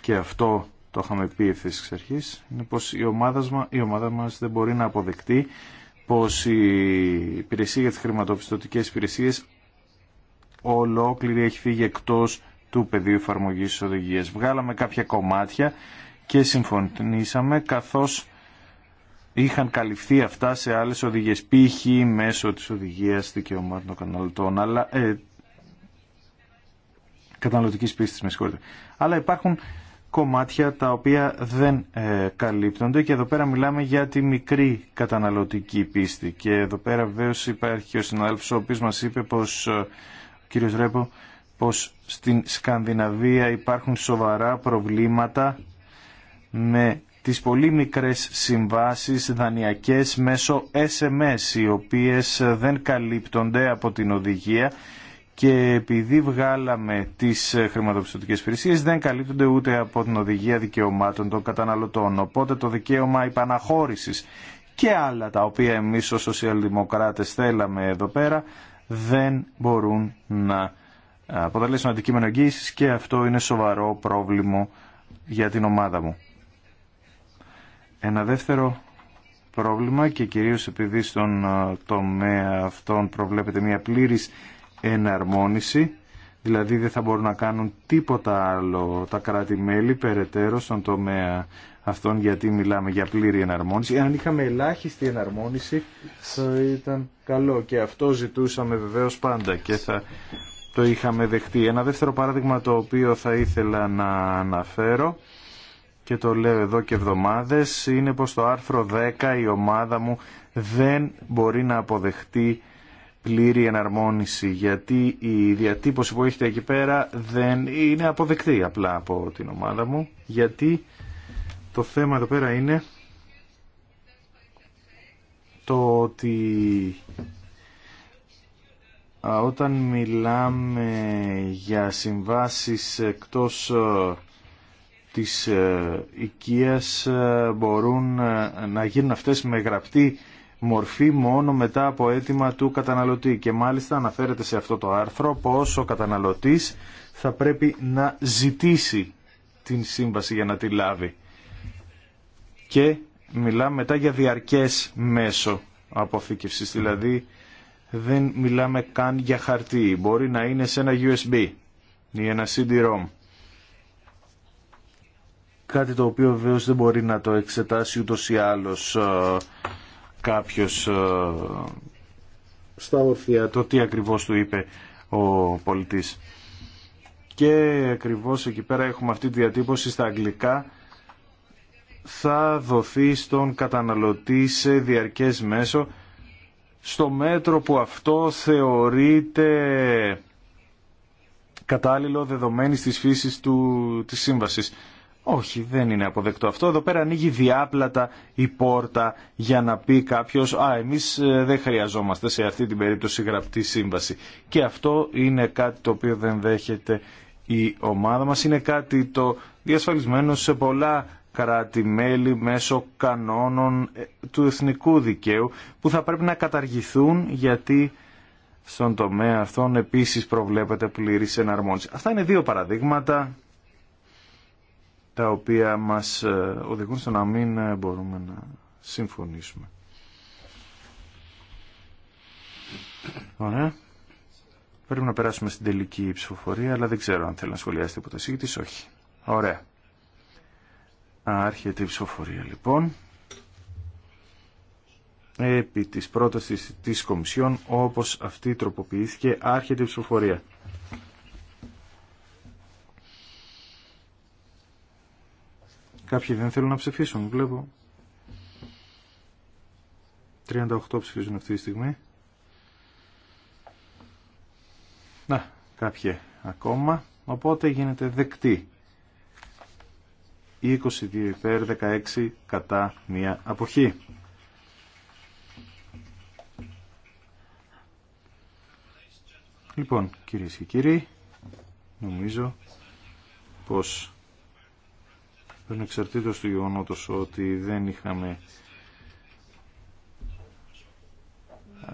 και αυτό το είχαμε πει ευθύς εξ αρχής, είναι πως η ομάδα, μας, η ομάδα μας δεν μπορεί να αποδεκτεί πως η υπηρεσία για τις χρηματοπιστωτικές υπηρεσίες ολόκληρη έχει φύγει εκτός του πεδίου εφαρμογής της οδηγίας. Βγάλαμε κάποια κομμάτια και συμφωνήσαμε καθώς είχαν καλυφθεί αυτά σε άλλες οδηγίες, π.χ. μέσω της οδηγίας δικαιωμάτων των καταναλωτών, αλλά... Ε, καταναλωτικής πίστης, με συγχωρείτε. Αλλά υπάρχουν κομμάτια τα οποία δεν ε, καλύπτονται και εδώ πέρα μιλάμε για τη μικρή καταναλωτική πίστη και εδώ πέρα βεβαίως υπάρχει ο συνάδελφος ο οποίος μας είπε πως ε, κύριος πως στην Σκανδιναβία υπάρχουν σοβαρά προβλήματα με τις πολύ μικρές συμβάσεις δανειακές μέσω SMS οι οποίες δεν καλύπτονται από την οδηγία και επειδή βγάλαμε τις χρηματοπιστωτικές υπηρεσίες δεν καλύπτονται ούτε από την οδηγία δικαιωμάτων των καταναλωτών. Οπότε το δικαίωμα υπαναχώρησης και άλλα τα οποία εμείς ως σοσιαλδημοκράτες θέλαμε εδώ πέρα δεν μπορούν να αποτελέσουν αντικείμενο εγγύησης και αυτό είναι σοβαρό πρόβλημα για την ομάδα μου. Ένα δεύτερο πρόβλημα και κυρίως επειδή στον τομέα αυτών προβλέπεται μια πλήρης εναρμόνιση, δηλαδή δεν θα μπορούν να κάνουν τίποτα άλλο τα κράτη-μέλη περαιτέρω στον τομέα αυτών, γιατί μιλάμε για πλήρη εναρμόνιση. Αν είχαμε ελάχιστη εναρμόνιση θα ήταν καλό και αυτό ζητούσαμε βεβαίως πάντα και θα το είχαμε δεχτεί. Ένα δεύτερο παράδειγμα το οποίο θα ήθελα να αναφέρω και το λέω εδώ και εβδομάδες είναι πως το άρθρο 10 η ομάδα μου δεν μπορεί να αποδεχτεί πλήρη εναρμόνιση γιατί η διατύπωση που έχετε εκεί πέρα δεν είναι αποδεκτή απλά από την ομάδα μου γιατί το θέμα εδώ πέρα είναι το ότι όταν μιλάμε για συμβάσεις εκτός της ε, οικίας ε, μπορούν ε, να γίνουν αυτές με γραπτή μορφή μόνο μετά από αίτημα του καταναλωτή και μάλιστα αναφέρεται σε αυτό το άρθρο πως ο καταναλωτής θα πρέπει να ζητήσει την σύμβαση για να τη λάβει και μιλάμε μετά για διαρκές μέσο αποθήκευσης δηλαδή δεν μιλάμε καν για χαρτί μπορεί να είναι σε ένα USB ή ένα CD-ROM κάτι το οποίο βεβαίω δεν μπορεί να το εξετάσει ούτως ή άλλως ε, κάποιος ε, στα ορθιά το τι ακριβώς του είπε ο πολιτής. Και ακριβώς εκεί πέρα έχουμε αυτή τη διατύπωση στα αγγλικά θα δοθεί στον καταναλωτή σε διαρκές μέσο στο μέτρο που αυτό θεωρείται κατάλληλο δεδομένης της φύσης του, της σύμβασης. Όχι, δεν είναι αποδεκτό αυτό. Εδώ πέρα ανοίγει διάπλατα η πόρτα για να πει κάποιος «Α, εμείς ε, δεν χρειαζόμαστε σε αυτή την περίπτωση γραπτή σύμβαση». Και αυτό είναι κάτι το οποίο δεν δέχεται η ομάδα μας. Είναι κάτι το διασφαλισμένο σε πολλά κράτη-μέλη μέσω κανόνων ε, του εθνικού δικαίου που θα πρέπει να καταργηθούν γιατί στον τομέα αυτών επίσης προβλέπεται πλήρης εναρμόνιση. Αυτά είναι δύο παραδείγματα τα οποία μας ε, οδηγούν στο να μην ε, μπορούμε να συμφωνήσουμε. Ωραία. Πρέπει να περάσουμε στην τελική ψηφοφορία, αλλά δεν ξέρω αν θέλει να σχολιάσει τίποτα σύγκριτης. Όχι. Ωραία. Άρχεται η ψηφοφορία λοιπόν. Επί της πρότασης της Κομισιόν, όπως αυτή τροποποιήθηκε, άρχεται η ψηφοφορία. Κάποιοι δεν θέλουν να ψηφίσουν, βλέπω. 38 ψηφίζουν αυτή τη στιγμή. Να, κάποιοι ακόμα. Οπότε γίνεται δεκτή. 22 υπέρ, 16 κατά μία αποχή. Λοιπόν, κυρίες και κύριοι, νομίζω πως ανεξαρτήτως του γεγονότος ότι δεν είχαμε ε,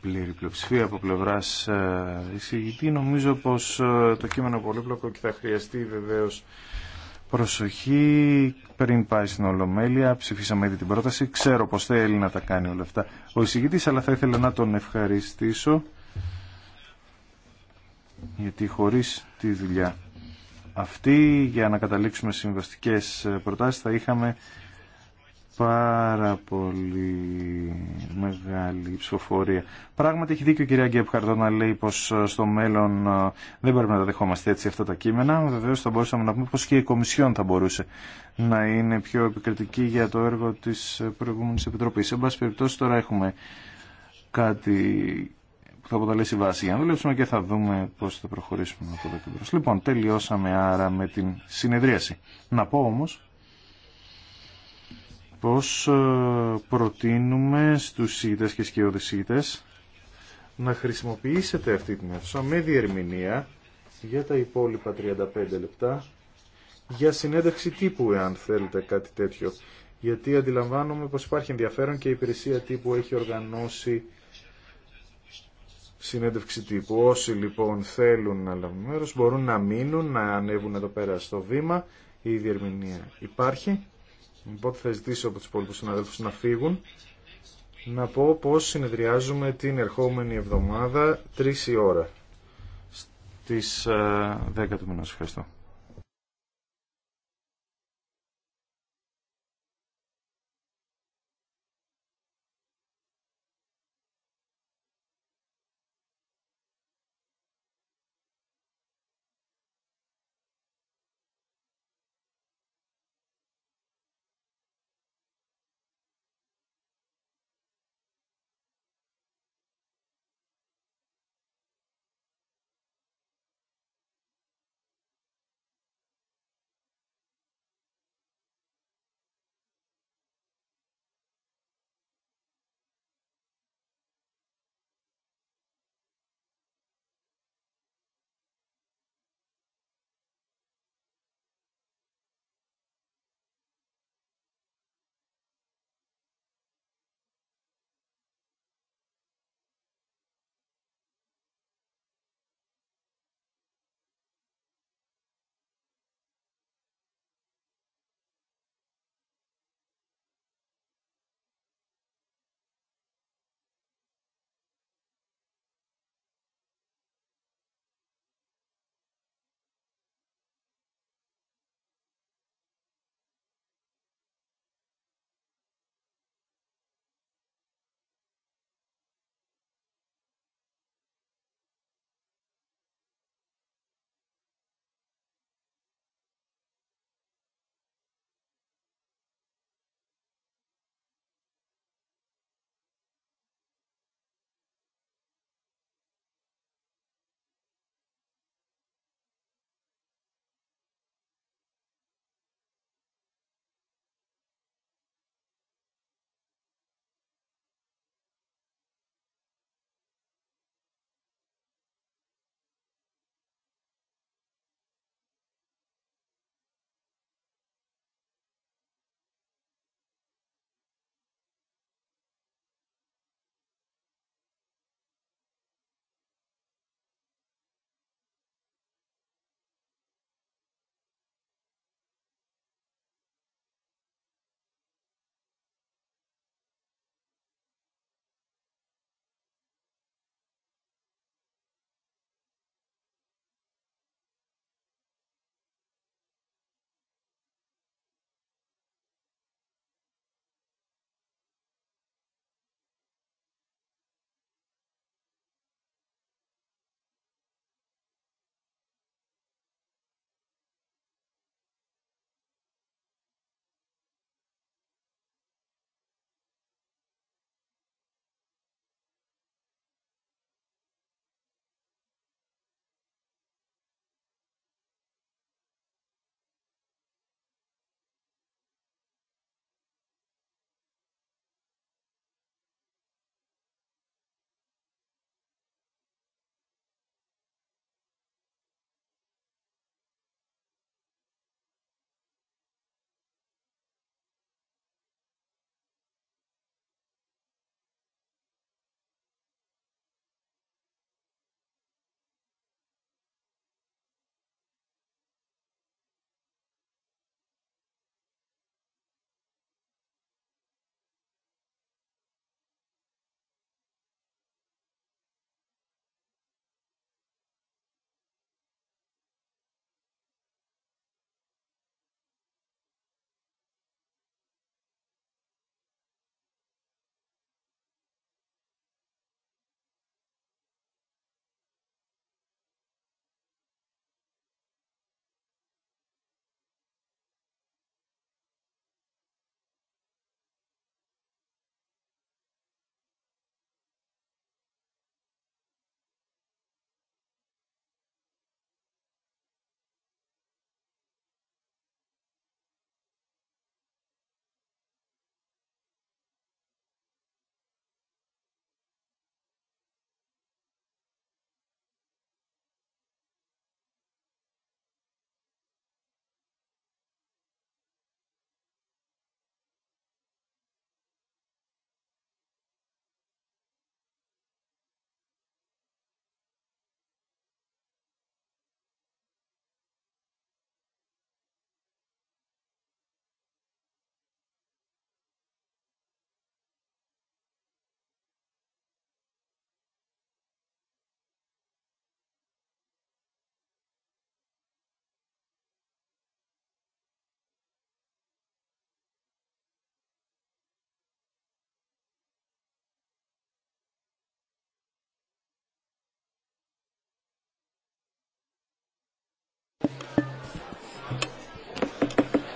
πλήρη πλειοψηφία από πλευράς ε, εισηγητή. Νομίζω πως ε, το κείμενο πολύπλοκο και θα χρειαστεί βεβαίως προσοχή πριν πάει στην Ολομέλεια. Ψηφίσαμε ήδη την πρόταση. Ξέρω πως θέλει να τα κάνει όλα αυτά ο εισηγητής, αλλά θα ήθελα να τον ευχαριστήσω γιατί χωρίς τη δουλειά αυτή για να καταλήξουμε συμβαστικές προτάσεις θα είχαμε πάρα πολύ μεγάλη ψηφοφορία. Πράγματι έχει δίκιο η κυρία Γκέπχαρτο να λέει πως στο μέλλον ε, δεν πρέπει να τα δεχόμαστε έτσι αυτά τα κείμενα. Βεβαίως θα μπορούσαμε να πούμε πως και η Κομισιόν θα μπορούσε να είναι πιο επικριτική για το έργο της προηγούμενης Επιτροπής. Σε πάση περιπτώσει τώρα έχουμε κάτι θα αποτελέσει βάση για να δουλέψουμε και θα δούμε πώς θα προχωρήσουμε από εδώ και Λοιπόν, τελειώσαμε άρα με την συνεδρίαση. Να πω όμως πώς ε, προτείνουμε στους ηγητές και σκιώδες να χρησιμοποιήσετε αυτή την αίθουσα με διερμηνία για τα υπόλοιπα 35 λεπτά για συνέντευξη τύπου εάν θέλετε κάτι τέτοιο γιατί αντιλαμβάνομαι πως υπάρχει ενδιαφέρον και η υπηρεσία τύπου έχει οργανώσει συνέντευξη τύπου. Όσοι λοιπόν θέλουν να λάβουν μέρος μπορούν να μείνουν, να ανέβουν εδώ πέρα στο βήμα. Η διερμηνία υπάρχει. Οπότε θα ζητήσω από τους υπόλοιπους συναδέλφους να φύγουν. Να πω πως συνεδριάζουμε την ερχόμενη εβδομάδα 3 η ώρα. Στις 10 ε, του μηνός. Ευχαριστώ.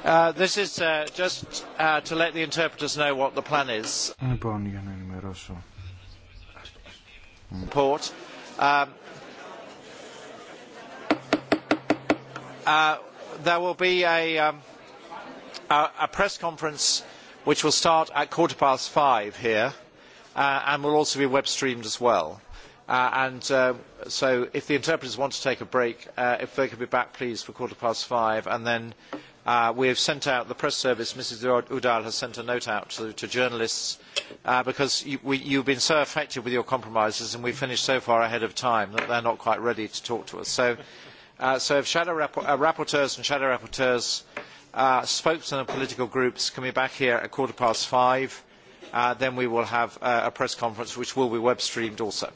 This is just to let the interpreters know what the plan is. there will be a, press conference which will start at quarter past five here and will also be web streamed as well. and so if the interpreters want to take a break, if they could be back please for quarter past five and then We have sent out, the press service, Mrs. Udall has sent a note out to journalists because you you've been so effective with your compromises and we finished so far ahead of time that they're not quite ready to talk to us. So if shadow rapporteurs and shadow rapporteurs, spokesmen of political groups can be back here at quarter past five, then we will have a press conference which will be web streamed also.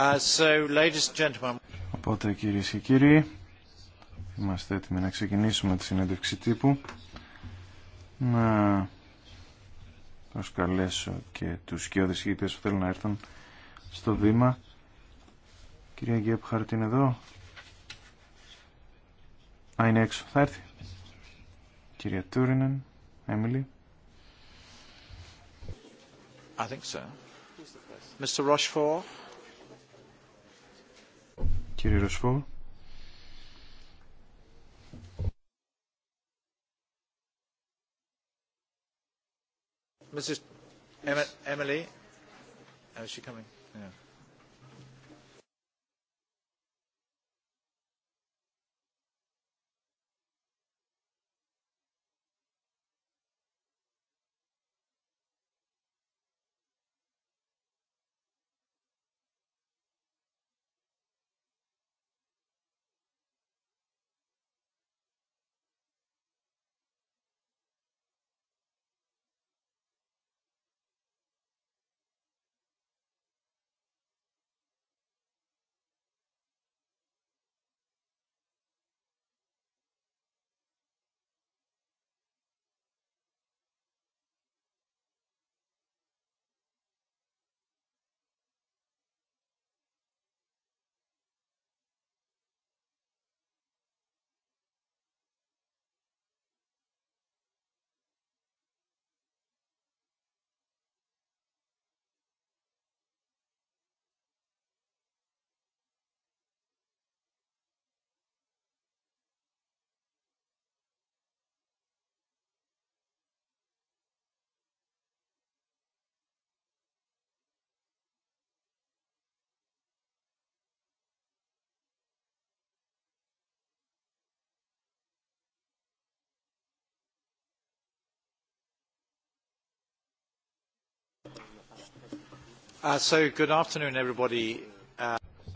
Uh, Οπότε κυρίε και κύριοι, είμαστε έτοιμοι να ξεκινήσουμε τη συνέντευξη τύπου. Να προσκαλέσω και τους και ηγητές που θέλουν να έρθουν στο βήμα. Κυρία Γκέπχαρτ είναι εδώ. Α, είναι έξω. Θα έρθει. Κυρία Τούρινεν, Έμιλι. I think so. Mr. Rochefort κύριε Ρωσφό. Mrs. Emily, how is she coming? Yeah. Uh, uh,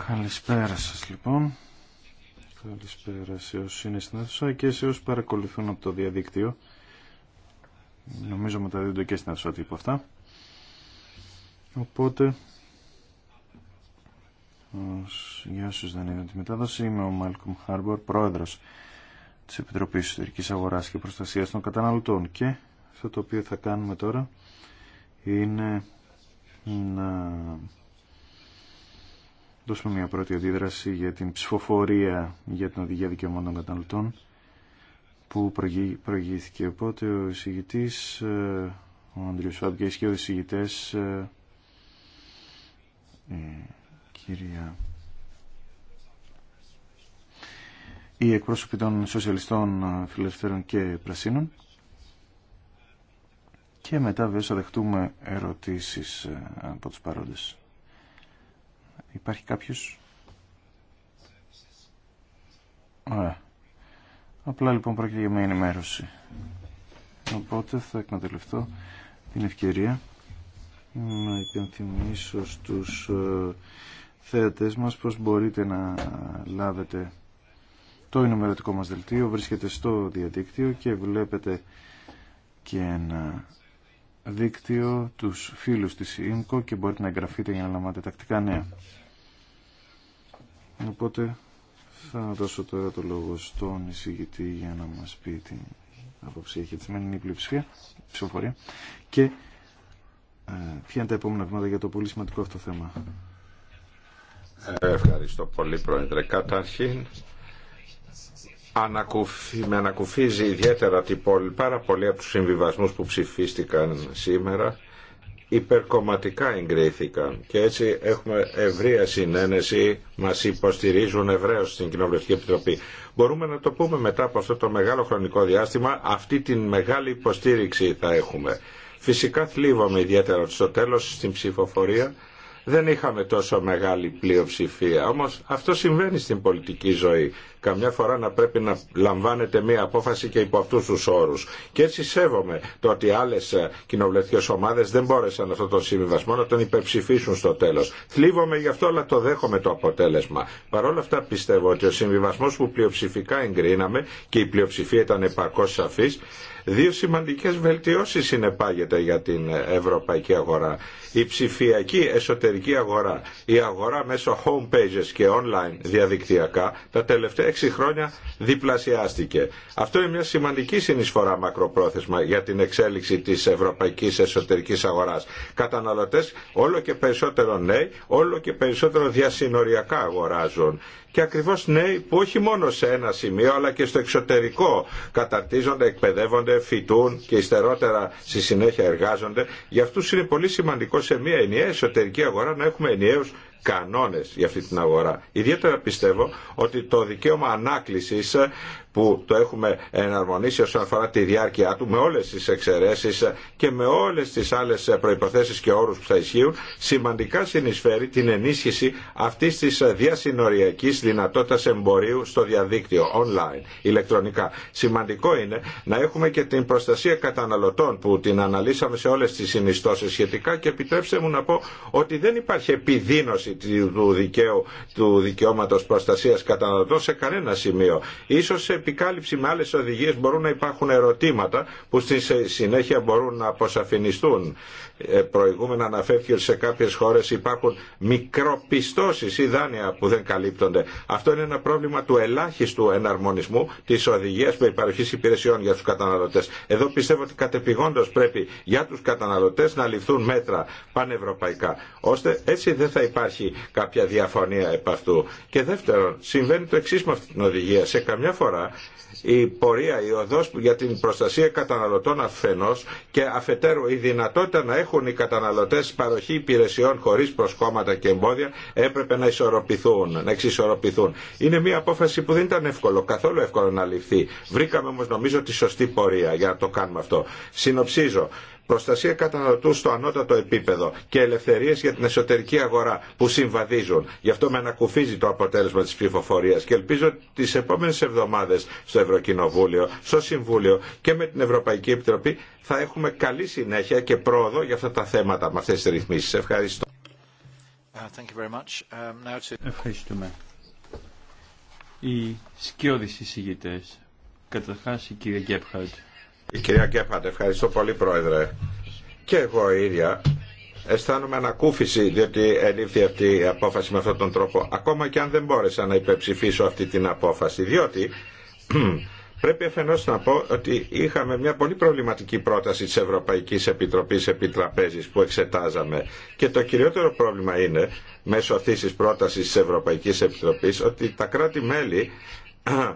Καλησπέρα σας λοιπόν. Καλησπέρα σε όσους είναι στην αίθουσα και σε όσους παρακολουθούν από το διαδίκτυο. Νομίζω μεταδίδονται και στην αίθουσα τύπου αυτά. Οπότε, για όσους δεν είδαν τη μετάδοση, είμαι ο Μάλκομ Χάρμπορ, πρόεδρος της Επιτροπής Ιστορικής Αγοράς και Προστασίας των Καταναλωτών και αυτό το οποίο θα κάνουμε τώρα είναι να δώσουμε μια πρώτη αντίδραση για την ψηφοφορία για την οδηγία δικαιωμάτων καταναλωτών που προηγήθηκε. Οπότε ο εισηγητής, ε, ο Αντριος και ο εισηγητές, ε, ε, κυρία... Οι εκπρόσωποι των σοσιαλιστών, φιλελευθέρων και πρασίνων και μετά βέβαια θα δεχτούμε ερωτήσεις ε, από τους παρόντες. Υπάρχει κάποιος? Ωραία. Απλά λοιπόν πρόκειται για μια ενημέρωση. Οπότε θα εκμεταλλευτώ την ευκαιρία να υπενθυμίσω στους ε, θέατες μας πως μπορείτε να λάβετε το ενημερωτικό μας δελτίο. Βρίσκεται στο διαδίκτυο και βλέπετε και ένα δίκτυο τους φίλους της ΙΜΚΟ και μπορείτε να εγγραφείτε για να λαμβάνετε τακτικά νέα. Οπότε θα δώσω τώρα το λόγο στον εισηγητή για να μας πει την άποψη έχει τη η πλειοψηφία, ψηφοφορία και ε, ποια είναι τα επόμενα βήματα για το πολύ σημαντικό αυτό θέμα. Ε, ευχαριστώ πολύ Πρόεδρε. Καταρχήν με ανακουφίζει ιδιαίτερα πάρα πολλοί από τους συμβιβασμούς που ψηφίστηκαν σήμερα υπερκομματικά εγκρίθηκαν και έτσι έχουμε ευρεία συνένεση, μας υποστηρίζουν ευρέως στην Κοινοβουλευτική Επιτροπή. Μπορούμε να το πούμε μετά από αυτό το μεγάλο χρονικό διάστημα, αυτή την μεγάλη υποστήριξη θα έχουμε. Φυσικά θλίβομαι ιδιαίτερα ότι στο τέλος στην ψηφοφορία δεν είχαμε τόσο μεγάλη πλειοψηφία. Όμως αυτό συμβαίνει στην πολιτική ζωή καμιά φορά να πρέπει να λαμβάνεται μία απόφαση και υπό αυτού του όρου. Και έτσι σέβομαι το ότι άλλε κοινοβουλευτικέ ομάδε δεν μπόρεσαν αυτό το συμβιβασμό να τον υπερψηφίσουν στο τέλο. Θλίβομαι γι' αυτό, αλλά το δέχομαι το αποτέλεσμα. Παρ' όλα αυτά πιστεύω ότι ο συμβιβασμό που πλειοψηφικά εγκρίναμε και η πλειοψηφία ήταν επαρκώ σαφή, δύο σημαντικέ βελτιώσει συνεπάγεται για την ε, ευρωπαϊκή αγορά. Η ψηφιακή εσωτερική αγορά, η αγορά μέσω homepages και online διαδικτυακά, τα τελευταία έξι χρόνια διπλασιάστηκε. Αυτό είναι μια σημαντική συνεισφορά μακροπρόθεσμα για την εξέλιξη της ευρωπαϊκής εσωτερικής αγοράς. Καταναλωτές όλο και περισσότερο νέοι, όλο και περισσότερο διασυνοριακά αγοράζουν και ακριβώς νέοι που όχι μόνο σε ένα σημείο αλλά και στο εξωτερικό καταρτίζονται, εκπαιδεύονται, φοιτούν και υστερότερα στη συνέχεια εργάζονται. Για αυτούς είναι πολύ σημαντικό σε μια ενιαία εσωτερική αγορά να έχουμε ενιαίου κανόνες για αυτή την αγορά. Ιδιαίτερα πιστεύω ότι το δικαίωμα ανάκληση που το έχουμε εναρμονίσει όσον αφορά τη διάρκεια του με όλες τις εξαιρέσεις και με όλες τις άλλες προϋποθέσεις και όρους που θα ισχύουν σημαντικά συνεισφέρει την ενίσχυση αυτής της διασυνοριακής δυνατότητας εμπορίου στο διαδίκτυο online, ηλεκτρονικά. Σημαντικό είναι να έχουμε και την προστασία καταναλωτών που την αναλύσαμε σε όλες τις συνιστώσεις σχετικά και επιτρέψτε μου να πω ότι δεν υπάρχει επιδείνωση του δικαίου του δικαιώματος προστασίας καταναλωτών σε κανένα σημείο. Ίσως σε επικάλυψη με άλλες οδηγίες μπορούν να υπάρχουν ερωτήματα που στη συνέχεια μπορούν να αποσαφινιστούν. Ε, προηγούμενα αναφέρθηκε ότι σε κάποιες χώρες υπάρχουν μικροπιστώσεις ή δάνεια που δεν καλύπτονται. Αυτό είναι ένα πρόβλημα του ελάχιστου εναρμονισμού της οδηγίας υπαροχής υπηρεσιών για τους καταναλωτές. Εδώ πιστεύω ότι κατεπηγόντως πρέπει για τους καταναλωτές να ληφθούν μέτρα πανευρωπαϊκά, ώστε έτσι δεν θα υπάρχει κάποια διαφωνία επ' αυτού. Και δεύτερον, συμβαίνει το εξή με αυτή την οδηγία. Σε καμιά φορά η πορεία, η οδός για την προστασία καταναλωτών αφενός και αφετέρου η δυνατότητα να έχουν οι καταναλωτές παροχή υπηρεσιών χωρίς προσκόμματα και εμπόδια έπρεπε να ισορροπηθούν, να εξισορροπηθούν. Είναι μια απόφαση που δεν ήταν εύκολο, καθόλου εύκολο να ληφθεί. Βρήκαμε όμως νομίζω τη σωστή πορεία για να το κάνουμε αυτό. Συνοψίζω, προστασία καταναλωτού στο ανώτατο επίπεδο και ελευθερίες για την εσωτερική αγορά που συμβαδίζουν. Γι' αυτό με ανακουφίζει το αποτέλεσμα της ψηφοφορία. και ελπίζω τις επόμενες εβδομάδες στο Ευρωκοινοβούλιο, στο Συμβούλιο και με την Ευρωπαϊκή Επιτροπή θα έχουμε καλή συνέχεια και πρόοδο για αυτά τα θέματα με αυτές τις ρυθμίσεις. Ευχαριστώ. Uh, um, Ευχαριστούμε. Οι σκιώδεις εισηγητές, καταρχάς η κυρία Γκέπχαρτ. Η κυρία Κέφαντε, ευχαριστώ πολύ πρόεδρε. Και εγώ ίδια αισθάνομαι ανακούφιση διότι ελήφθη αυτή η απόφαση με αυτόν τον τρόπο. Ακόμα και αν δεν μπόρεσα να υπερψηφίσω αυτή την απόφαση. Διότι Πρέπει αφενός να πω ότι είχαμε μια πολύ προβληματική πρόταση της Ευρωπαϊκής Επιτροπής Επιτραπέζης που εξετάζαμε και το κυριότερο πρόβλημα είναι μέσω αυτής της πρότασης της Ευρωπαϊκής Επιτροπής ότι τα κράτη-μέλη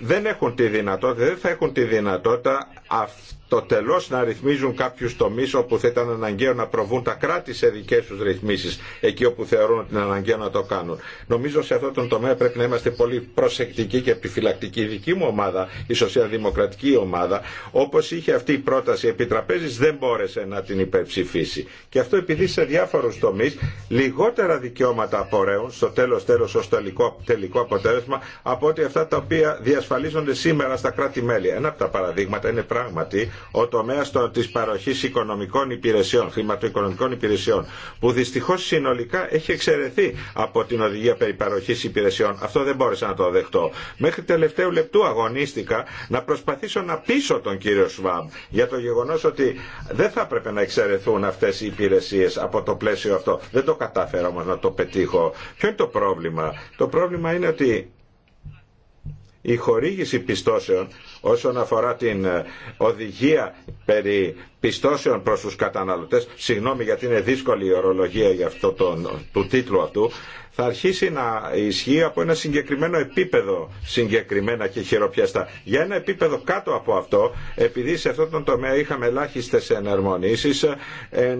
δεν έχουν τη δυνατότητα, δεν θα έχουν τη δυνατότητα αυτή το τελώς να ρυθμίζουν κάποιους τομείς όπου θα ήταν αναγκαίο να προβούν τα κράτη σε δικές τους ρυθμίσεις εκεί όπου θεωρούν ότι είναι αναγκαίο να το κάνουν. Νομίζω σε αυτόν τον τομέα πρέπει να είμαστε πολύ προσεκτικοί και επιφυλακτικοί. Η δική μου ομάδα, η σοσιαλδημοκρατική ομάδα, όπως είχε αυτή η πρόταση τραπέζης... δεν μπόρεσε να την υπερψηφίσει. Και αυτό επειδή σε διάφορους τομείς λιγότερα δικαιώματα απορρέουν στο τέλος τέλος ω τελικό, τελικό αποτέλεσμα από ότι αυτά τα οποία διασφαλίζονται σήμερα στα κράτη-μέλη. Ένα από τα παραδείγματα είναι πράγματι ο τομέα τη παροχή οικονομικών υπηρεσιών, χρηματοοικονομικών υπηρεσιών, που δυστυχώ συνολικά έχει εξαιρεθεί από την οδηγία περί παροχή υπηρεσιών. Αυτό δεν μπόρεσα να το δεχτώ. Μέχρι τελευταίου λεπτού αγωνίστηκα να προσπαθήσω να πείσω τον κύριο Σουβάμ για το γεγονό ότι δεν θα έπρεπε να εξαιρεθούν αυτέ οι υπηρεσίε από το πλαίσιο αυτό. Δεν το κατάφερα όμω να το πετύχω. Ποιο είναι το πρόβλημα. Το πρόβλημα είναι ότι η χορήγηση πιστώσεων όσον αφορά την ε, οδηγία περί πιστώσεων προς τους καταναλωτές, συγγνώμη γιατί είναι δύσκολη η ορολογία για αυτό τον, του τίτλου αυτού, θα αρχίσει να ισχύει από ένα συγκεκριμένο επίπεδο συγκεκριμένα και χειροπιαστά. Για ένα επίπεδο κάτω από αυτό, επειδή σε αυτόν τον τομέα είχαμε ελάχιστε ενερμονήσει, ε,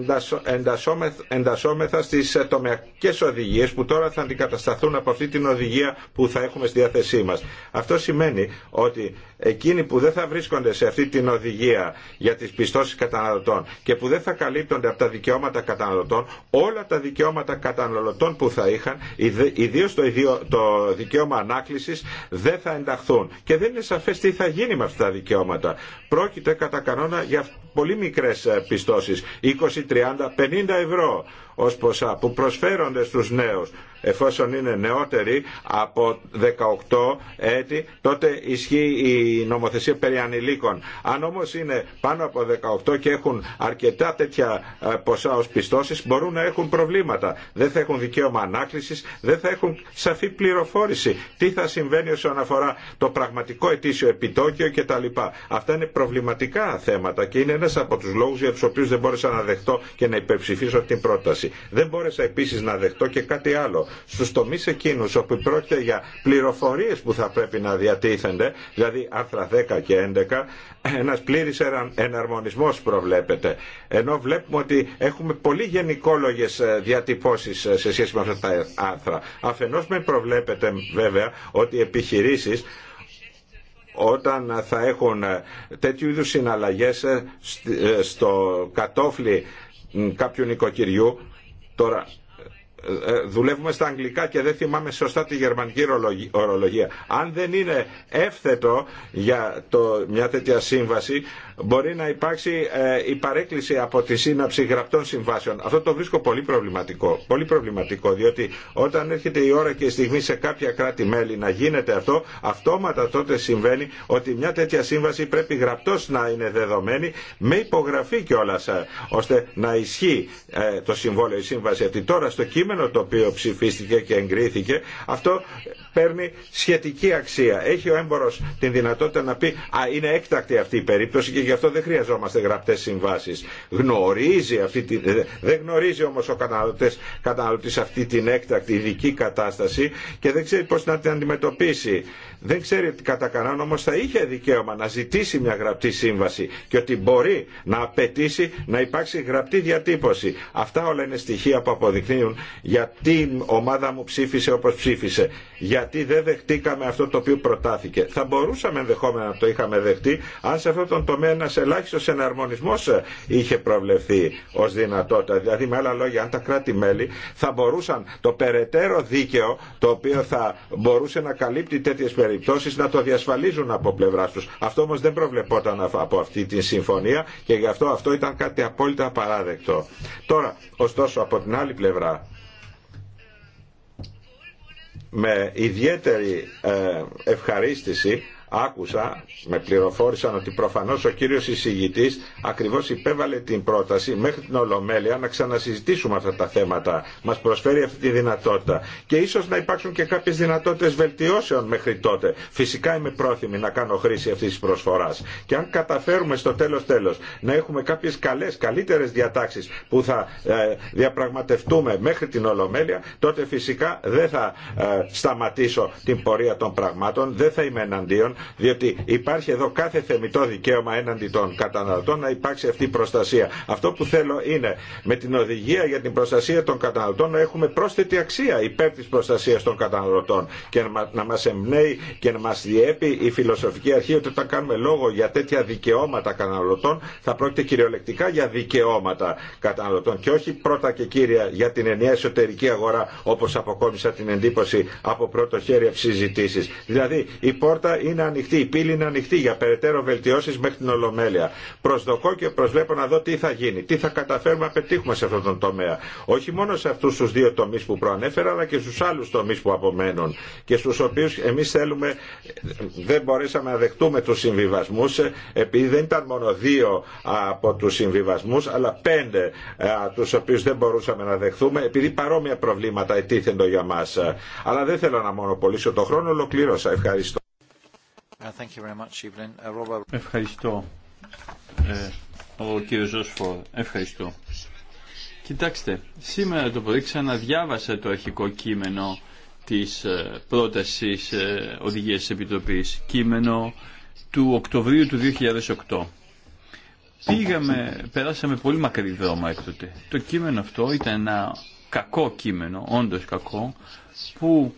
εντασσόμεθα στι ε, τομεακέ οδηγίε που τώρα θα αντικατασταθούν από αυτή την οδηγία που θα έχουμε στη διάθεσή μα. Αυτό σημαίνει ότι εκείνοι που δεν θα βρίσκονται σε αυτή την οδηγία για τις πιστώσεις καταναλωτών και που δεν θα καλύπτονται από τα δικαιώματα καταναλωτών, όλα τα δικαιώματα καταναλωτών που θα είχαν, ιδίω το, δικαίωμα ανάκλησης, δεν θα ενταχθούν. Και δεν είναι σαφές τι θα γίνει με αυτά τα δικαιώματα. Πρόκειται κατά κανόνα για πολύ μικρές ε, πιστώσεις, 20, 30, 50 ευρώ ως ποσά που προσφέρονται στους νέους εφόσον είναι νεότεροι από 18 έτη τότε ισχύει η νομοθεσία περί ανηλίκων. Αν όμως είναι πάνω από 18 και έχουν αρκετά τέτοια ε, ποσά ως πιστώσεις μπορούν να έχουν προβλήματα. Δεν θα έχουν δικαίωμα ανάκλησης, δεν θα έχουν σαφή πληροφόρηση τι θα συμβαίνει όσον αφορά το πραγματικό ετήσιο επιτόκιο κτλ. Αυτά είναι προβληματικά θέματα και είναι ένας από τους λόγους για τους οποίους δεν μπόρεσα να δεχτώ και να υπερψηφίσω την πρόταση. Δεν μπόρεσα επίση να δεχτώ και κάτι άλλο. Στου τομεί εκείνου όπου πρόκειται για πληροφορίε που θα πρέπει να διατίθενται, δηλαδή άρθρα 10 και 11, ένα πλήρη εναρμονισμό προβλέπεται. Ενώ βλέπουμε ότι έχουμε πολύ γενικόλογε διατυπώσει ε, σε σχέση με αυτά τα άρθρα. Αφενό με προβλέπεται βέβαια ότι οι επιχειρήσει όταν θα έχουν ε, τέτοιου είδους συναλλαγές ε, στο κατόφλι κάποιου νοικοκυριού Τώρα ε, ε, δουλεύουμε στα αγγλικά και δεν θυμάμαι σωστά τη γερμανική ορολογία. Αν δεν είναι εύθετο για το, μια τέτοια σύμβαση, μπορεί να υπάρξει ε, η παρέκκληση από τη σύναψη γραπτών συμβάσεων. Αυτό το βρίσκω πολύ προβληματικό. Πολύ προβληματικό, διότι όταν έρχεται η ώρα και η στιγμή σε κάποια κράτη-μέλη να γίνεται αυτό, αυτόματα τότε συμβαίνει ότι μια τέτοια σύμβαση πρέπει γραπτό να είναι δεδομένη με υπογραφή κιόλα, ώστε να ισχύει το συμβόλαιο, η σύμβαση Γιατί Τώρα στο κείμενο κείμενο το οποίο ψηφίστηκε και εγκρίθηκε, αυτό παίρνει σχετική αξία. Έχει ο έμπορο την δυνατότητα να πει Α, είναι έκτακτη αυτή η περίπτωση και γι' αυτό δεν χρειαζόμαστε γραπτέ συμβάσει. Γνωρίζει αυτή Δεν γνωρίζει όμω ο καταναλωτή αυτή την έκτακτη ειδική κατάσταση και δεν ξέρει πώ να την αντιμετωπίσει. Δεν ξέρει κατά κανόν όμω θα είχε δικαίωμα να ζητήσει μια γραπτή σύμβαση και ότι μπορεί να απαιτήσει να υπάρξει γραπτή διατύπωση. Αυτά όλα είναι στοιχεία που αποδεικνύουν γιατί η ομάδα μου ψήφισε όπω ψήφισε. Για γιατί δεν δεχτήκαμε αυτό το οποίο προτάθηκε. Θα μπορούσαμε ενδεχόμενα να το είχαμε δεχτεί αν σε αυτόν τον τομέα ένα ελάχιστο εναρμονισμό είχε προβλεφθεί ω δυνατότητα. Δηλαδή, με άλλα λόγια, αν τα κράτη-μέλη θα μπορούσαν το περαιτέρω δίκαιο το οποίο θα μπορούσε να καλύπτει τέτοιε περιπτώσει να το διασφαλίζουν από πλευρά του. Αυτό όμω δεν προβλεπόταν από αυτή τη συμφωνία και γι' αυτό αυτό ήταν κάτι απόλυτα απαράδεκτο. Τώρα, ωστόσο, από την άλλη πλευρά, με ιδιαίτερη ε, ευχαρίστηση άκουσα, με πληροφόρησαν ότι προφανώ ο κύριο εισηγητή ακριβώ υπέβαλε την πρόταση μέχρι την Ολομέλεια να ξανασυζητήσουμε αυτά τα θέματα. Μα προσφέρει αυτή τη δυνατότητα. Και ίσω να υπάρξουν και κάποιε δυνατότητε βελτιώσεων μέχρι τότε. Φυσικά είμαι πρόθυμη να κάνω χρήση αυτή τη προσφορά. Και αν καταφέρουμε στο τέλο τέλο να έχουμε κάποιε καλέ, καλύτερε διατάξει που θα ε, διαπραγματευτούμε μέχρι την Ολομέλεια, τότε φυσικά δεν θα ε, σταματήσω την πορεία των πραγμάτων, δεν θα είμαι εναντίον, διότι υπάρχει εδώ κάθε θεμητό δικαίωμα έναντι των καταναλωτών να υπάρξει αυτή η προστασία. Αυτό που θέλω είναι με την οδηγία για την προστασία των καταναλωτών να έχουμε πρόσθετη αξία υπέρ της προστασίας των καταναλωτών και να μας εμπνέει και να μας διέπει η φιλοσοφική αρχή ότι όταν κάνουμε λόγο για τέτοια δικαιώματα καταναλωτών θα πρόκειται κυριολεκτικά για δικαιώματα καταναλωτών και όχι πρώτα και κύρια για την ενιαία εσωτερική αγορά όπως αποκόμισα την εντύπωση από πρώτο χέρι συζητήσεις. Δηλαδή η πόρτα είναι ανοιχτή, η πύλη είναι ανοιχτή για περαιτέρω βελτιώσει μέχρι την Ολομέλεια. Προσδοκώ και προσβλέπω να δω τι θα γίνει, τι θα καταφέρουμε να πετύχουμε σε αυτόν τον τομέα. Όχι μόνο σε αυτού του δύο τομεί που προανέφερα, αλλά και στου άλλου τομεί που απομένουν και στου οποίου εμεί θέλουμε, δεν μπορέσαμε να δεχτούμε του συμβιβασμού, επειδή δεν ήταν μόνο δύο από του συμβιβασμού, αλλά πέντε ε, του οποίου δεν μπορούσαμε να δεχθούμε, επειδή παρόμοια προβλήματα ετίθεντο για μα. Αλλά δεν θέλω να μονοπολίσω το χρόνο, ολοκλήρωσα. Ευχαριστώ. Uh, uh, Ευχαριστώ, ε, ο κύριο Ευχαριστώ. Κοιτάξτε, σήμερα το πρωί ξαναδιάβασα το αρχικό κείμενο της ε, πρότασης ε, οδηγίας της Επιτροπής, κείμενο του Οκτωβρίου του 2008. Πήγαμε, περάσαμε πολύ μακρύ δρόμο έκτοτε. Το κείμενο αυτό ήταν ένα κακό κείμενο, όντως κακό, που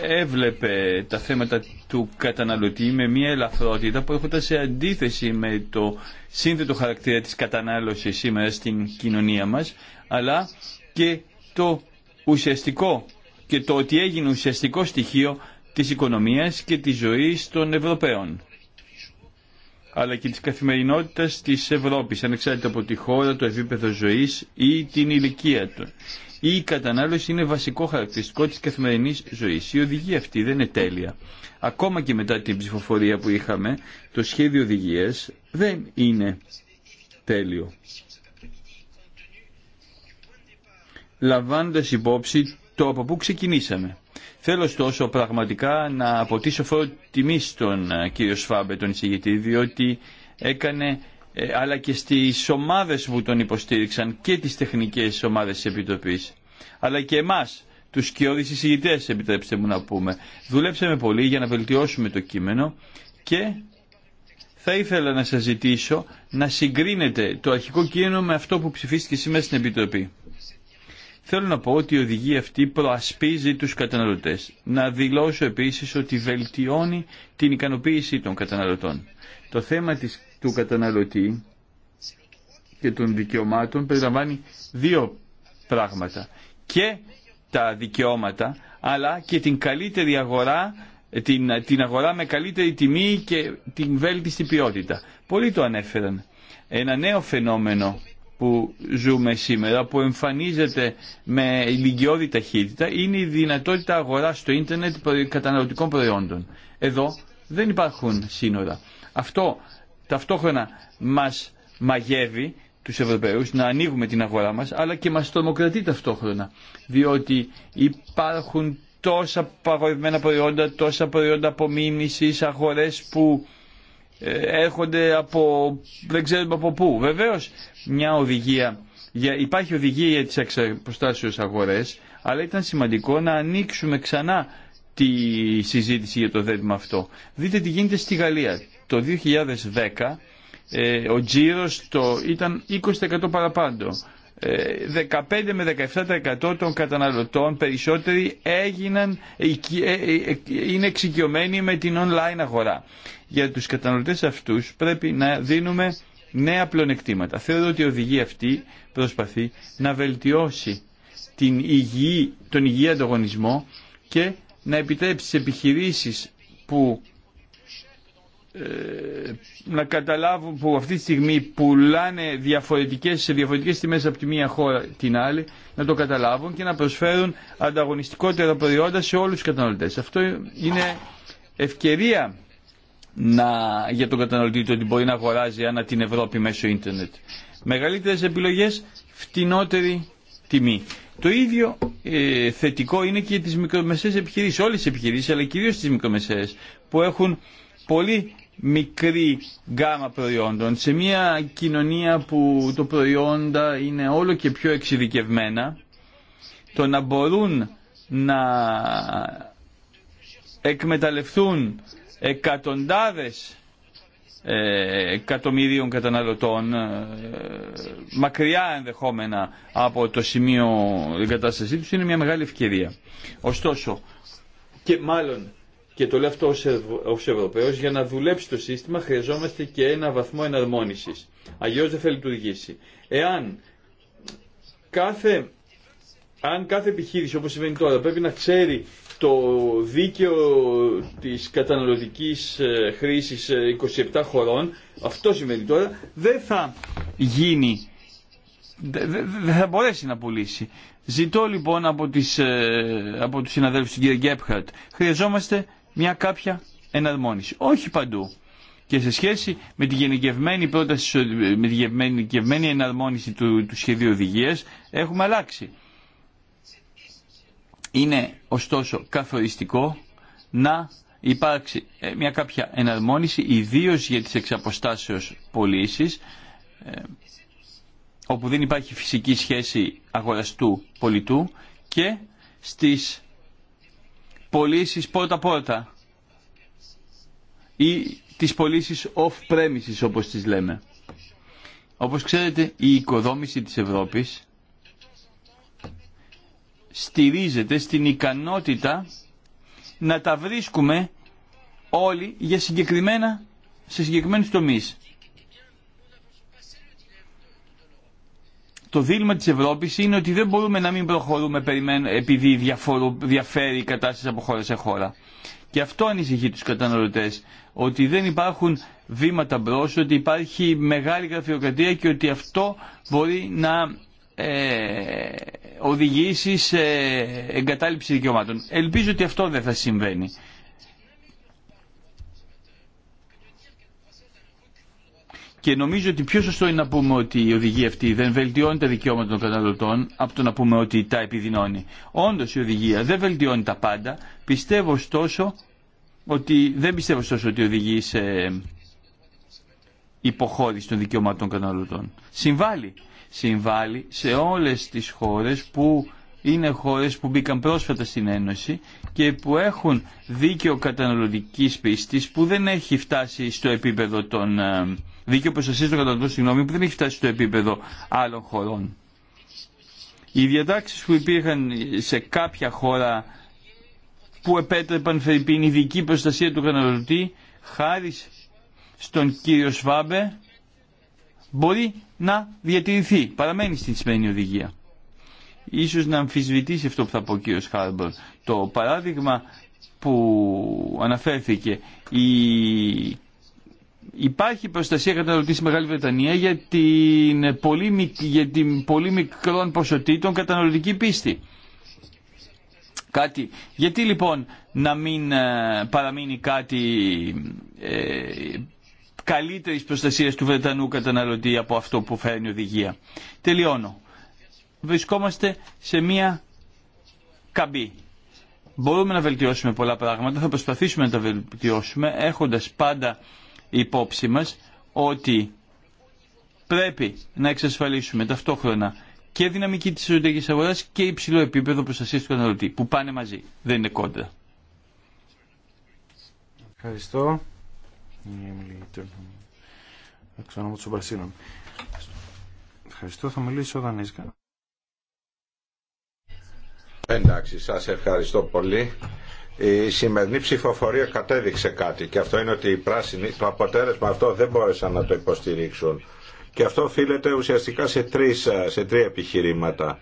έβλεπε τα θέματα του καταναλωτή με μια ελαφρότητα που έρχονταν σε αντίθεση με το σύνθετο χαρακτήρα της κατανάλωσης σήμερα στην κοινωνία μας, αλλά και το ουσιαστικό και το ότι έγινε ουσιαστικό στοιχείο της οικονομίας και της ζωής των Ευρωπαίων αλλά και της καθημερινότητας της Ευρώπης, ανεξάρτητα από τη χώρα, το επίπεδο ζωής ή την ηλικία του. Η κατανάλωση είναι βασικό χαρακτηριστικό της καθημερινής ζωής. Η οδηγία αυτή δεν είναι τέλεια. Ακόμα και μετά την ψηφοφορία που είχαμε, το σχέδιο οδηγία δεν είναι τέλειο. Λαμβάνοντα υπόψη το από πού ξεκινήσαμε. Θέλω ωστόσο πραγματικά να αποτίσω φόρο τιμή στον ε, κύριο Σφάμπε, τον εισηγητή, διότι έκανε ε, αλλά και στις ομάδες που τον υποστήριξαν και τις τεχνικές ομάδες της Επιτροπής, αλλά και εμάς, τους σκιώδεις εισηγητές, επιτρέψτε μου να πούμε. Δουλέψαμε πολύ για να βελτιώσουμε το κείμενο και θα ήθελα να σας ζητήσω να συγκρίνετε το αρχικό κείμενο με αυτό που ψηφίστηκε σήμερα στην Επιτροπή. Θέλω να πω ότι η οδηγία αυτή προασπίζει τους καταναλωτές. Να δηλώσω επίσης ότι βελτιώνει την ικανοποίηση των καταναλωτών του καταναλωτή και των δικαιωμάτων περιλαμβάνει δύο πράγματα. Και τα δικαιώματα, αλλά και την καλύτερη αγορά, την, την αγορά με καλύτερη τιμή και την βέλτιστη ποιότητα. Πολλοί το ανέφεραν. Ένα νέο φαινόμενο που ζούμε σήμερα, που εμφανίζεται με ηλικιώδη ταχύτητα, είναι η δυνατότητα αγοράς στο ίντερνετ καταναλωτικών προϊόντων. Εδώ δεν υπάρχουν σύνορα. Αυτό ταυτόχρονα μας μαγεύει τους Ευρωπαίους να ανοίγουμε την αγορά μας αλλά και μας τρομοκρατεί ταυτόχρονα διότι υπάρχουν τόσα παγορευμένα προϊόντα, τόσα προϊόντα απομίμησης, αγορές που ε, έρχονται από δεν ξέρουμε από πού. Βεβαίως μια οδηγία, υπάρχει οδηγία για τις εξαποστάσεως αγορές αλλά ήταν σημαντικό να ανοίξουμε ξανά τη συζήτηση για το θέμα αυτό. Δείτε τι γίνεται στη Γαλλία. Το 2010 ε, ο τζίρος το ήταν 20% παραπάνω. 15 με 17% των καταναλωτών περισσότεροι έγιναν, ε, ε, ε, είναι εξοικειωμένοι με την online αγορά. Για τους καταναλωτές αυτούς πρέπει να δίνουμε νέα πλονεκτήματα. Θεωρώ ότι η οδηγία αυτή προσπαθεί να βελτιώσει την υγιή, τον υγιή ανταγωνισμό και να επιτρέψει τις επιχειρήσεις που ε, να καταλάβουν που αυτή τη στιγμή πουλάνε διαφορετικές, σε διαφορετικές τιμές από τη μία χώρα την άλλη, να το καταλάβουν και να προσφέρουν ανταγωνιστικότερα προϊόντα σε όλους τους καταναλωτές. Αυτό είναι ευκαιρία να, για τον καταναλωτή ότι μπορεί να αγοράζει ανά την Ευρώπη μέσω ίντερνετ. Μεγαλύτερες επιλογές, φτηνότερη τιμή. Το ίδιο ε, θετικό είναι και για τις μικρομεσαίες επιχειρήσεις, όλες τις επιχειρήσεις, αλλά κυρίως τις μικρομεσαίες, που έχουν πολύ μικρή γκάμα προϊόντων σε μια κοινωνία που το προϊόντα είναι όλο και πιο εξειδικευμένα το να μπορούν να εκμεταλλευτούν εκατοντάδες ε, εκατομμυρίων καταναλωτών ε, μακριά ενδεχόμενα από το σημείο εγκατάστασή τους είναι μια μεγάλη ευκαιρία. Ωστόσο και μάλλον και το λέω αυτό ω Ευρωπαίο, για να δουλέψει το σύστημα χρειαζόμαστε και ένα βαθμό εναρμόνισης. Αλλιώς δεν θα λειτουργήσει. Εάν κάθε, αν κάθε επιχείρηση, όπως συμβαίνει τώρα, πρέπει να ξέρει το δίκαιο της καταναλωτικής ε, χρήσης 27 ε, χωρών, αυτό συμβαίνει τώρα, δεν θα γίνει, δεν θα μπορέσει να πουλήσει. Ζητώ λοιπόν από, τις, ε, από τους συναδέλφους του κ. Γκέπχαρτ, χρειαζόμαστε μια κάποια εναρμόνιση. Όχι παντού. Και σε σχέση με τη γενικευμένη, πρόταση, με τη γενικευμένη εναρμόνιση του, του σχεδίου οδηγία έχουμε αλλάξει. Είναι ωστόσο καθοριστικό να υπάρξει ε, μια κάποια εναρμόνιση ιδίως για τις εξαποστάσεως πωλήσει, ε, όπου δεν υπάρχει φυσική σχέση αγοραστού πολιτού και στις πωλήσει πόρτα-πόρτα ή τις πωλήσει off-premises όπως τις λέμε. Όπως ξέρετε η οικοδόμηση της Ευρώπης στηρίζεται στην ικανότητα να τα βρίσκουμε όλοι για συγκεκριμένα, σε συγκεκριμένους τομείς. το δίλημα της Ευρώπης είναι ότι δεν μπορούμε να μην προχωρούμε επειδή διαφέρει η κατάσταση από χώρα σε χώρα. Και αυτό ανησυχεί τους καταναλωτές, ότι δεν υπάρχουν βήματα μπρος, ότι υπάρχει μεγάλη γραφειοκρατία και ότι αυτό μπορεί να ε, οδηγήσει σε εγκατάλειψη δικαιωμάτων. Ελπίζω ότι αυτό δεν θα συμβαίνει. Και νομίζω ότι πιο σωστό είναι να πούμε ότι η οδηγία αυτή δεν βελτιώνει τα δικαιώματα των καταναλωτών από το να πούμε ότι τα επιδεινώνει. Όντω η οδηγία δεν βελτιώνει τα πάντα. Πιστεύω ωστόσο ότι δεν πιστεύω ωστόσο ότι οδηγεί σε υποχώρηση των δικαιωμάτων των καταναλωτών. Συμβάλλει. Συμβάλλει σε όλες τις χώρες που είναι χώρες που μπήκαν πρόσφατα στην Ένωση και που έχουν δίκαιο καταναλωτικής πιστής που δεν έχει φτάσει στο επίπεδο των ε, δίκαιο προστασία των καταναλωτών, συγγνώμη, που δεν έχει φτάσει στο επίπεδο άλλων χωρών. Οι διατάξει που υπήρχαν σε κάποια χώρα που επέτρεπαν φερειπίν ειδική προστασία του καταναλωτή, χάρη στον κύριο Σφάμπε, μπορεί να διατηρηθεί, παραμένει στην σημερινή οδηγία. Ίσως να αμφισβητήσει αυτό που θα πω ο κύριος Χάρμπορ. Το παράδειγμα που αναφέρθηκε, η Υπάρχει προστασία καταναλωτή στη Μεγάλη Βρετανία για την πολύ, για την πολύ μικρών καταναλωτική πίστη. Κάτι. Γιατί λοιπόν να μην ε, παραμείνει κάτι ε, καλύτερης προστασίας του Βρετανού καταναλωτή από αυτό που φέρνει η οδηγία. Τελειώνω. Βρισκόμαστε σε μία καμπή. Μπορούμε να βελτιώσουμε πολλά πράγματα, θα προσπαθήσουμε να τα βελτιώσουμε έχοντας πάντα υπόψη μας ότι πρέπει να εξασφαλίσουμε ταυτόχρονα και δυναμική της εσωτερικής αγοράς και υψηλό επίπεδο προστασίας του καταναλωτή που πάνε μαζί, δεν είναι κόντρα. Ευχαριστώ. Ευχαριστώ, θα μιλήσω Δανίσκα. Εντάξει, σας ευχαριστώ πολύ η σημερινή ψηφοφορία κατέδειξε κάτι και αυτό είναι ότι οι πράσινοι το αποτέλεσμα αυτό δεν μπόρεσαν να το υποστηρίξουν. Και αυτό οφείλεται ουσιαστικά σε, τρεις, σε τρία επιχειρήματα.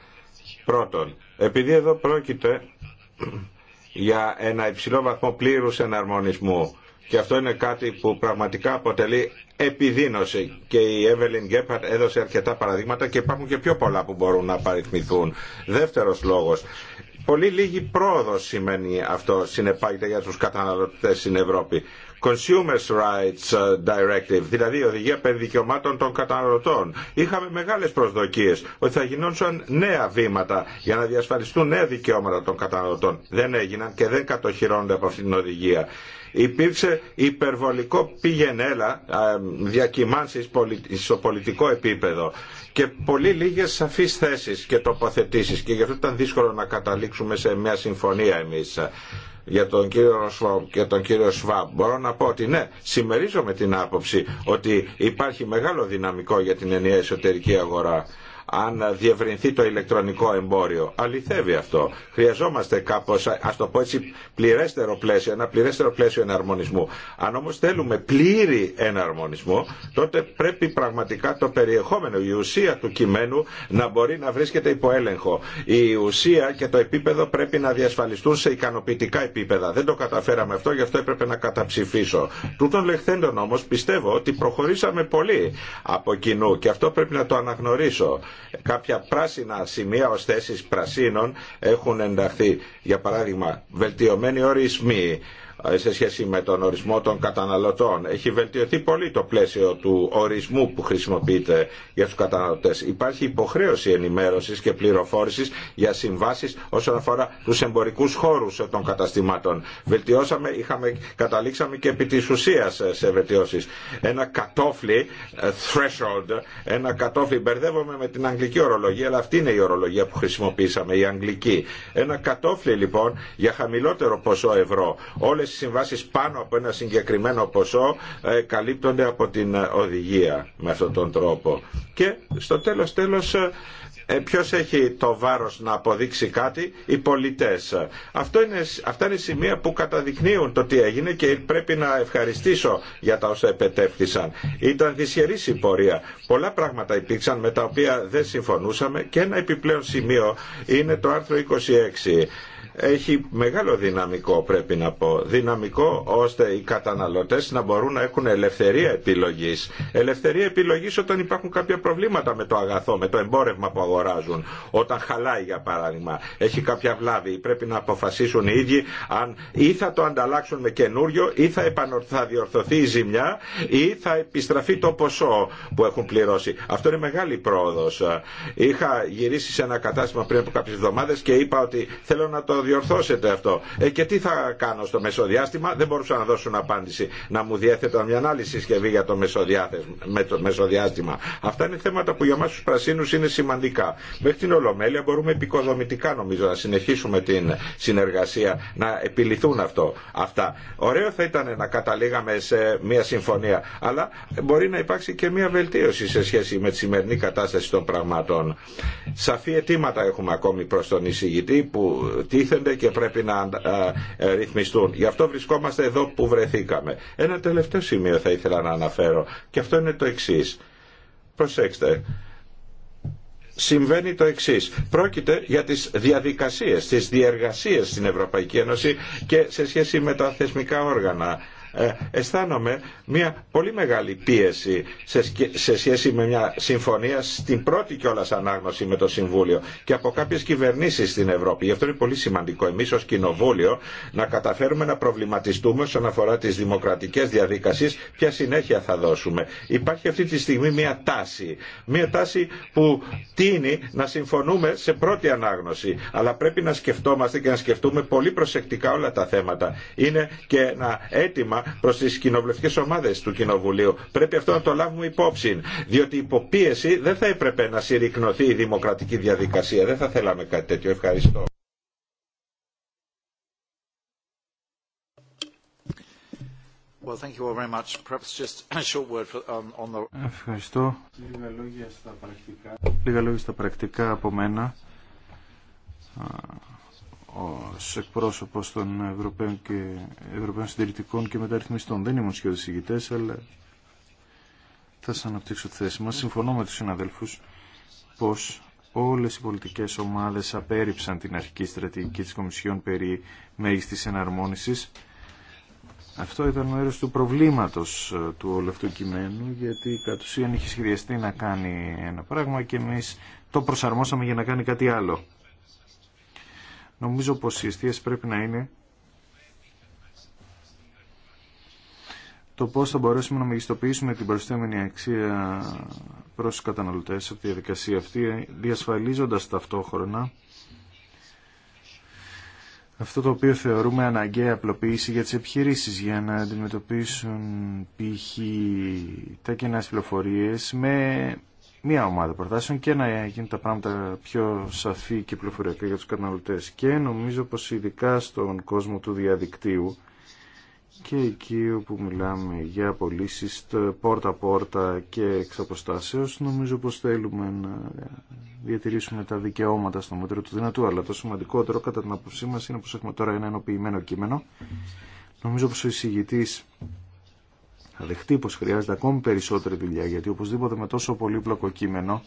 Πρώτον, επειδή εδώ πρόκειται για ένα υψηλό βαθμό πλήρου εναρμονισμού και αυτό είναι κάτι που πραγματικά αποτελεί επιδείνωση και η Evelyn Γκέπαρτ έδωσε αρκετά παραδείγματα και υπάρχουν και πιο πολλά που μπορούν να παριθμηθούν. Δεύτερος λόγος, Πολύ λίγη πρόοδο σημαίνει αυτό συνεπάγεται για τους καταναλωτές στην Ευρώπη. Consumers Rights uh, Directive, δηλαδή η Οδηγία περί δικαιωμάτων των καταναλωτών. Είχαμε μεγάλες προσδοκίες ότι θα γινόντουσαν νέα βήματα για να διασφαλιστούν νέα δικαιώματα των καταναλωτών. Δεν έγιναν και δεν κατοχυρώνονται από αυτή την οδηγία. Υπήρξε υπερβολικό πηγενέλα ε, διακυμάνσεις στο πολιτικό επίπεδο και πολύ λίγες σαφείς θέσεις και τοποθετήσεις και γι' αυτό ήταν δύσκολο να καταλήξουμε σε μια συμφωνία εμεί για τον κύριο Σφαμπ και τον κύριο Σβάμπ. Μπορώ να πω ότι ναι, συμμερίζομαι την άποψη ότι υπάρχει μεγάλο δυναμικό για την ενιαία εσωτερική αγορά αν διευρυνθεί το ηλεκτρονικό εμπόριο. Αληθεύει αυτό. Χρειαζόμαστε κάπω, α το πω έτσι, πληρέστερο πλαίσιο, ένα πληρέστερο πλαίσιο εναρμονισμού. Αν όμω θέλουμε πλήρη εναρμονισμό, τότε πρέπει πραγματικά το περιεχόμενο, η ουσία του κειμένου να μπορεί να βρίσκεται υπό έλεγχο. Η ουσία και το επίπεδο πρέπει να διασφαλιστούν σε ικανοποιητικά επίπεδα. Δεν το καταφέραμε αυτό, γι' αυτό έπρεπε να καταψηφίσω. Τούτων λεχθέντων όμω, πιστεύω ότι προχωρήσαμε πολύ από κοινού και αυτό πρέπει να το αναγνωρίσω κάποια πράσινα σημεία ως θέσεις πρασίνων έχουν ενταχθεί. Για παράδειγμα, βελτιωμένοι ορισμοί, σε σχέση με τον ορισμό των καταναλωτών. Έχει βελτιωθεί πολύ το πλαίσιο του ορισμού που χρησιμοποιείται για τους καταναλωτές. Υπάρχει υποχρέωση ενημέρωσης και πληροφόρησης για συμβάσεις όσον αφορά τους εμπορικούς χώρους των καταστημάτων. Βελτιώσαμε, είχαμε, καταλήξαμε και επί της ουσίας σε βελτιώσεις. Ένα κατόφλι, ε, threshold, ένα κατόφλι, μπερδεύομαι με την αγγλική ορολογία, αλλά αυτή είναι η ορολογία που χρησιμοποιήσαμε, η αγγλική. Ένα κατόφλι λοιπόν για χαμηλότερο ποσό ευρώ. Όλες οι συμβάσεις πάνω από ένα συγκεκριμένο ποσό ε, καλύπτονται από την ε, οδηγία με αυτόν τον τρόπο. Και στο τέλος τέλος ε, ε, ποιος έχει το βάρος να αποδείξει κάτι, οι πολιτές. Αυτό είναι, αυτά είναι σημεία που καταδεικνύουν το τι έγινε και πρέπει να ευχαριστήσω για τα όσα επετεύχθησαν. Ήταν δυσχερή η πορεία. Πολλά πράγματα υπήρξαν με τα οποία δεν συμφωνούσαμε και ένα επιπλέον σημείο είναι το άρθρο 26 έχει μεγάλο δυναμικό πρέπει να πω. Δυναμικό ώστε οι καταναλωτές να μπορούν να έχουν ελευθερία επιλογής. Ελευθερία επιλογής όταν υπάρχουν κάποια προβλήματα με το αγαθό, με το εμπόρευμα που αγοράζουν. Όταν χαλάει για παράδειγμα, έχει κάποια βλάβη, πρέπει να αποφασίσουν οι ίδιοι αν ή θα το ανταλλάξουν με καινούριο ή θα, διορθωθεί η ζημιά ή θα επιστραφεί το ποσό που έχουν πληρώσει. Αυτό είναι μεγάλη πρόοδος. Είχα γυρίσει σε ένα κατάστημα πριν από κάποιες εβδομάδες και είπα ότι θέλω να το διορθώσετε αυτό. Ε, και τι θα κάνω στο μεσοδιάστημα, δεν μπορούσαν να δώσουν απάντηση. Να μου διέθεταν μια άλλη συσκευή για το, με το μεσοδιάστημα. Αυτά είναι θέματα που για εμά τους πρασίνους είναι σημαντικά. Μέχρι την Ολομέλεια μπορούμε επικοδομητικά νομίζω να συνεχίσουμε την συνεργασία, να επιληθούν αυτό, αυτά. Ωραίο θα ήταν να καταλήγαμε σε μια συμφωνία, αλλά μπορεί να υπάρξει και μια βελτίωση σε σχέση με τη σημερινή κατάσταση των πραγμάτων. Σαφή αιτήματα έχουμε ακόμη προ τον εισηγητή και πρέπει να ε, ε, ρυθμιστούν. Γι' αυτό βρισκόμαστε εδώ που βρεθήκαμε. Ένα τελευταίο σημείο θα ήθελα να αναφέρω και αυτό είναι το εξή. Προσέξτε, συμβαίνει το εξή. Πρόκειται για τι διαδικασίε, τι διεργασίε στην Ευρωπαϊκή Ένωση και σε σχέση με τα θεσμικά όργανα. Ε, αισθάνομαι μια πολύ μεγάλη πίεση σε σχέση με μια συμφωνία στην πρώτη κιόλα ανάγνωση με το Συμβούλιο και από κάποιε κυβερνήσει στην Ευρώπη. Γι' αυτό είναι πολύ σημαντικό εμεί ω Κοινοβούλιο να καταφέρουμε να προβληματιστούμε όσον αφορά τι δημοκρατικέ διαδικασίε, ποια συνέχεια θα δώσουμε. Υπάρχει αυτή τη στιγμή μια τάση. Μια τάση που τίνει να συμφωνούμε σε πρώτη ανάγνωση. Αλλά πρέπει να σκεφτόμαστε και να σκεφτούμε πολύ προσεκτικά όλα τα θέματα. Είναι και ένα αίτημα προ τι κοινοβουλευτικέ ομάδε του Κοινοβουλίου. Πρέπει αυτό να το λάβουμε υπόψη. Διότι υπό πίεση δεν θα έπρεπε να συρρυκνωθεί η δημοκρατική διαδικασία. Δεν θα θέλαμε κάτι τέτοιο. Ευχαριστώ. Ευχαριστώ. Λίγα λόγια στα πρακτικά. Λίγα λόγια στα πρακτικά από μένα ως εκπρόσωπος των Ευρωπαίων, και, Ευρωπαίων Συντηρητικών και Μεταρρυθμιστών. Δεν ήμουν σχεδόν ηγητές, αλλά θα σας αναπτύξω τη θέση μας. Συμφωνώ με τους συναδέλφους πως όλες οι πολιτικές ομάδες απέρριψαν την αρχική στρατηγική της Κομισιόν περί μέγιστης εναρμόνισης. Αυτό ήταν μέρο του προβλήματος ε, του όλου αυτού κειμένου, γιατί κατ' ουσίαν είχε σχεδιαστεί να κάνει ένα πράγμα και εμείς το προσαρμόσαμε για να κάνει κάτι άλλο. Νομίζω πως οι αιστείες πρέπει να είναι το πώς θα μπορέσουμε να μεγιστοποιήσουμε την προσθέμενη αξία προς τους καταναλωτές από τη διαδικασία αυτή, διασφαλίζοντας ταυτόχρονα αυτό το οποίο θεωρούμε αναγκαία απλοποίηση για τις επιχειρήσεις για να αντιμετωπίσουν π.χ. τα κενά πληροφορίε με μία ομάδα προτάσεων και να γίνουν τα πράγματα πιο σαφή και πληροφοριακά για τους καταναλωτές. Και νομίζω πως ειδικά στον κόσμο του διαδικτύου και εκεί όπου μιλάμε για πωλήσει πόρτα-πόρτα και εξ αποστάσεως, νομίζω πως θέλουμε να διατηρήσουμε τα δικαιώματα στο μέτρο του δυνατού. Αλλά το σημαντικότερο κατά την άποψή μας είναι πως έχουμε τώρα ένα ενοποιημένο κείμενο. Νομίζω πως ο εισηγητής θα δεχτεί πως χρειάζεται ακόμη περισσότερη δουλειά γιατί οπωσδήποτε με τόσο πολύπλοκο κείμενο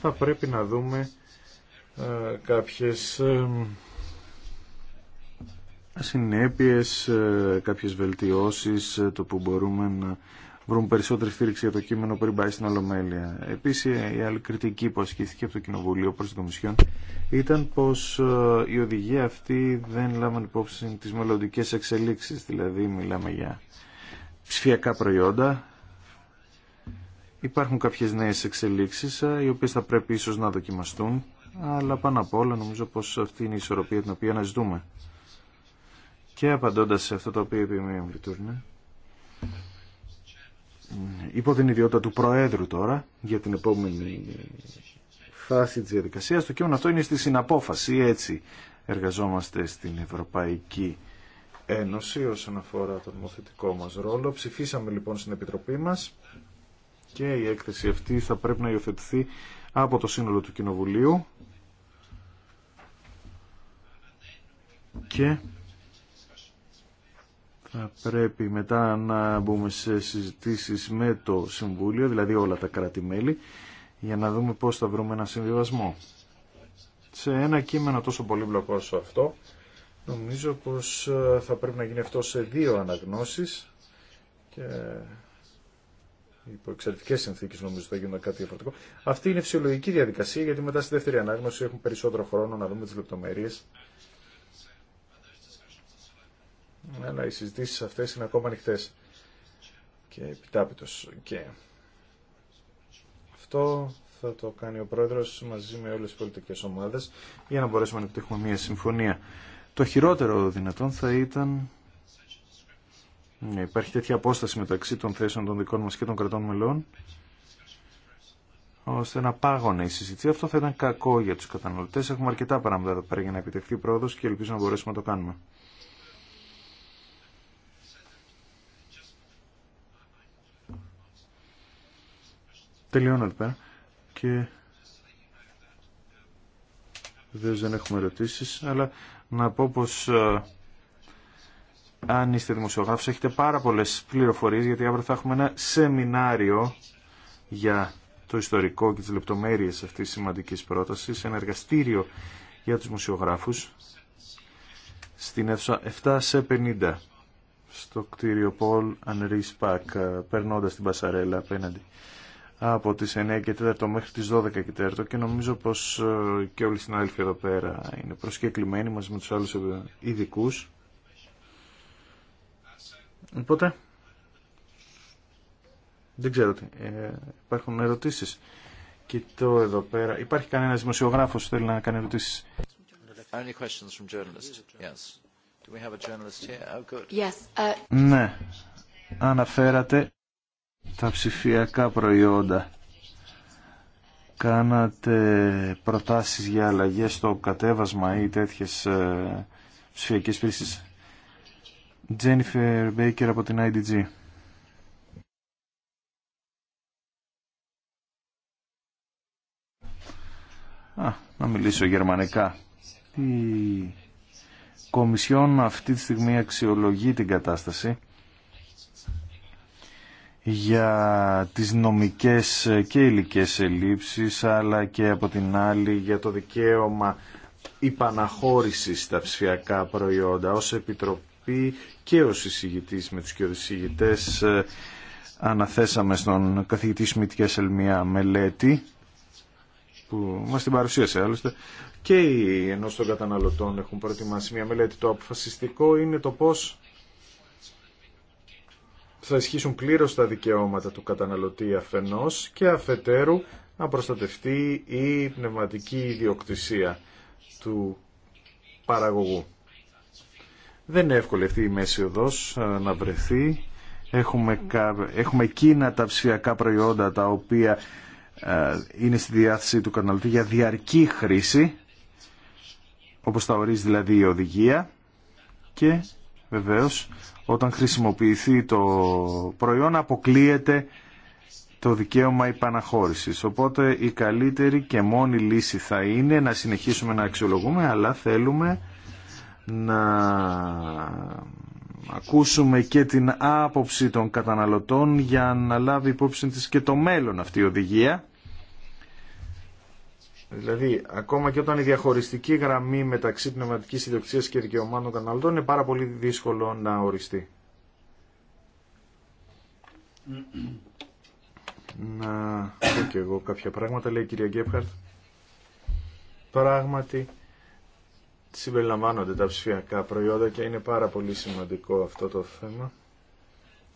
θα πρέπει να δούμε ε, κάποιες ε, συνέπειες, ε, κάποιες βελτιώσεις, ε, το που μπορούμε να βρούμε περισσότερη στήριξη για το κείμενο πριν πάει στην Ολομέλεια. Επίσης, η άλλη κριτική που ασκήθηκε από το Κοινοβουλίο προς την Κομισιόν ήταν πως ε, η οδηγία αυτή δεν λάμβανε υπόψη τις μελλοντικέ εξελίξεις, δηλαδή μιλάμε για ψηφιακά προϊόντα. Υπάρχουν κάποιες νέες εξελίξεις ε, οι οποίες θα πρέπει ίσως να δοκιμαστούν αλλά πάνω απ' όλα νομίζω πως αυτή είναι η ισορροπία την οποία αναζητούμε. Και απαντώντας σε αυτό το οποίο είπε η ε, υπό την ιδιότητα του Προέδρου τώρα για την επόμενη φάση της διαδικασίας, το κείμενο αυτό είναι στη συναπόφαση, έτσι εργαζόμαστε στην Ευρωπαϊκή Ένωση όσον αφορά τον νομοθετικό μας ρόλο. Ψηφίσαμε λοιπόν στην Επιτροπή μας και η έκθεση αυτή θα πρέπει να υιοθετηθεί από το σύνολο του Κοινοβουλίου και θα πρέπει μετά να μπούμε σε συζητήσεις με το Συμβούλιο, δηλαδή όλα τα κράτη-μέλη, για να δούμε πώς θα βρούμε ένα συμβιβασμό. Σε ένα κείμενο τόσο πολύπλοκο όσο αυτό, Νομίζω πως ε, θα πρέπει να γίνει αυτό σε δύο αναγνώσεις και υπό εξαιρετικέ συνθήκε νομίζω θα γίνουν κάτι διαφορετικό. Αυτή είναι η φυσιολογική διαδικασία γιατί μετά στη δεύτερη ανάγνωση έχουμε περισσότερο χρόνο να δούμε τις λεπτομέρειες. Αλλά οι συζητήσει αυτέ είναι ακόμα ανοιχτέ και επιτάπητος. Και αυτό θα το κάνει ο Πρόεδρος μαζί με όλες τι πολιτικές ομάδες για να μπορέσουμε να επιτύχουμε μια συμφωνία. Το χειρότερο δυνατόν θα ήταν να υπάρχει τέτοια απόσταση μεταξύ των θέσεων των δικών μας και των κρατών μελών ώστε να πάγωνε η συζήτηση. Αυτό θα ήταν κακό για τους καταναλωτές. Έχουμε αρκετά παράμετρα εδώ πέρα για να επιτευχθεί πρόοδος και ελπίζω να μπορέσουμε να το κάνουμε. Τελειώνω εδώ πέρα και δεν έχουμε ερωτήσεις, αλλά να πω πως ε, αν είστε δημοσιογράφος έχετε πάρα πολλές πληροφορίες γιατί αύριο θα έχουμε ένα σεμινάριο για το ιστορικό και τις λεπτομέρειες αυτής της σημαντικής πρότασης, ένα εργαστήριο για τους δημοσιογράφους στην αίθουσα 7 σε 50 στο κτίριο Paul Henry Spack ε, περνώντας την Πασαρέλα απέναντι από τις 9 και 4 μέχρι τις 12 και 4 και νομίζω πως ε, και όλοι οι συνάδελφοι εδώ πέρα είναι προσκεκλημένοι μαζί με τους άλλους ειδικού. Οπότε, δεν ξέρω τι, ε, υπάρχουν ερωτήσεις. Κοιτώ εδώ πέρα. Υπάρχει κανένας δημοσιογράφος που θέλει να κάνει ερωτήσεις. Ναι, αναφέρατε τα ψηφιακά προϊόντα. Κάνατε προτάσεις για αλλαγές στο κατέβασμα ή τέτοιες ε, ψηφιακές πίσεις. Τζένιφερ Μπέικερ από την IDG. Α, να μιλήσω γερμανικά. Η Κομισιόν αυτή τη στιγμή αξιολογεί την κατάσταση για τις νομικές και υλικές ελλείψεις αλλά και από την άλλη για το δικαίωμα υπαναχώρησης στα ψηφιακά προϊόντα ως Επιτροπή και ως εισηγητής με τους και ε, αναθέσαμε στον καθηγητή Σμιτιές Ελμία μελέτη που μας την παρουσίασε άλλωστε και οι των καταναλωτών έχουν προετοιμάσει μια μελέτη το αποφασιστικό είναι το πώς θα ισχύσουν πλήρως τα δικαιώματα του καταναλωτή αφενός και αφετέρου να προστατευτεί η πνευματική ιδιοκτησία του παραγωγού. Δεν είναι εύκολη αυτή η μέση οδός ε, να βρεθεί. Έχουμε, έχουμε εκείνα τα ψηφιακά προϊόντα τα οποία ε, είναι στη διάθεση του καταναλωτή για διαρκή χρήση, όπως τα ορίζει δηλαδή η οδηγία και βεβαίως όταν χρησιμοποιηθεί το προϊόν αποκλείεται το δικαίωμα υπαναχώρησης. Οπότε η καλύτερη και μόνη λύση θα είναι να συνεχίσουμε να αξιολογούμε, αλλά θέλουμε να ακούσουμε και την άποψη των καταναλωτών για να λάβει υπόψη της και το μέλλον αυτή η οδηγία Δηλαδή, ακόμα και όταν η διαχωριστική γραμμή μεταξύ πνευματικής ιδιοκτησίας και δικαιωμάτων καταναλωτών είναι πάρα πολύ δύσκολο να οριστεί. Να πω και εγώ κάποια πράγματα, λέει η κυρία Γκέπχαρτ. Πράγματι, συμπεριλαμβάνονται τα ψηφιακά προϊόντα και είναι πάρα πολύ σημαντικό αυτό το θέμα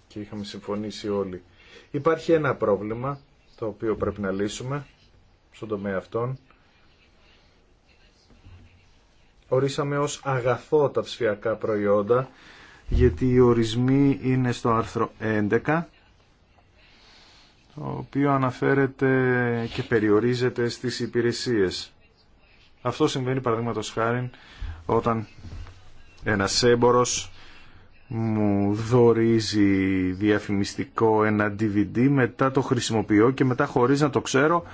και είχαμε συμφωνήσει όλοι. Υπάρχει ένα πρόβλημα το οποίο πρέπει να λύσουμε στον τομέα αυτών ορίσαμε ως αγαθό τα ψηφιακά προϊόντα γιατί οι ορισμοί είναι στο άρθρο 11 το οποίο αναφέρεται και περιορίζεται στις υπηρεσίες. Αυτό συμβαίνει παραδείγματος χάρη όταν ένας έμπορος μου δωρίζει διαφημιστικό ένα DVD μετά το χρησιμοποιώ και μετά χωρίς να το ξέρω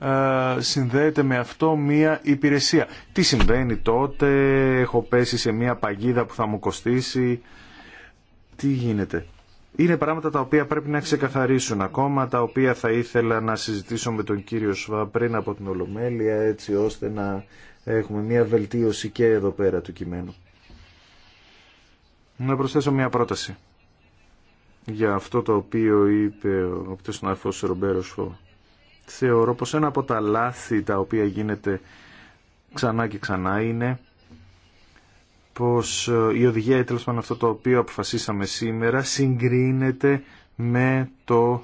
ε, συνδέεται με αυτό μία υπηρεσία. Τι συμβαίνει τότε, έχω πέσει σε μία παγίδα που θα μου κοστίσει, τι γίνεται. Είναι πράγματα τα οποία πρέπει να ξεκαθαρίσουν ακόμα, τα οποία θα ήθελα να συζητήσω με τον κύριο Σβά πριν από την Ολομέλεια, έτσι ώστε να έχουμε μία βελτίωση και εδώ πέρα του κειμένου. Να προσθέσω μία πρόταση για αυτό το οποίο είπε ο πτωσναρφός Ρομπέρος Φώ θεωρώ πως ένα από τα λάθη τα οποία γίνεται ξανά και ξανά είναι πως ε, η οδηγία, τέλος πάντων αυτό το οποίο αποφασίσαμε σήμερα, συγκρίνεται με, το,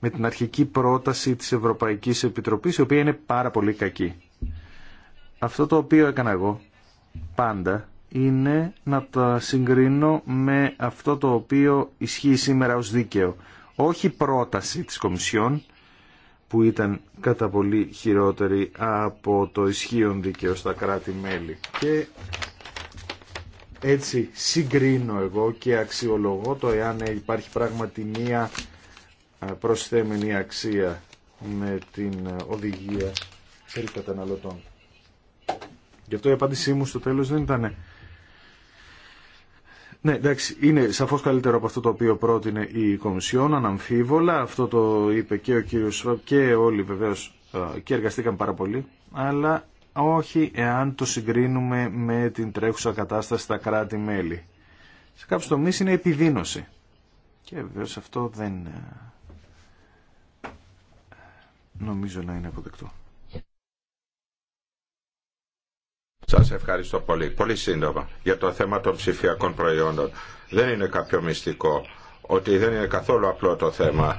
με την αρχική πρόταση της Ευρωπαϊκής Επιτροπής, η οποία είναι πάρα πολύ κακή. Αυτό το οποίο έκανα εγώ πάντα είναι να τα συγκρίνω με αυτό το οποίο ισχύει σήμερα ως δίκαιο. Όχι πρόταση της Κομισιόν, που ήταν κατά πολύ χειρότερη από το ισχύον δίκαιο στα κράτη-μέλη. Και έτσι συγκρίνω εγώ και αξιολογώ το εάν υπάρχει πράγματι μία ε, προσθέμενη αξία με την ε, οδηγία περί καταναλωτών. Γι' αυτό η απάντησή μου στο τέλος δεν ήταν ναι, εντάξει, είναι σαφώς καλύτερο από αυτό το οποίο πρότεινε η Κομισιόν, αναμφίβολα. Αυτό το είπε και ο κύριος Σφραπ και όλοι βεβαίως ε, και εργαστήκαν πάρα πολύ. Αλλά όχι εάν το συγκρίνουμε με την τρέχουσα κατάσταση στα κράτη-μέλη. Σε κάποιους τομείς είναι επιδείνωση. Και βεβαίως αυτό δεν ε, νομίζω να είναι αποδεκτό. Σας ευχαριστώ πολύ. Πολύ σύντομα για το θέμα των ψηφιακών προϊόντων. Δεν είναι κάποιο μυστικό ότι δεν είναι καθόλου απλό το θέμα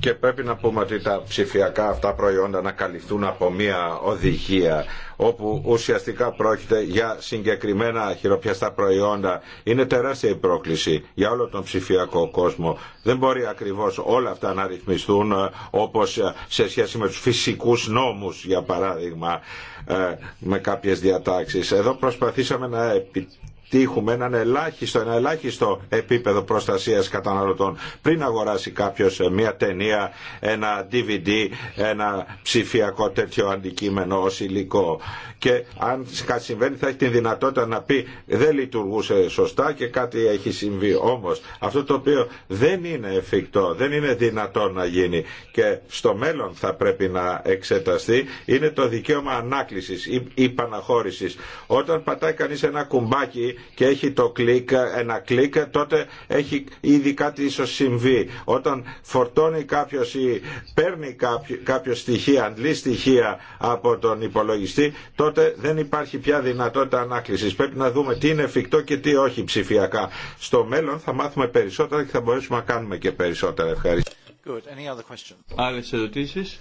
και πρέπει να πούμε ότι τα ψηφιακά αυτά προϊόντα να καλυφθούν από μια οδηγία όπου ουσιαστικά πρόκειται για συγκεκριμένα χειροπιαστά προϊόντα. Είναι τεράστια η πρόκληση για όλο τον ψηφιακό κόσμο. Δεν μπορεί ακριβώς όλα αυτά να ρυθμιστούν ε, όπως ε, σε σχέση με τους φυσικούς νόμους για παράδειγμα ε, με κάποιες διατάξεις. Εδώ προσπαθήσαμε να επιτύχουμε τύχουμε έναν ελάχιστο, ένα ελάχιστο επίπεδο προστασίας καταναλωτών πριν αγοράσει κάποιος μια ταινία, ένα DVD, ένα ψηφιακό τέτοιο αντικείμενο ως υλικό. Και αν κάτι συμβαίνει θα έχει την δυνατότητα να πει δεν λειτουργούσε σωστά και κάτι έχει συμβεί. Όμως αυτό το οποίο δεν είναι εφικτό, δεν είναι δυνατό να γίνει και στο μέλλον θα πρέπει να εξεταστεί είναι το δικαίωμα ανάκλησης ή, ή παναχώρησης. Όταν πατάει κανείς ένα κουμπάκι και έχει το κλικ, ένα κλικ, τότε έχει ήδη κάτι ίσω συμβεί. Όταν φορτώνει κάποιο ή παίρνει κάποιο, κάποιο στοιχεία, αντλεί στοιχεία από τον υπολογιστή, τότε δεν υπάρχει πια δυνατότητα ανάκληση. Πρέπει να δούμε τι είναι εφικτό και τι όχι ψηφιακά. Στο μέλλον θα μάθουμε περισσότερα και θα μπορέσουμε να κάνουμε και περισσότερα. Ευχαριστώ. Άλλε ερωτήσει. Άλλες ερωτήσεις.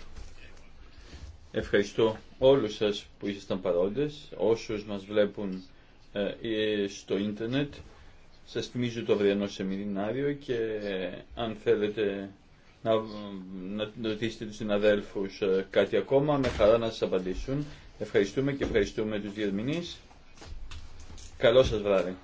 Ευχαριστώ όλους σας που ήσασταν παρόντες, όσους μας βλέπουν ε, ε, στο ίντερνετ. Σας θυμίζω το αυριανό σεμινάριο και ε, αν θέλετε να, να ρωτήσετε τους συναδέλφους κάτι ακόμα, με χαρά να σας απαντήσουν. Ευχαριστούμε και ευχαριστούμε τους διερμηνείς. Καλό σας βράδυ.